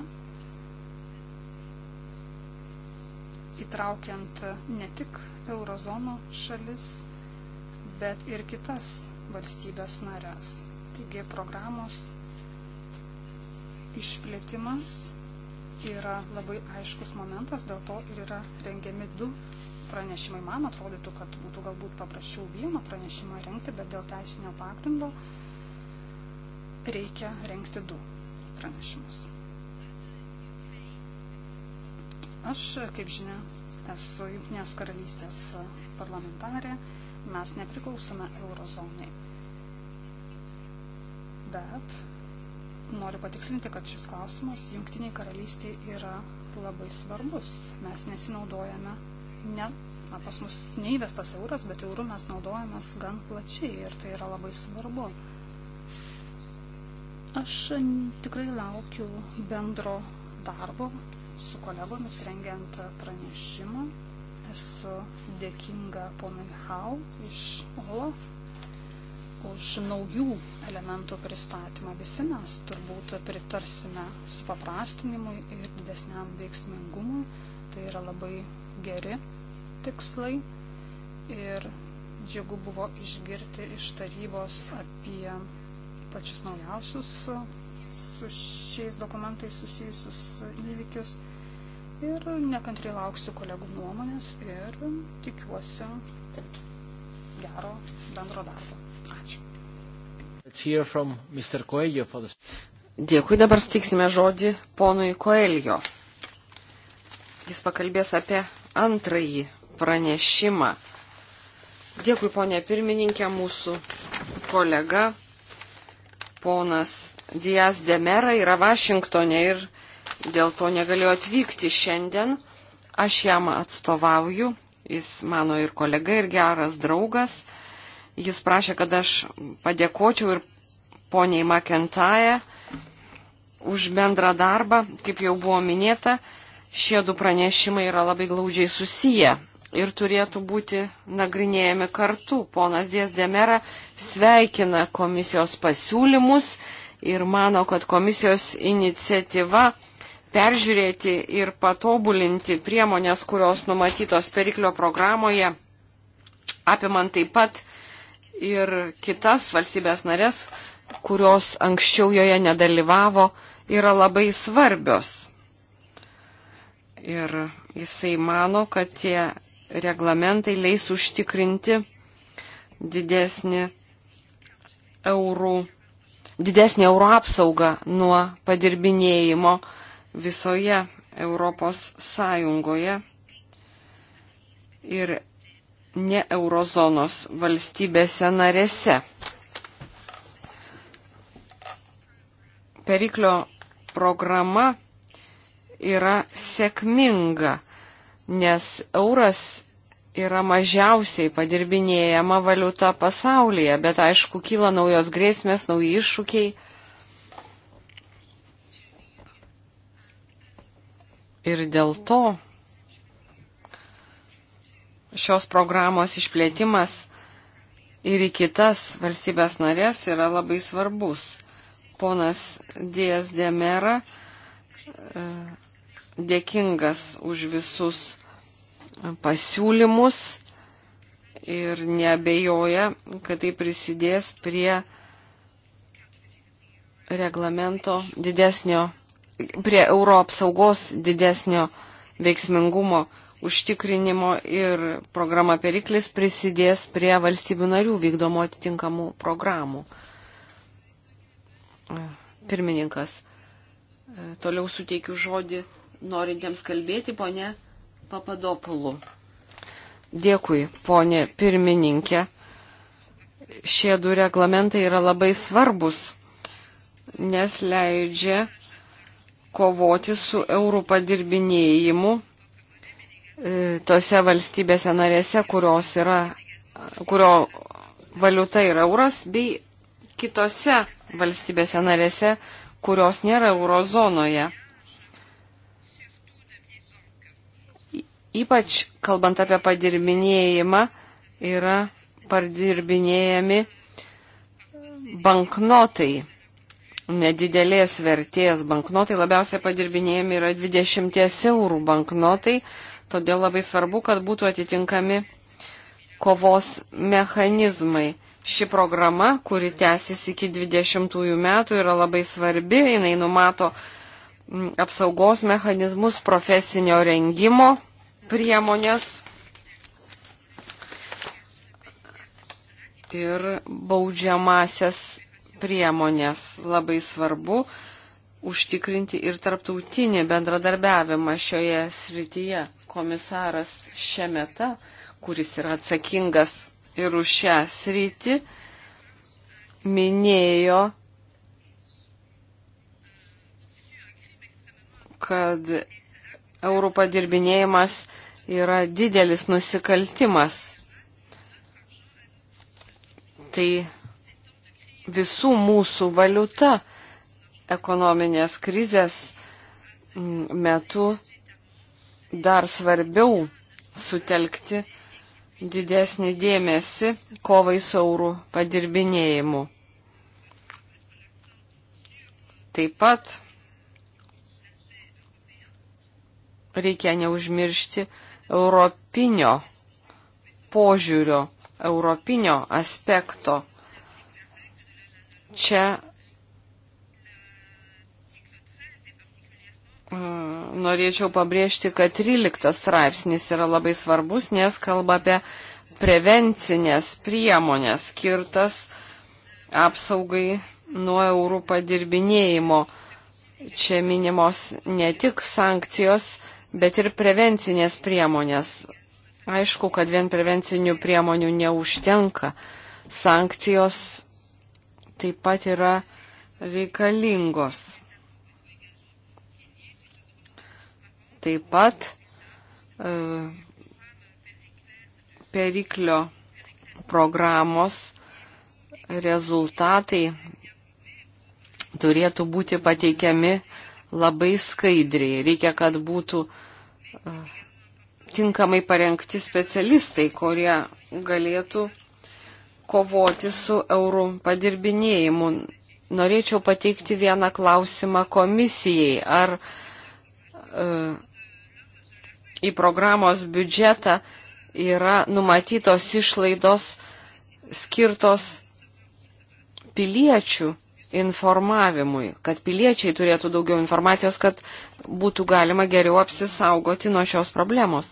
C: įtraukiant ne tik eurozono šalis, bet ir kitas valstybės narės. Taigi programos išplėtimas yra labai aiškus momentas, dėl to ir yra rengiami du pranešimai. Man atrodytų, kad būtų galbūt paprasčiau vieną pranešimą renkti, bet dėl teisinio pagrindo reikia renkti du pranešimus. Aš, kaip žinia, esu Junktinės karalystės parlamentarė, mes nepriklausome eurozonai. Bet noriu patikslinti, kad šis klausimas Junktiniai karalystiai yra labai svarbus. Mes nesinaudojame ne, na, pas mus neįvestas euras, bet eurų mes naudojamės gan plačiai ir tai yra labai svarbu. Aš tikrai laukiu bendro darbo su kolegomis rengiant pranešimą. Esu dėkinga ponui Hau iš Olaf už naujų elementų pristatymą. Visi mes turbūt pritarsime supaprastinimui ir didesniam veiksmingumui. Tai yra labai geri tikslai ir džiugu buvo išgirti iš tarybos apie pačius naujausius su šiais dokumentais susijusius įvykius. Ir nekantriai lauksiu kolegų nuomonės ir tikiuosi gero bendro darbo. Ačiū.
B: Dėkui, dabar sutiksime žodį ponui Koelio. Jis pakalbės apie antrąjį pranešimą. Dėkui, ponė pirmininkė, mūsų kolega, ponas Dijas Demera yra Vašingtonė ir dėl to negalėjo atvykti šiandien. Aš jam atstovauju, jis mano ir kolega, ir geras draugas. Jis prašė, kad aš padėkočiau ir poniai McIntyre už bendrą darbą. Kaip jau buvo minėta, šie du pranešimai yra labai glaudžiai susiję ir turėtų būti nagrinėjami kartu. Ponas Dies Demera sveikina komisijos pasiūlymus ir mano, kad komisijos iniciatyva peržiūrėti ir patobulinti priemonės, kurios numatytos periklio programoje, apimant taip pat ir kitas valstybės narės, kurios anksčiau joje nedalyvavo, yra labai svarbios. Ir jisai mano, kad tie reglamentai leis užtikrinti didesnį eurų, didesnį eurų apsaugą nuo padirbinėjimo visoje Europos Sąjungoje ir ne eurozonos valstybėse narėse. Periklio programa yra sėkminga nes euras yra mažiausiai padirbinėjama valiuta pasaulyje, bet aišku, kyla naujos grėsmės, nauji iššūkiai. Ir dėl to šios programos išplėtimas ir į kitas valstybės narės yra labai svarbus. Ponas Dijas Demera e, dėkingas už visus pasiūlymus ir nebejoja, kad tai prisidės prie reglamento didesnio, prie euro apsaugos didesnio veiksmingumo užtikrinimo ir programa Periklis prisidės prie valstybių narių vykdomo atitinkamų programų. Pirmininkas, toliau suteikiu žodį norintiems kalbėti, ponė Papadopulų. Dėkui, ponė pirmininkė. Šie du reglamentai yra labai svarbus, nes leidžia kovoti su eurų padirbinėjimu e, tose valstybėse narėse, kurios yra, kurio valiuta yra euras, bei kitose valstybėse narėse, kurios nėra eurozonoje. ypač kalbant apie padirbinėjimą, yra padirbinėjami banknotai. Nedidelės vertės banknotai labiausiai padirbinėjami yra 20 eurų banknotai, todėl labai svarbu, kad būtų atitinkami kovos mechanizmai. Ši programa, kuri tęsis iki 20 metų, yra labai svarbi, jinai numato mm, apsaugos mechanizmus profesinio rengimo priemonės ir baudžiamasias priemonės. Labai svarbu užtikrinti ir tarptautinį bendradarbiavimą šioje srityje. Komisaras Šemeta, kuris yra atsakingas ir už šią sritį, minėjo, kad eurų padirbinėjimas yra didelis nusikaltimas. Tai visų mūsų valiuta ekonominės krizės metu dar svarbiau sutelkti didesnį dėmesį kovai su eurų padirbinėjimu. Taip pat reikia neužmiršti europinio požiūrio, europinio aspekto. Čia mm, norėčiau pabrėžti, kad 13 straipsnis yra labai svarbus, nes kalba apie prevencinės priemonės skirtas apsaugai nuo eurų padirbinėjimo. Čia minimos ne tik sankcijos, bet ir prevencinės priemonės. Aišku, kad vien prevencinių priemonių neužtenka. Sankcijos taip pat yra reikalingos. Taip pat uh, periklio programos rezultatai turėtų būti pateikiami uh, labai skaidriai. Reikia, kad būtų e, tinkamai parengti specialistai, kurie galėtų kovoti su eurų padirbinėjimu. Norėčiau pateikti vieną klausimą komisijai. Ar e, į programos biudžetą yra numatytos išlaidos skirtos piliečių informavimui, kad piliečiai turėtų daugiau informacijos, kad būtų galima geriau apsisaugoti nuo šios problemos.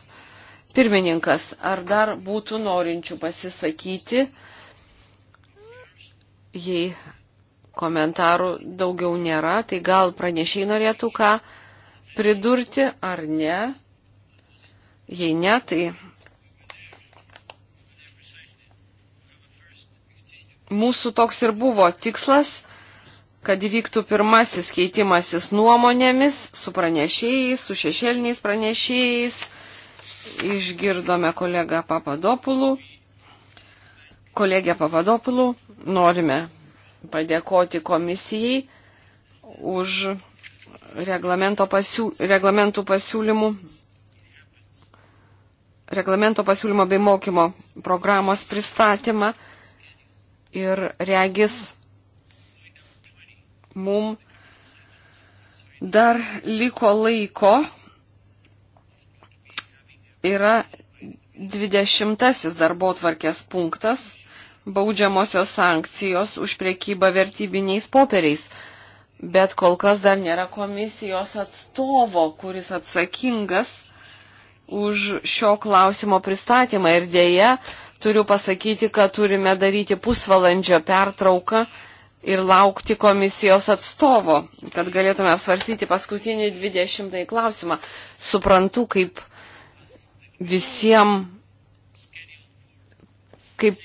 B: Pirmininkas, ar dar būtų norinčių pasisakyti, jei komentarų daugiau nėra, tai gal pranešiai norėtų ką pridurti ar ne. Jei ne, tai mūsų toks ir buvo tikslas kad įvyktų pirmasis keitimasis nuomonėmis su pranešėjais, su šešėliniais pranešėjais. Išgirdome kolegą Papadopulų. Kolegė Papadopulų, norime padėkoti komisijai už pasiū, reglamentų pasiūlymų, reglamento pasiūlymo bei mokymo programos pristatymą ir regis mum dar liko laiko. Yra 20 darbo tvarkės punktas - baudžiamosios sankcijos už priekybą vertybiniais popieriais. Bet kol kas dar nėra komisijos atstovo, kuris atsakingas už šio klausimo pristatymą. Ir dėja, turiu pasakyti, kad turime daryti pusvalandžio pertrauką ir laukti komisijos atstovo, kad galėtume apsvarstyti paskutinį 20 klausimą. Suprantu, kaip visiems, kaip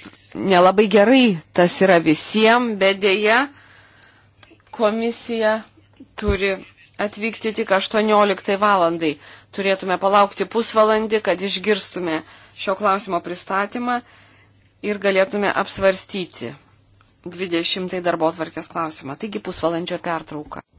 B: nelabai gerai tas yra visiems, bet dėja komisija turi atvykti tik 18 valandai. Turėtume palaukti pusvalandį, kad išgirstume šio klausimo pristatymą ir galėtume apsvarstyti 20 darbo atvarkės klausimą. Taigi pusvalandžio pertrauka.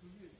C: tu irgi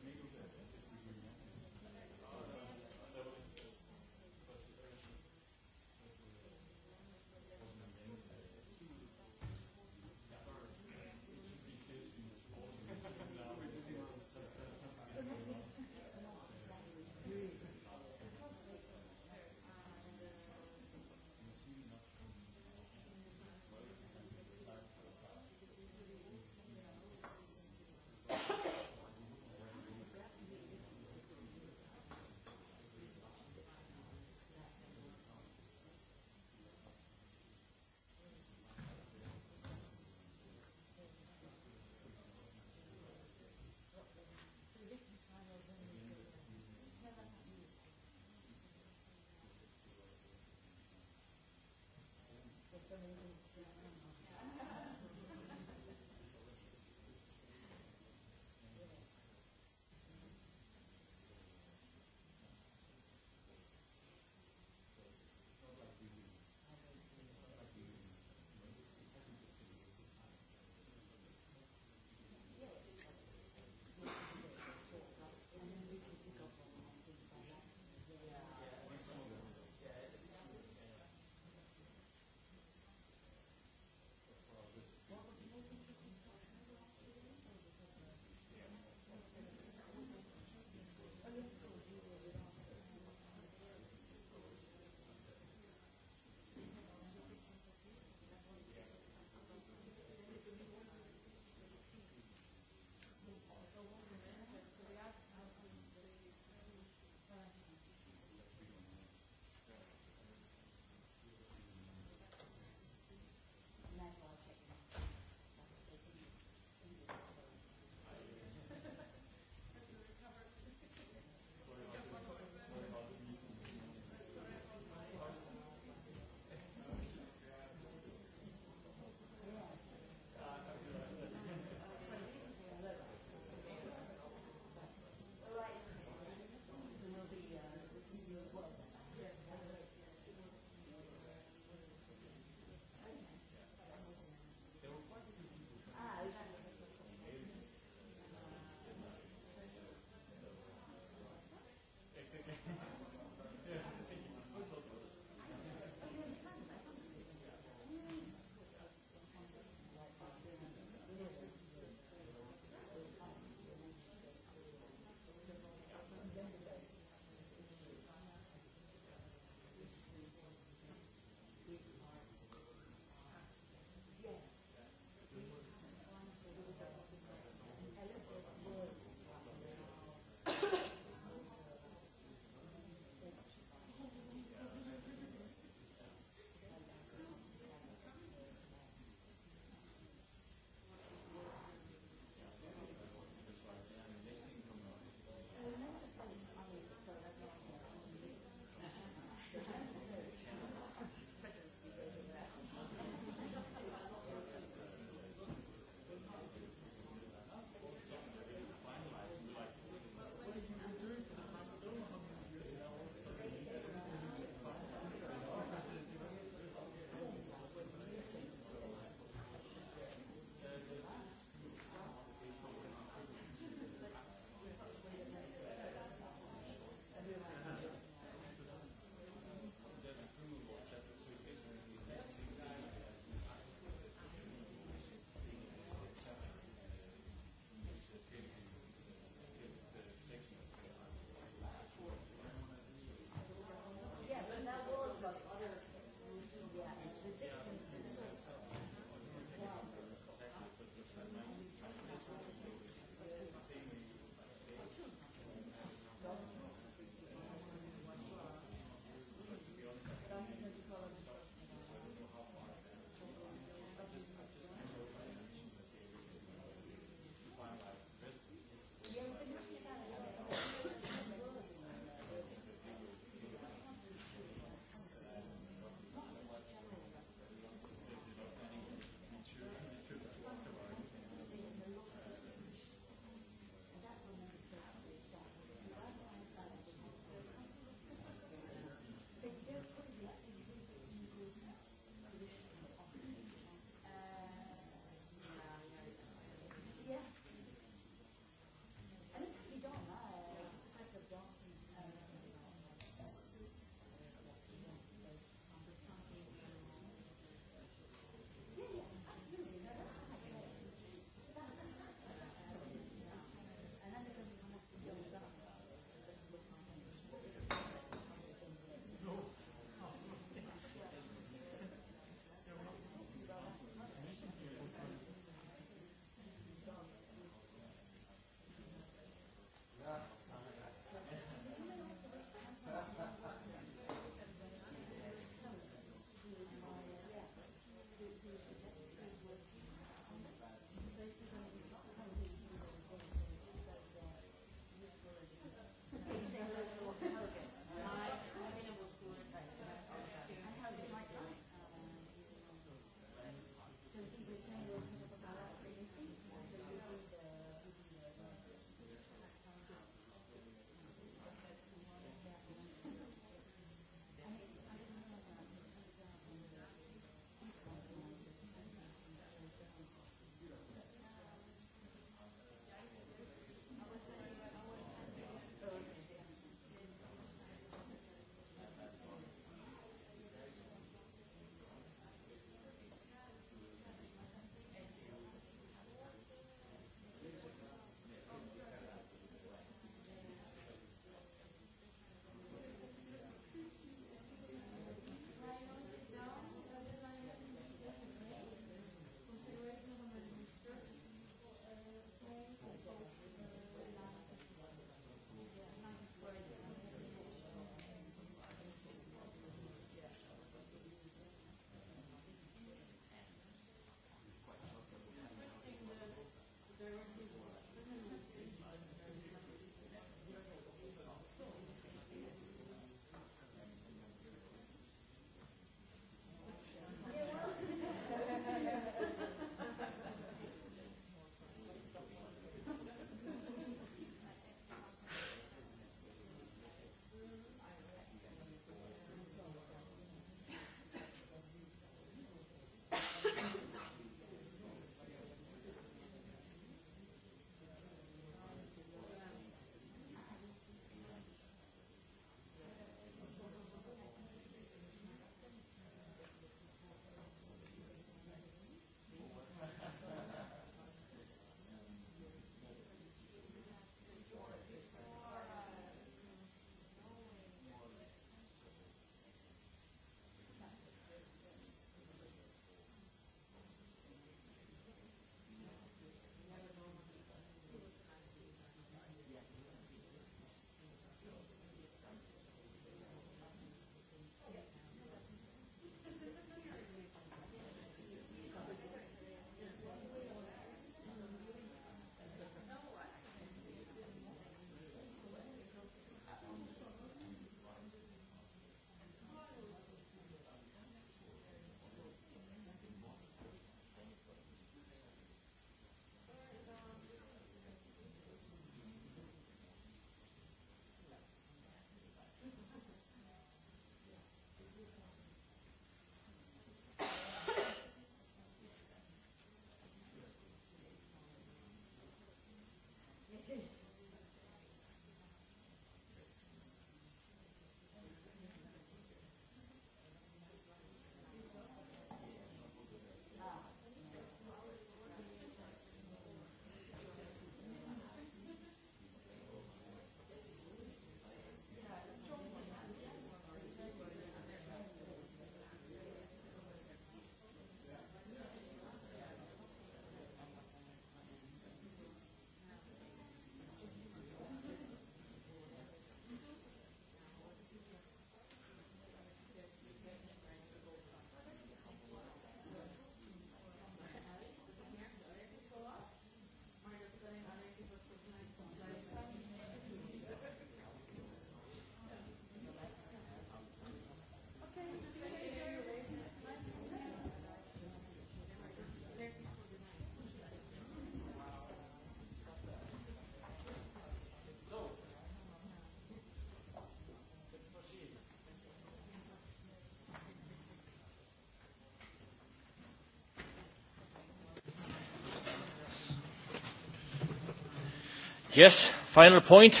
A: Yes, final point.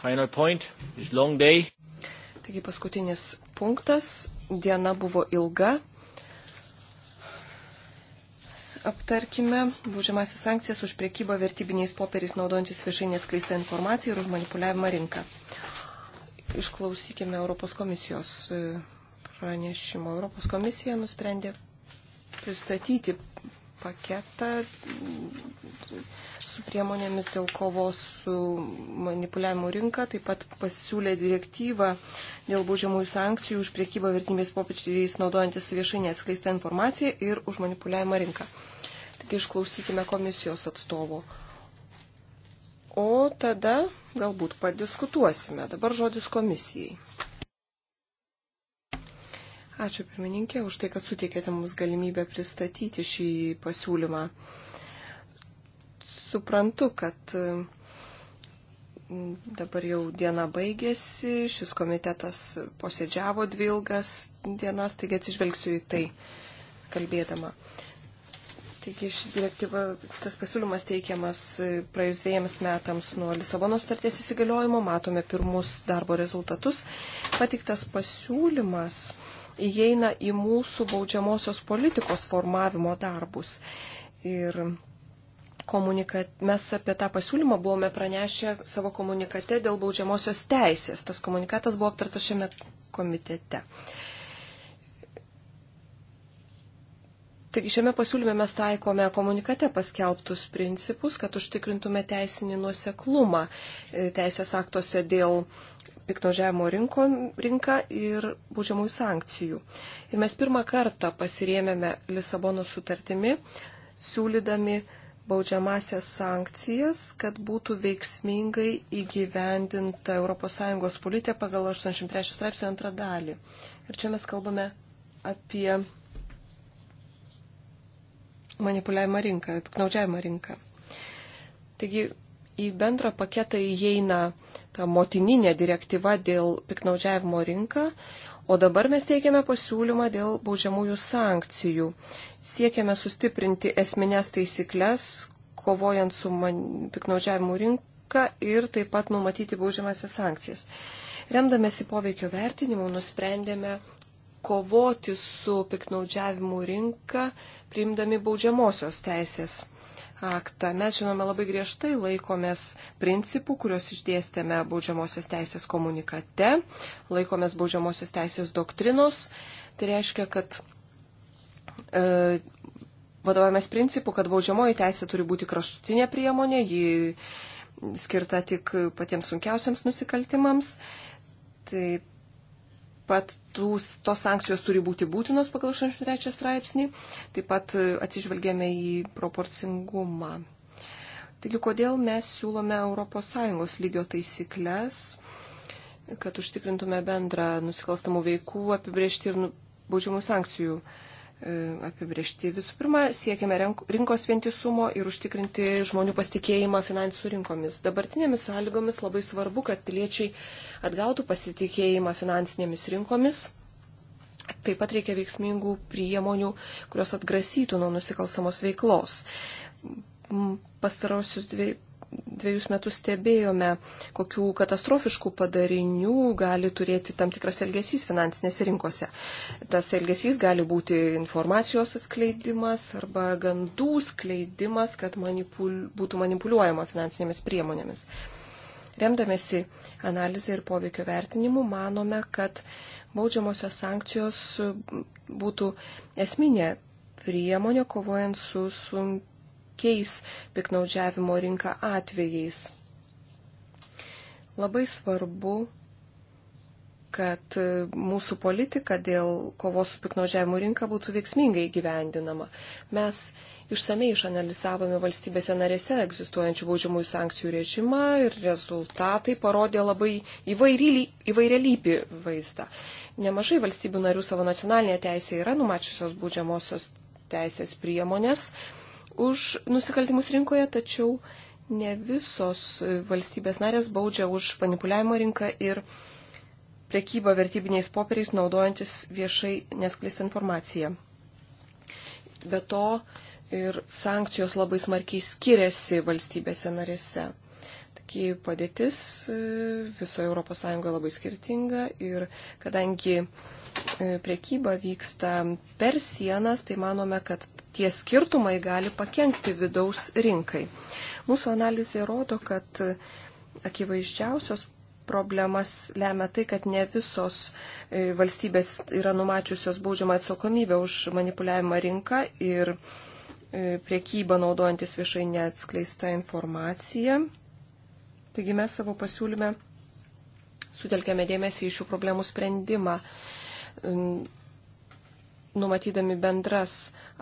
A: Final point. It's long day. Taigi paskutinis punktas. Diena buvo ilga. Aptarkime būžimasis sankcijas už priekybą vertybiniais popieriais naudojantis viešai neskleistą informaciją ir už manipuliavimą rinką. Išklausykime Europos komisijos e, pranešimo. Europos komisija nusprendė pristatyti paketą priemonėmis dėl kovos su manipuliavimu rinka, taip pat pasiūlė direktyvą dėl baudžiamųjų sankcijų už priekybą vertybės popiečiais naudojantis viešai neatskleistą informaciją ir už manipuliavimą rinką. Taigi išklausykime komisijos atstovų. O tada galbūt padiskutuosime. Dabar žodis komisijai. Ačiū pirmininkė už tai, kad suteikėte mums galimybę pristatyti šį pasiūlymą suprantu, kad mm, dabar jau diena baigėsi, šis komitetas posėdžiavo dvi ilgas dienas, taigi atsižvelgsiu į tai kalbėdama. Taigi ši direktyva, tas pasiūlymas teikiamas praėjus dviejams metams nuo Lisabono sutarties įsigaliojimo, matome pirmus darbo rezultatus. Patiktas pasiūlymas įeina į mūsų baudžiamosios politikos formavimo darbus. Ir komunikat, mes apie tą pasiūlymą buvome pranešę savo komunikate dėl baudžiamosios teisės. Tas komunikatas buvo aptartas šiame komitete. Taigi šiame pasiūlyme mes taikome komunikate paskelbtus principus, kad užtikrintume teisinį nuoseklumą e, teisės aktuose dėl piknožiavimo rinką ir būdžiamųjų sankcijų. Ir mes pirmą kartą pasirėmėme Lisabono sutartimi, siūlydami baudžiamasias sankcijas, kad būtų veiksmingai įgyvendinta ES politika pagal 83 straipsnio antrą dalį. Ir čia mes kalbame apie manipuliavimą rinką, piknaudžiavimą rinką. Taigi į bendrą paketą įeina ta motininė direktyva dėl piknaudžiavimo rinką, O dabar mes teikiame pasiūlymą dėl baudžiamųjų sankcijų. Siekiame sustiprinti esminės taisyklės, kovojant su man... piknaudžiavimu rinka ir taip pat numatyti baudžiamasias sankcijas. Remdamėsi poveikio vertinimu, nusprendėme kovoti su piknaudžiavimu rinka, priimdami baudžiamosios teisės aktą. Mes, žinome, labai griežtai laikomės principų, kuriuos išdėstėme baudžiamosios teisės komunikate, laikomės baudžiamosios teisės doktrinos. Tai reiškia, kad e, vadovavomės principų, kad baudžiamoji teisė turi būti kraštutinė priemonė, ji skirta tik patiems sunkiausiams nusikaltimams. Taip pat tūs, tos sankcijos turi būti būtinos pagal 83 straipsnį, taip pat e, atsižvelgėme į proporcingumą. Taigi, kodėl mes siūlome ES lygio taisyklės, kad užtikrintume bendrą nusikalstamų veikų apibriežti ir nu, baudžiamų sankcijų uh, E, apibriešti. Visų pirma, siekime rinkos vientisumo ir užtikrinti žmonių pasitikėjimą finansų rinkomis. Dabartinėmis sąlygomis labai svarbu, kad piliečiai atgautų pasitikėjimą finansinėmis rinkomis. Taip pat reikia veiksmingų priemonių, kurios atgrasytų nuo nusikalstamos veiklos. Pastarosius dvi, dviejus metus stebėjome, kokių katastrofiškų padarinių gali turėti tam tikras elgesys finansinėse rinkose. Tas elgesys gali būti informacijos atskleidimas arba gandų skleidimas, kad manipul, būtų manipuliuojama finansinėmis priemonėmis. Remdamėsi analizę ir poveikio vertinimu, manome, kad baudžiamosios sankcijos būtų esminė priemonė kovojant su, su tokiais piknaudžiavimo rinka atvejais. Labai svarbu, kad mūsų politika dėl kovos su piknaudžiavimu rinka būtų veiksmingai gyvendinama. Mes išsamei išanalizavome valstybėse narėse egzistuojančių baudžiamųjų sankcijų režimą ir rezultatai parodė labai įvairialypį vaizdą. Nemažai valstybių narių savo nacionalinėje teisėje yra numačiusios baudžiamosios teisės priemonės, už nusikaltimus rinkoje, tačiau ne visos valstybės narės baudžia už manipuliavimo rinką ir prekybą vertybiniais popieriais naudojantis viešai nesklistą informaciją. Be to ir sankcijos labai smarkiai skiriasi valstybėse narėse kadangi padėtis e, visoje ES labai skirtinga ir kadangi e, priekyba vyksta per sienas, tai manome, kad tie skirtumai gali pakengti vidaus rinkai. Mūsų analizė rodo, kad akivaizdžiausios problemas lemia tai, kad ne visos e, valstybės yra numačiusios baudžiamą atsakomybę už manipuliavimą rinką ir priekybą naudojantis viešai neatskleista informacija. Taigi mes savo pasiūlyme sutelkėme dėmesį į šių problemų sprendimą, numatydami bendras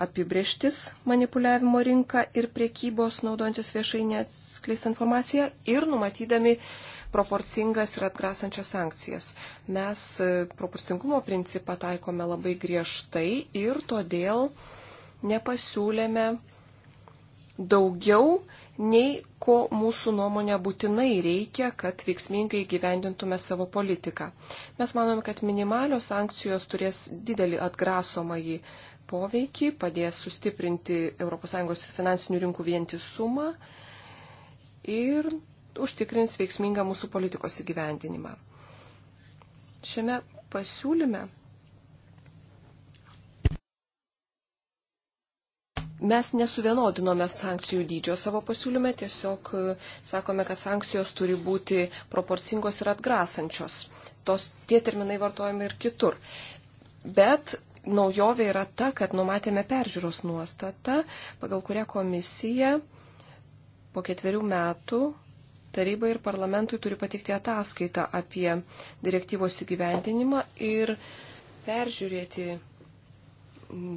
A: apibrieštis manipuliavimo rinką ir priekybos naudojantis viešai neatskleistą informaciją ir numatydami proporcingas ir atgrasančias sankcijas. Mes e, proporcingumo principą taikome labai griežtai ir todėl nepasiūlėme daugiau nei ko mūsų nuomonė būtinai reikia, kad veiksmingai gyvendintume savo politiką. Mes manome, kad minimalios sankcijos turės didelį atgrasomąjį poveikį, padės sustiprinti ES finansinių rinkų vientisumą ir užtikrins veiksmingą mūsų politikos įgyvendinimą. Šiame pasiūlyme Mes nesuvienodinome sankcijų dydžio savo pasiūlyme, tiesiog e, sakome, kad sankcijos turi būti proporcingos ir atgrasančios. Tos, tie terminai vartojami ir kitur. Bet naujovė yra ta, kad numatėme peržiūros nuostatą, pagal kurią komisija po ketverių metų tarybai ir parlamentui turi patikti ataskaitą apie direktyvos įgyvendinimą ir peržiūrėti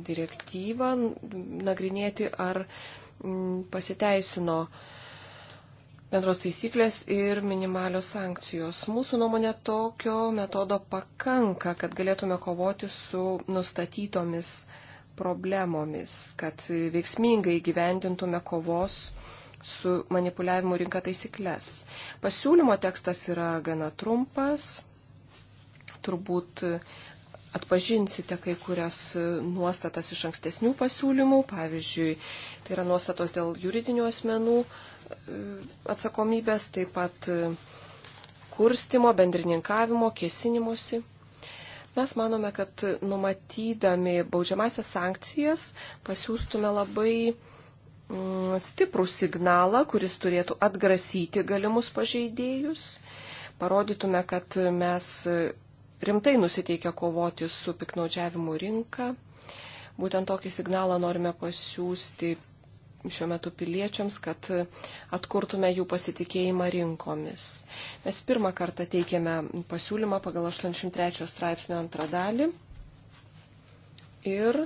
A: direktyvą, nagrinėti, ar mm, pasiteisino bendros taisyklės ir minimalios sankcijos. Mūsų nuomonė tokio metodo pakanka, kad galėtume kovoti su nustatytomis problemomis, kad veiksmingai gyvendintume kovos su manipuliavimu rinka taisyklės. Pasiūlymo tekstas yra gana trumpas, turbūt atpažinsite kai kurias nuostatas iš ankstesnių pasiūlymų, pavyzdžiui, tai yra nuostatos dėl juridinių asmenų e, atsakomybės, taip pat e, kurstimo, bendrininkavimo, kėsinimusi. Mes manome, kad numatydami baudžiamasias sankcijas pasiūstume labai mm, stiprų signalą, kuris turėtų atgrasyti galimus pažeidėjus. Parodytume, kad mes rimtai nusiteikia kovoti su piknaudžiavimu rinka. Būtent tokį signalą norime pasiūsti šiuo metu piliečiams, kad atkurtume jų pasitikėjimą rinkomis. Mes pirmą kartą teikėme pasiūlymą pagal 83 straipsnio antrą dalį ir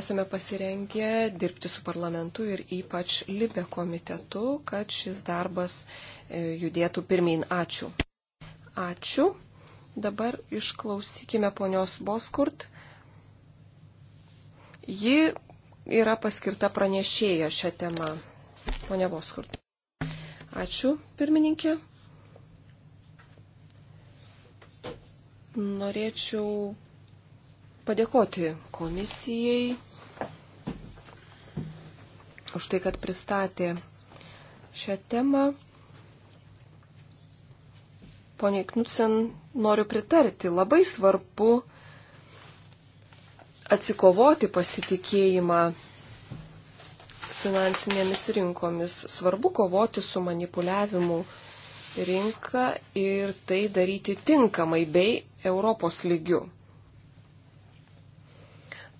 A: esame pasirengę dirbti su parlamentu ir ypač Libe komitetu, kad šis darbas e, judėtų pirmin. Ačiū. Ačiū. Dabar išklausykime ponios Boskurt. Ji yra paskirta pranešėja šią temą. Pone Boskurt. Ačiū, pirmininkė. Norėčiau padėkoti komisijai už tai, kad pristatė šią temą. Pone Knutsen, noriu pritarti. Labai svarbu atsikovoti pasitikėjimą finansinėmis rinkomis. Svarbu kovoti su manipuliavimu rinka ir tai daryti tinkamai bei Europos lygiu.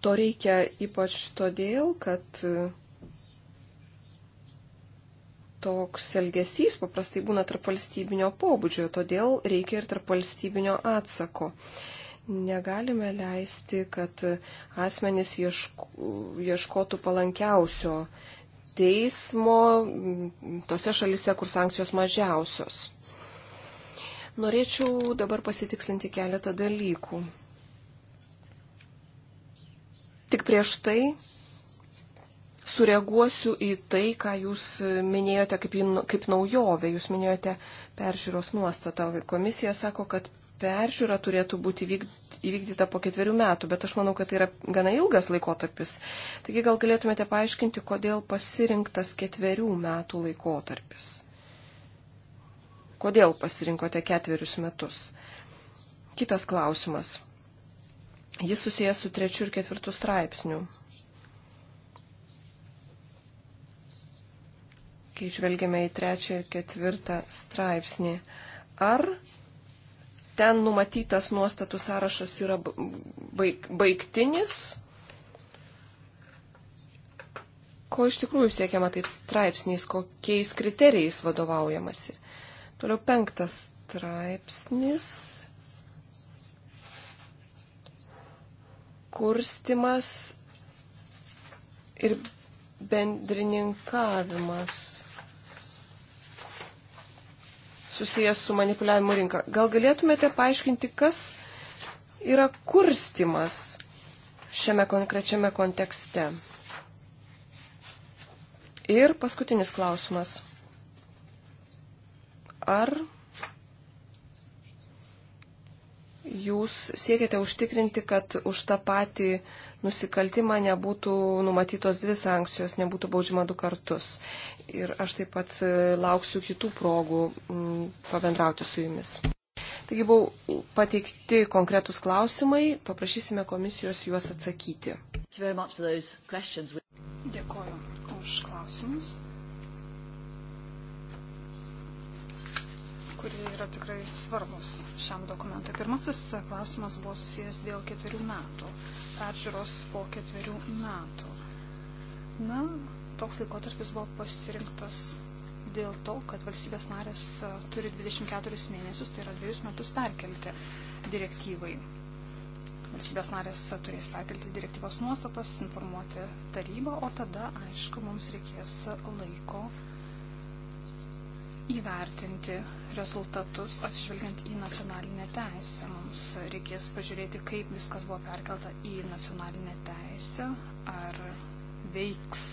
A: To reikia ypač todėl, kad toks elgesys paprastai būna tarp valstybinio pobūdžio, todėl reikia ir tarp valstybinio atsako. Negalime leisti, kad asmenys ieško, ieškotų palankiausio teismo tose šalise, kur sankcijos mažiausios. Norėčiau dabar pasitikslinti keletą dalykų. Tik prieš tai sureaguosiu į tai, ką jūs minėjote kaip, kaip naujovę. Jūs minėjote peržiūros nuostatą. Komisija sako, kad peržiūra turėtų būti įvykdyta po ketverių metų, bet aš manau, kad tai yra gana ilgas laikotarpis. Taigi gal galėtumėte paaiškinti, kodėl pasirinktas ketverių metų laikotarpis? Kodėl pasirinkote ketverius metus? Kitas klausimas. Jis susijęs su trečiu ir ketvirtu straipsniu. kai žvelgiame į trečią ir ketvirtą straipsnį. Ar ten numatytas nuostatų sąrašas yra baig, baigtinis? Ko iš tikrųjų siekiama taip straipsniais, kokiais kriterijais vadovaujamasi? Toliau penktas straipsnis. Kurstimas ir bendrininkavimas susijęs su manipuliavimu rinka. Gal galėtumėte paaiškinti, kas yra kurstimas šiame konkrečiame kontekste? Ir paskutinis klausimas. Ar jūs siekiate užtikrinti, kad už tą patį uh, nusikaltimą nebūtų numatytos dvi sankcijos, nebūtų baudžiama du kartus. Ir aš taip pat e, lauksiu kitų progų mm, pabendrauti su jumis. Taigi buvo pateikti konkretus klausimai, paprašysime komisijos juos atsakyti.
C: Dėkuoju už klausimus. kurie yra tikrai svarbus šiam dokumentui. Pirmasis klausimas buvo susijęs dėl ketverių metų, peržiūros po ketverių metų. Na, toks laikotarpis buvo pasirinktas dėl to, kad valstybės narės turi 24 mėnesius, tai yra dviejus metus perkelti direktyvai. Valstybės narės turės perkelti direktyvos nuostatas, informuoti tarybą, o tada, aišku, mums reikės laiko įvertinti rezultatus atsižvelgiant į nacionalinę teisę. Mums reikės pažiūrėti, kaip viskas buvo perkelta į nacionalinę teisę, ar veiks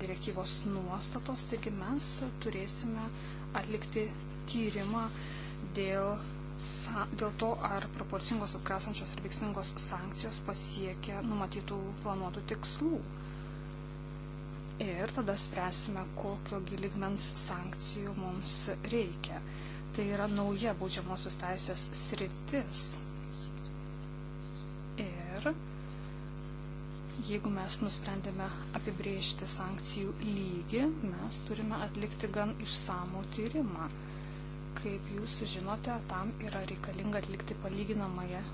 C: direktyvos nuostatos, taigi mes turėsime atlikti tyrimą dėl, dėl to, ar proporcingos atgrasančios ir veiksmingos sankcijos pasiekia numatytų planuotų tikslų ir tada spręsime, kokio giligmens sankcijų mums reikia. Tai yra nauja baudžiamosios teisės sritis. Ir jeigu mes nusprendėme apibriežti sankcijų lygį, mes turime atlikti gan išsamų tyrimą. Kaip jūs žinote, tam yra reikalinga atlikti palyginamąją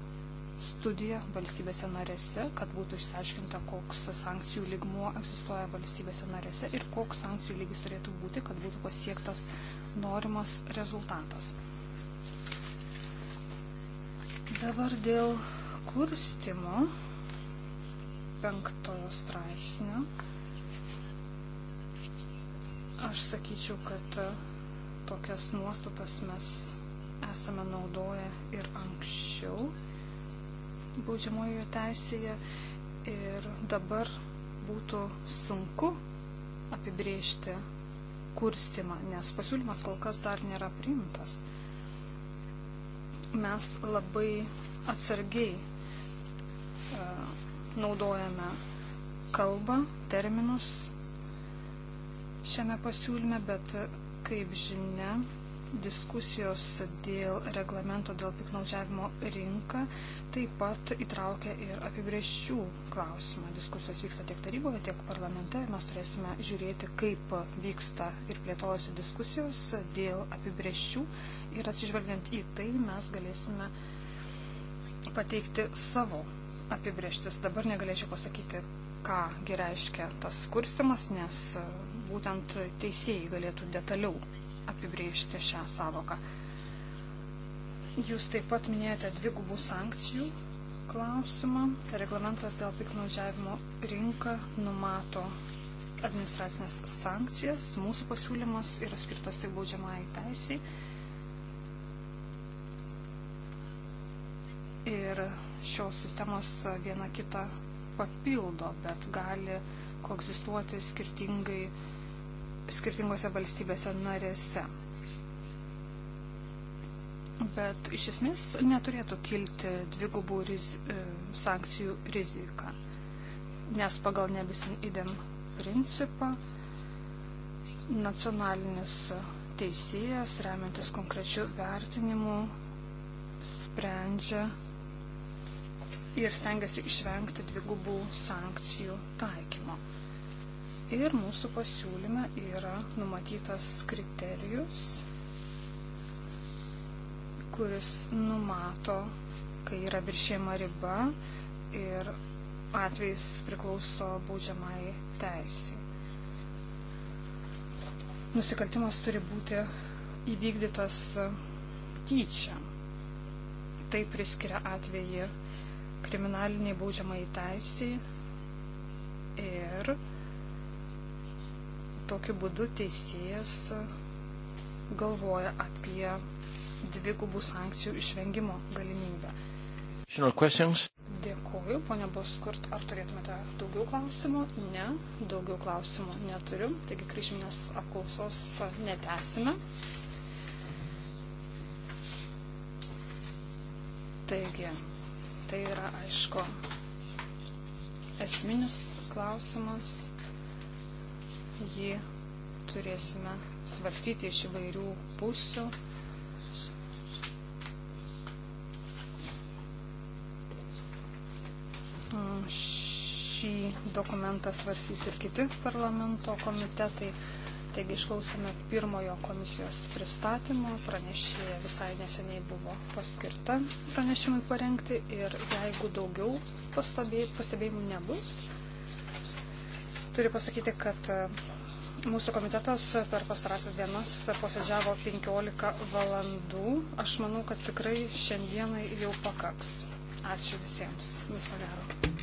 C: studiją valstybėse narėse, kad būtų išsiaiškinta, koks sankcijų lygmuo egzistuoja valstybėse narėse ir koks sankcijų lygis turėtų būti, kad būtų pasiektas norimas rezultatas. Dabar dėl kurstimo penktojo straipsnio. Aš sakyčiau, kad tokias nuostatas mes esame naudoję ir anksčiau baudžiamojoje teisėje ir dabar būtų sunku apibriežti kurstimą, nes pasiūlymas kol kas dar nėra priimtas. Mes labai atsargiai e, naudojame kalbą, terminus šiame pasiūlyme, bet kaip žinia, diskusijos dėl reglamento dėl piknaudžiavimo rinką taip pat įtraukia ir apibrėžčių klausimą. Diskusijos vyksta tiek taryboje, tiek parlamente. Mes turėsime žiūrėti, kaip vyksta ir plėtojasi diskusijos dėl apibrėžčių ir atsižvelgiant į tai mes galėsime pateikti savo apibrėžtis. Dabar negalėčiau pasakyti, kągi reiškia tas kurstimas, nes būtent teisėjai galėtų detaliau apibrėžti šią savoką. Jūs taip pat minėjote dvigubų sankcijų klausimą. Reglamentas dėl piknaudžiavimo rinka numato administracinės sankcijas. Mūsų pasiūlymas yra skirtas tik baudžiamai teisiai. Ir šios sistemos viena kitą papildo, bet gali koegzistuoti skirtingai skirtingose valstybėse narėse. Bet iš esmės neturėtų kilti dvigubų riz, e, sankcijų rizika, nes pagal nebisin idem principą nacionalinis teisėjas, remiantis konkrečiu vertinimu, sprendžia ir stengiasi išvengti dvigubų sankcijų taikymo. Ir mūsų pasiūlyme yra numatytas kriterijus, kuris numato, kai yra viršėma riba ir atvejs priklauso būdžiamai teisai. Nusikaltimas turi būti įvykdytas tyčia. Tai priskiria atvejį kriminaliniai baudžiamai teisiai ir Tokiu būdu teisėjas galvoja apie dvigubų sankcijų išvengimo galimybę. Dėkuoju, ponia Boskurt. Ar turėtumėte daugiau klausimų? Ne, daugiau klausimų neturiu. Taigi kryžminės apklausos netesime. Taigi, tai yra aišku esminis klausimas jį turėsime svarstyti iš įvairių pusių. Mm, šį dokumentą svarstys ir kiti parlamento komitetai. Taigi išklausome pirmojo komisijos pristatymo, pranešėja visai neseniai buvo paskirta pranešimui parengti ir jeigu daugiau pastebėjimų nebus, Turiu pasakyti, kad e, mūsų komitetas per pastarąsias dienas posėdžiavo 15 valandų. Aš manau, kad tikrai šiandienai jau pakaks. Ačiū visiems. Viso gero.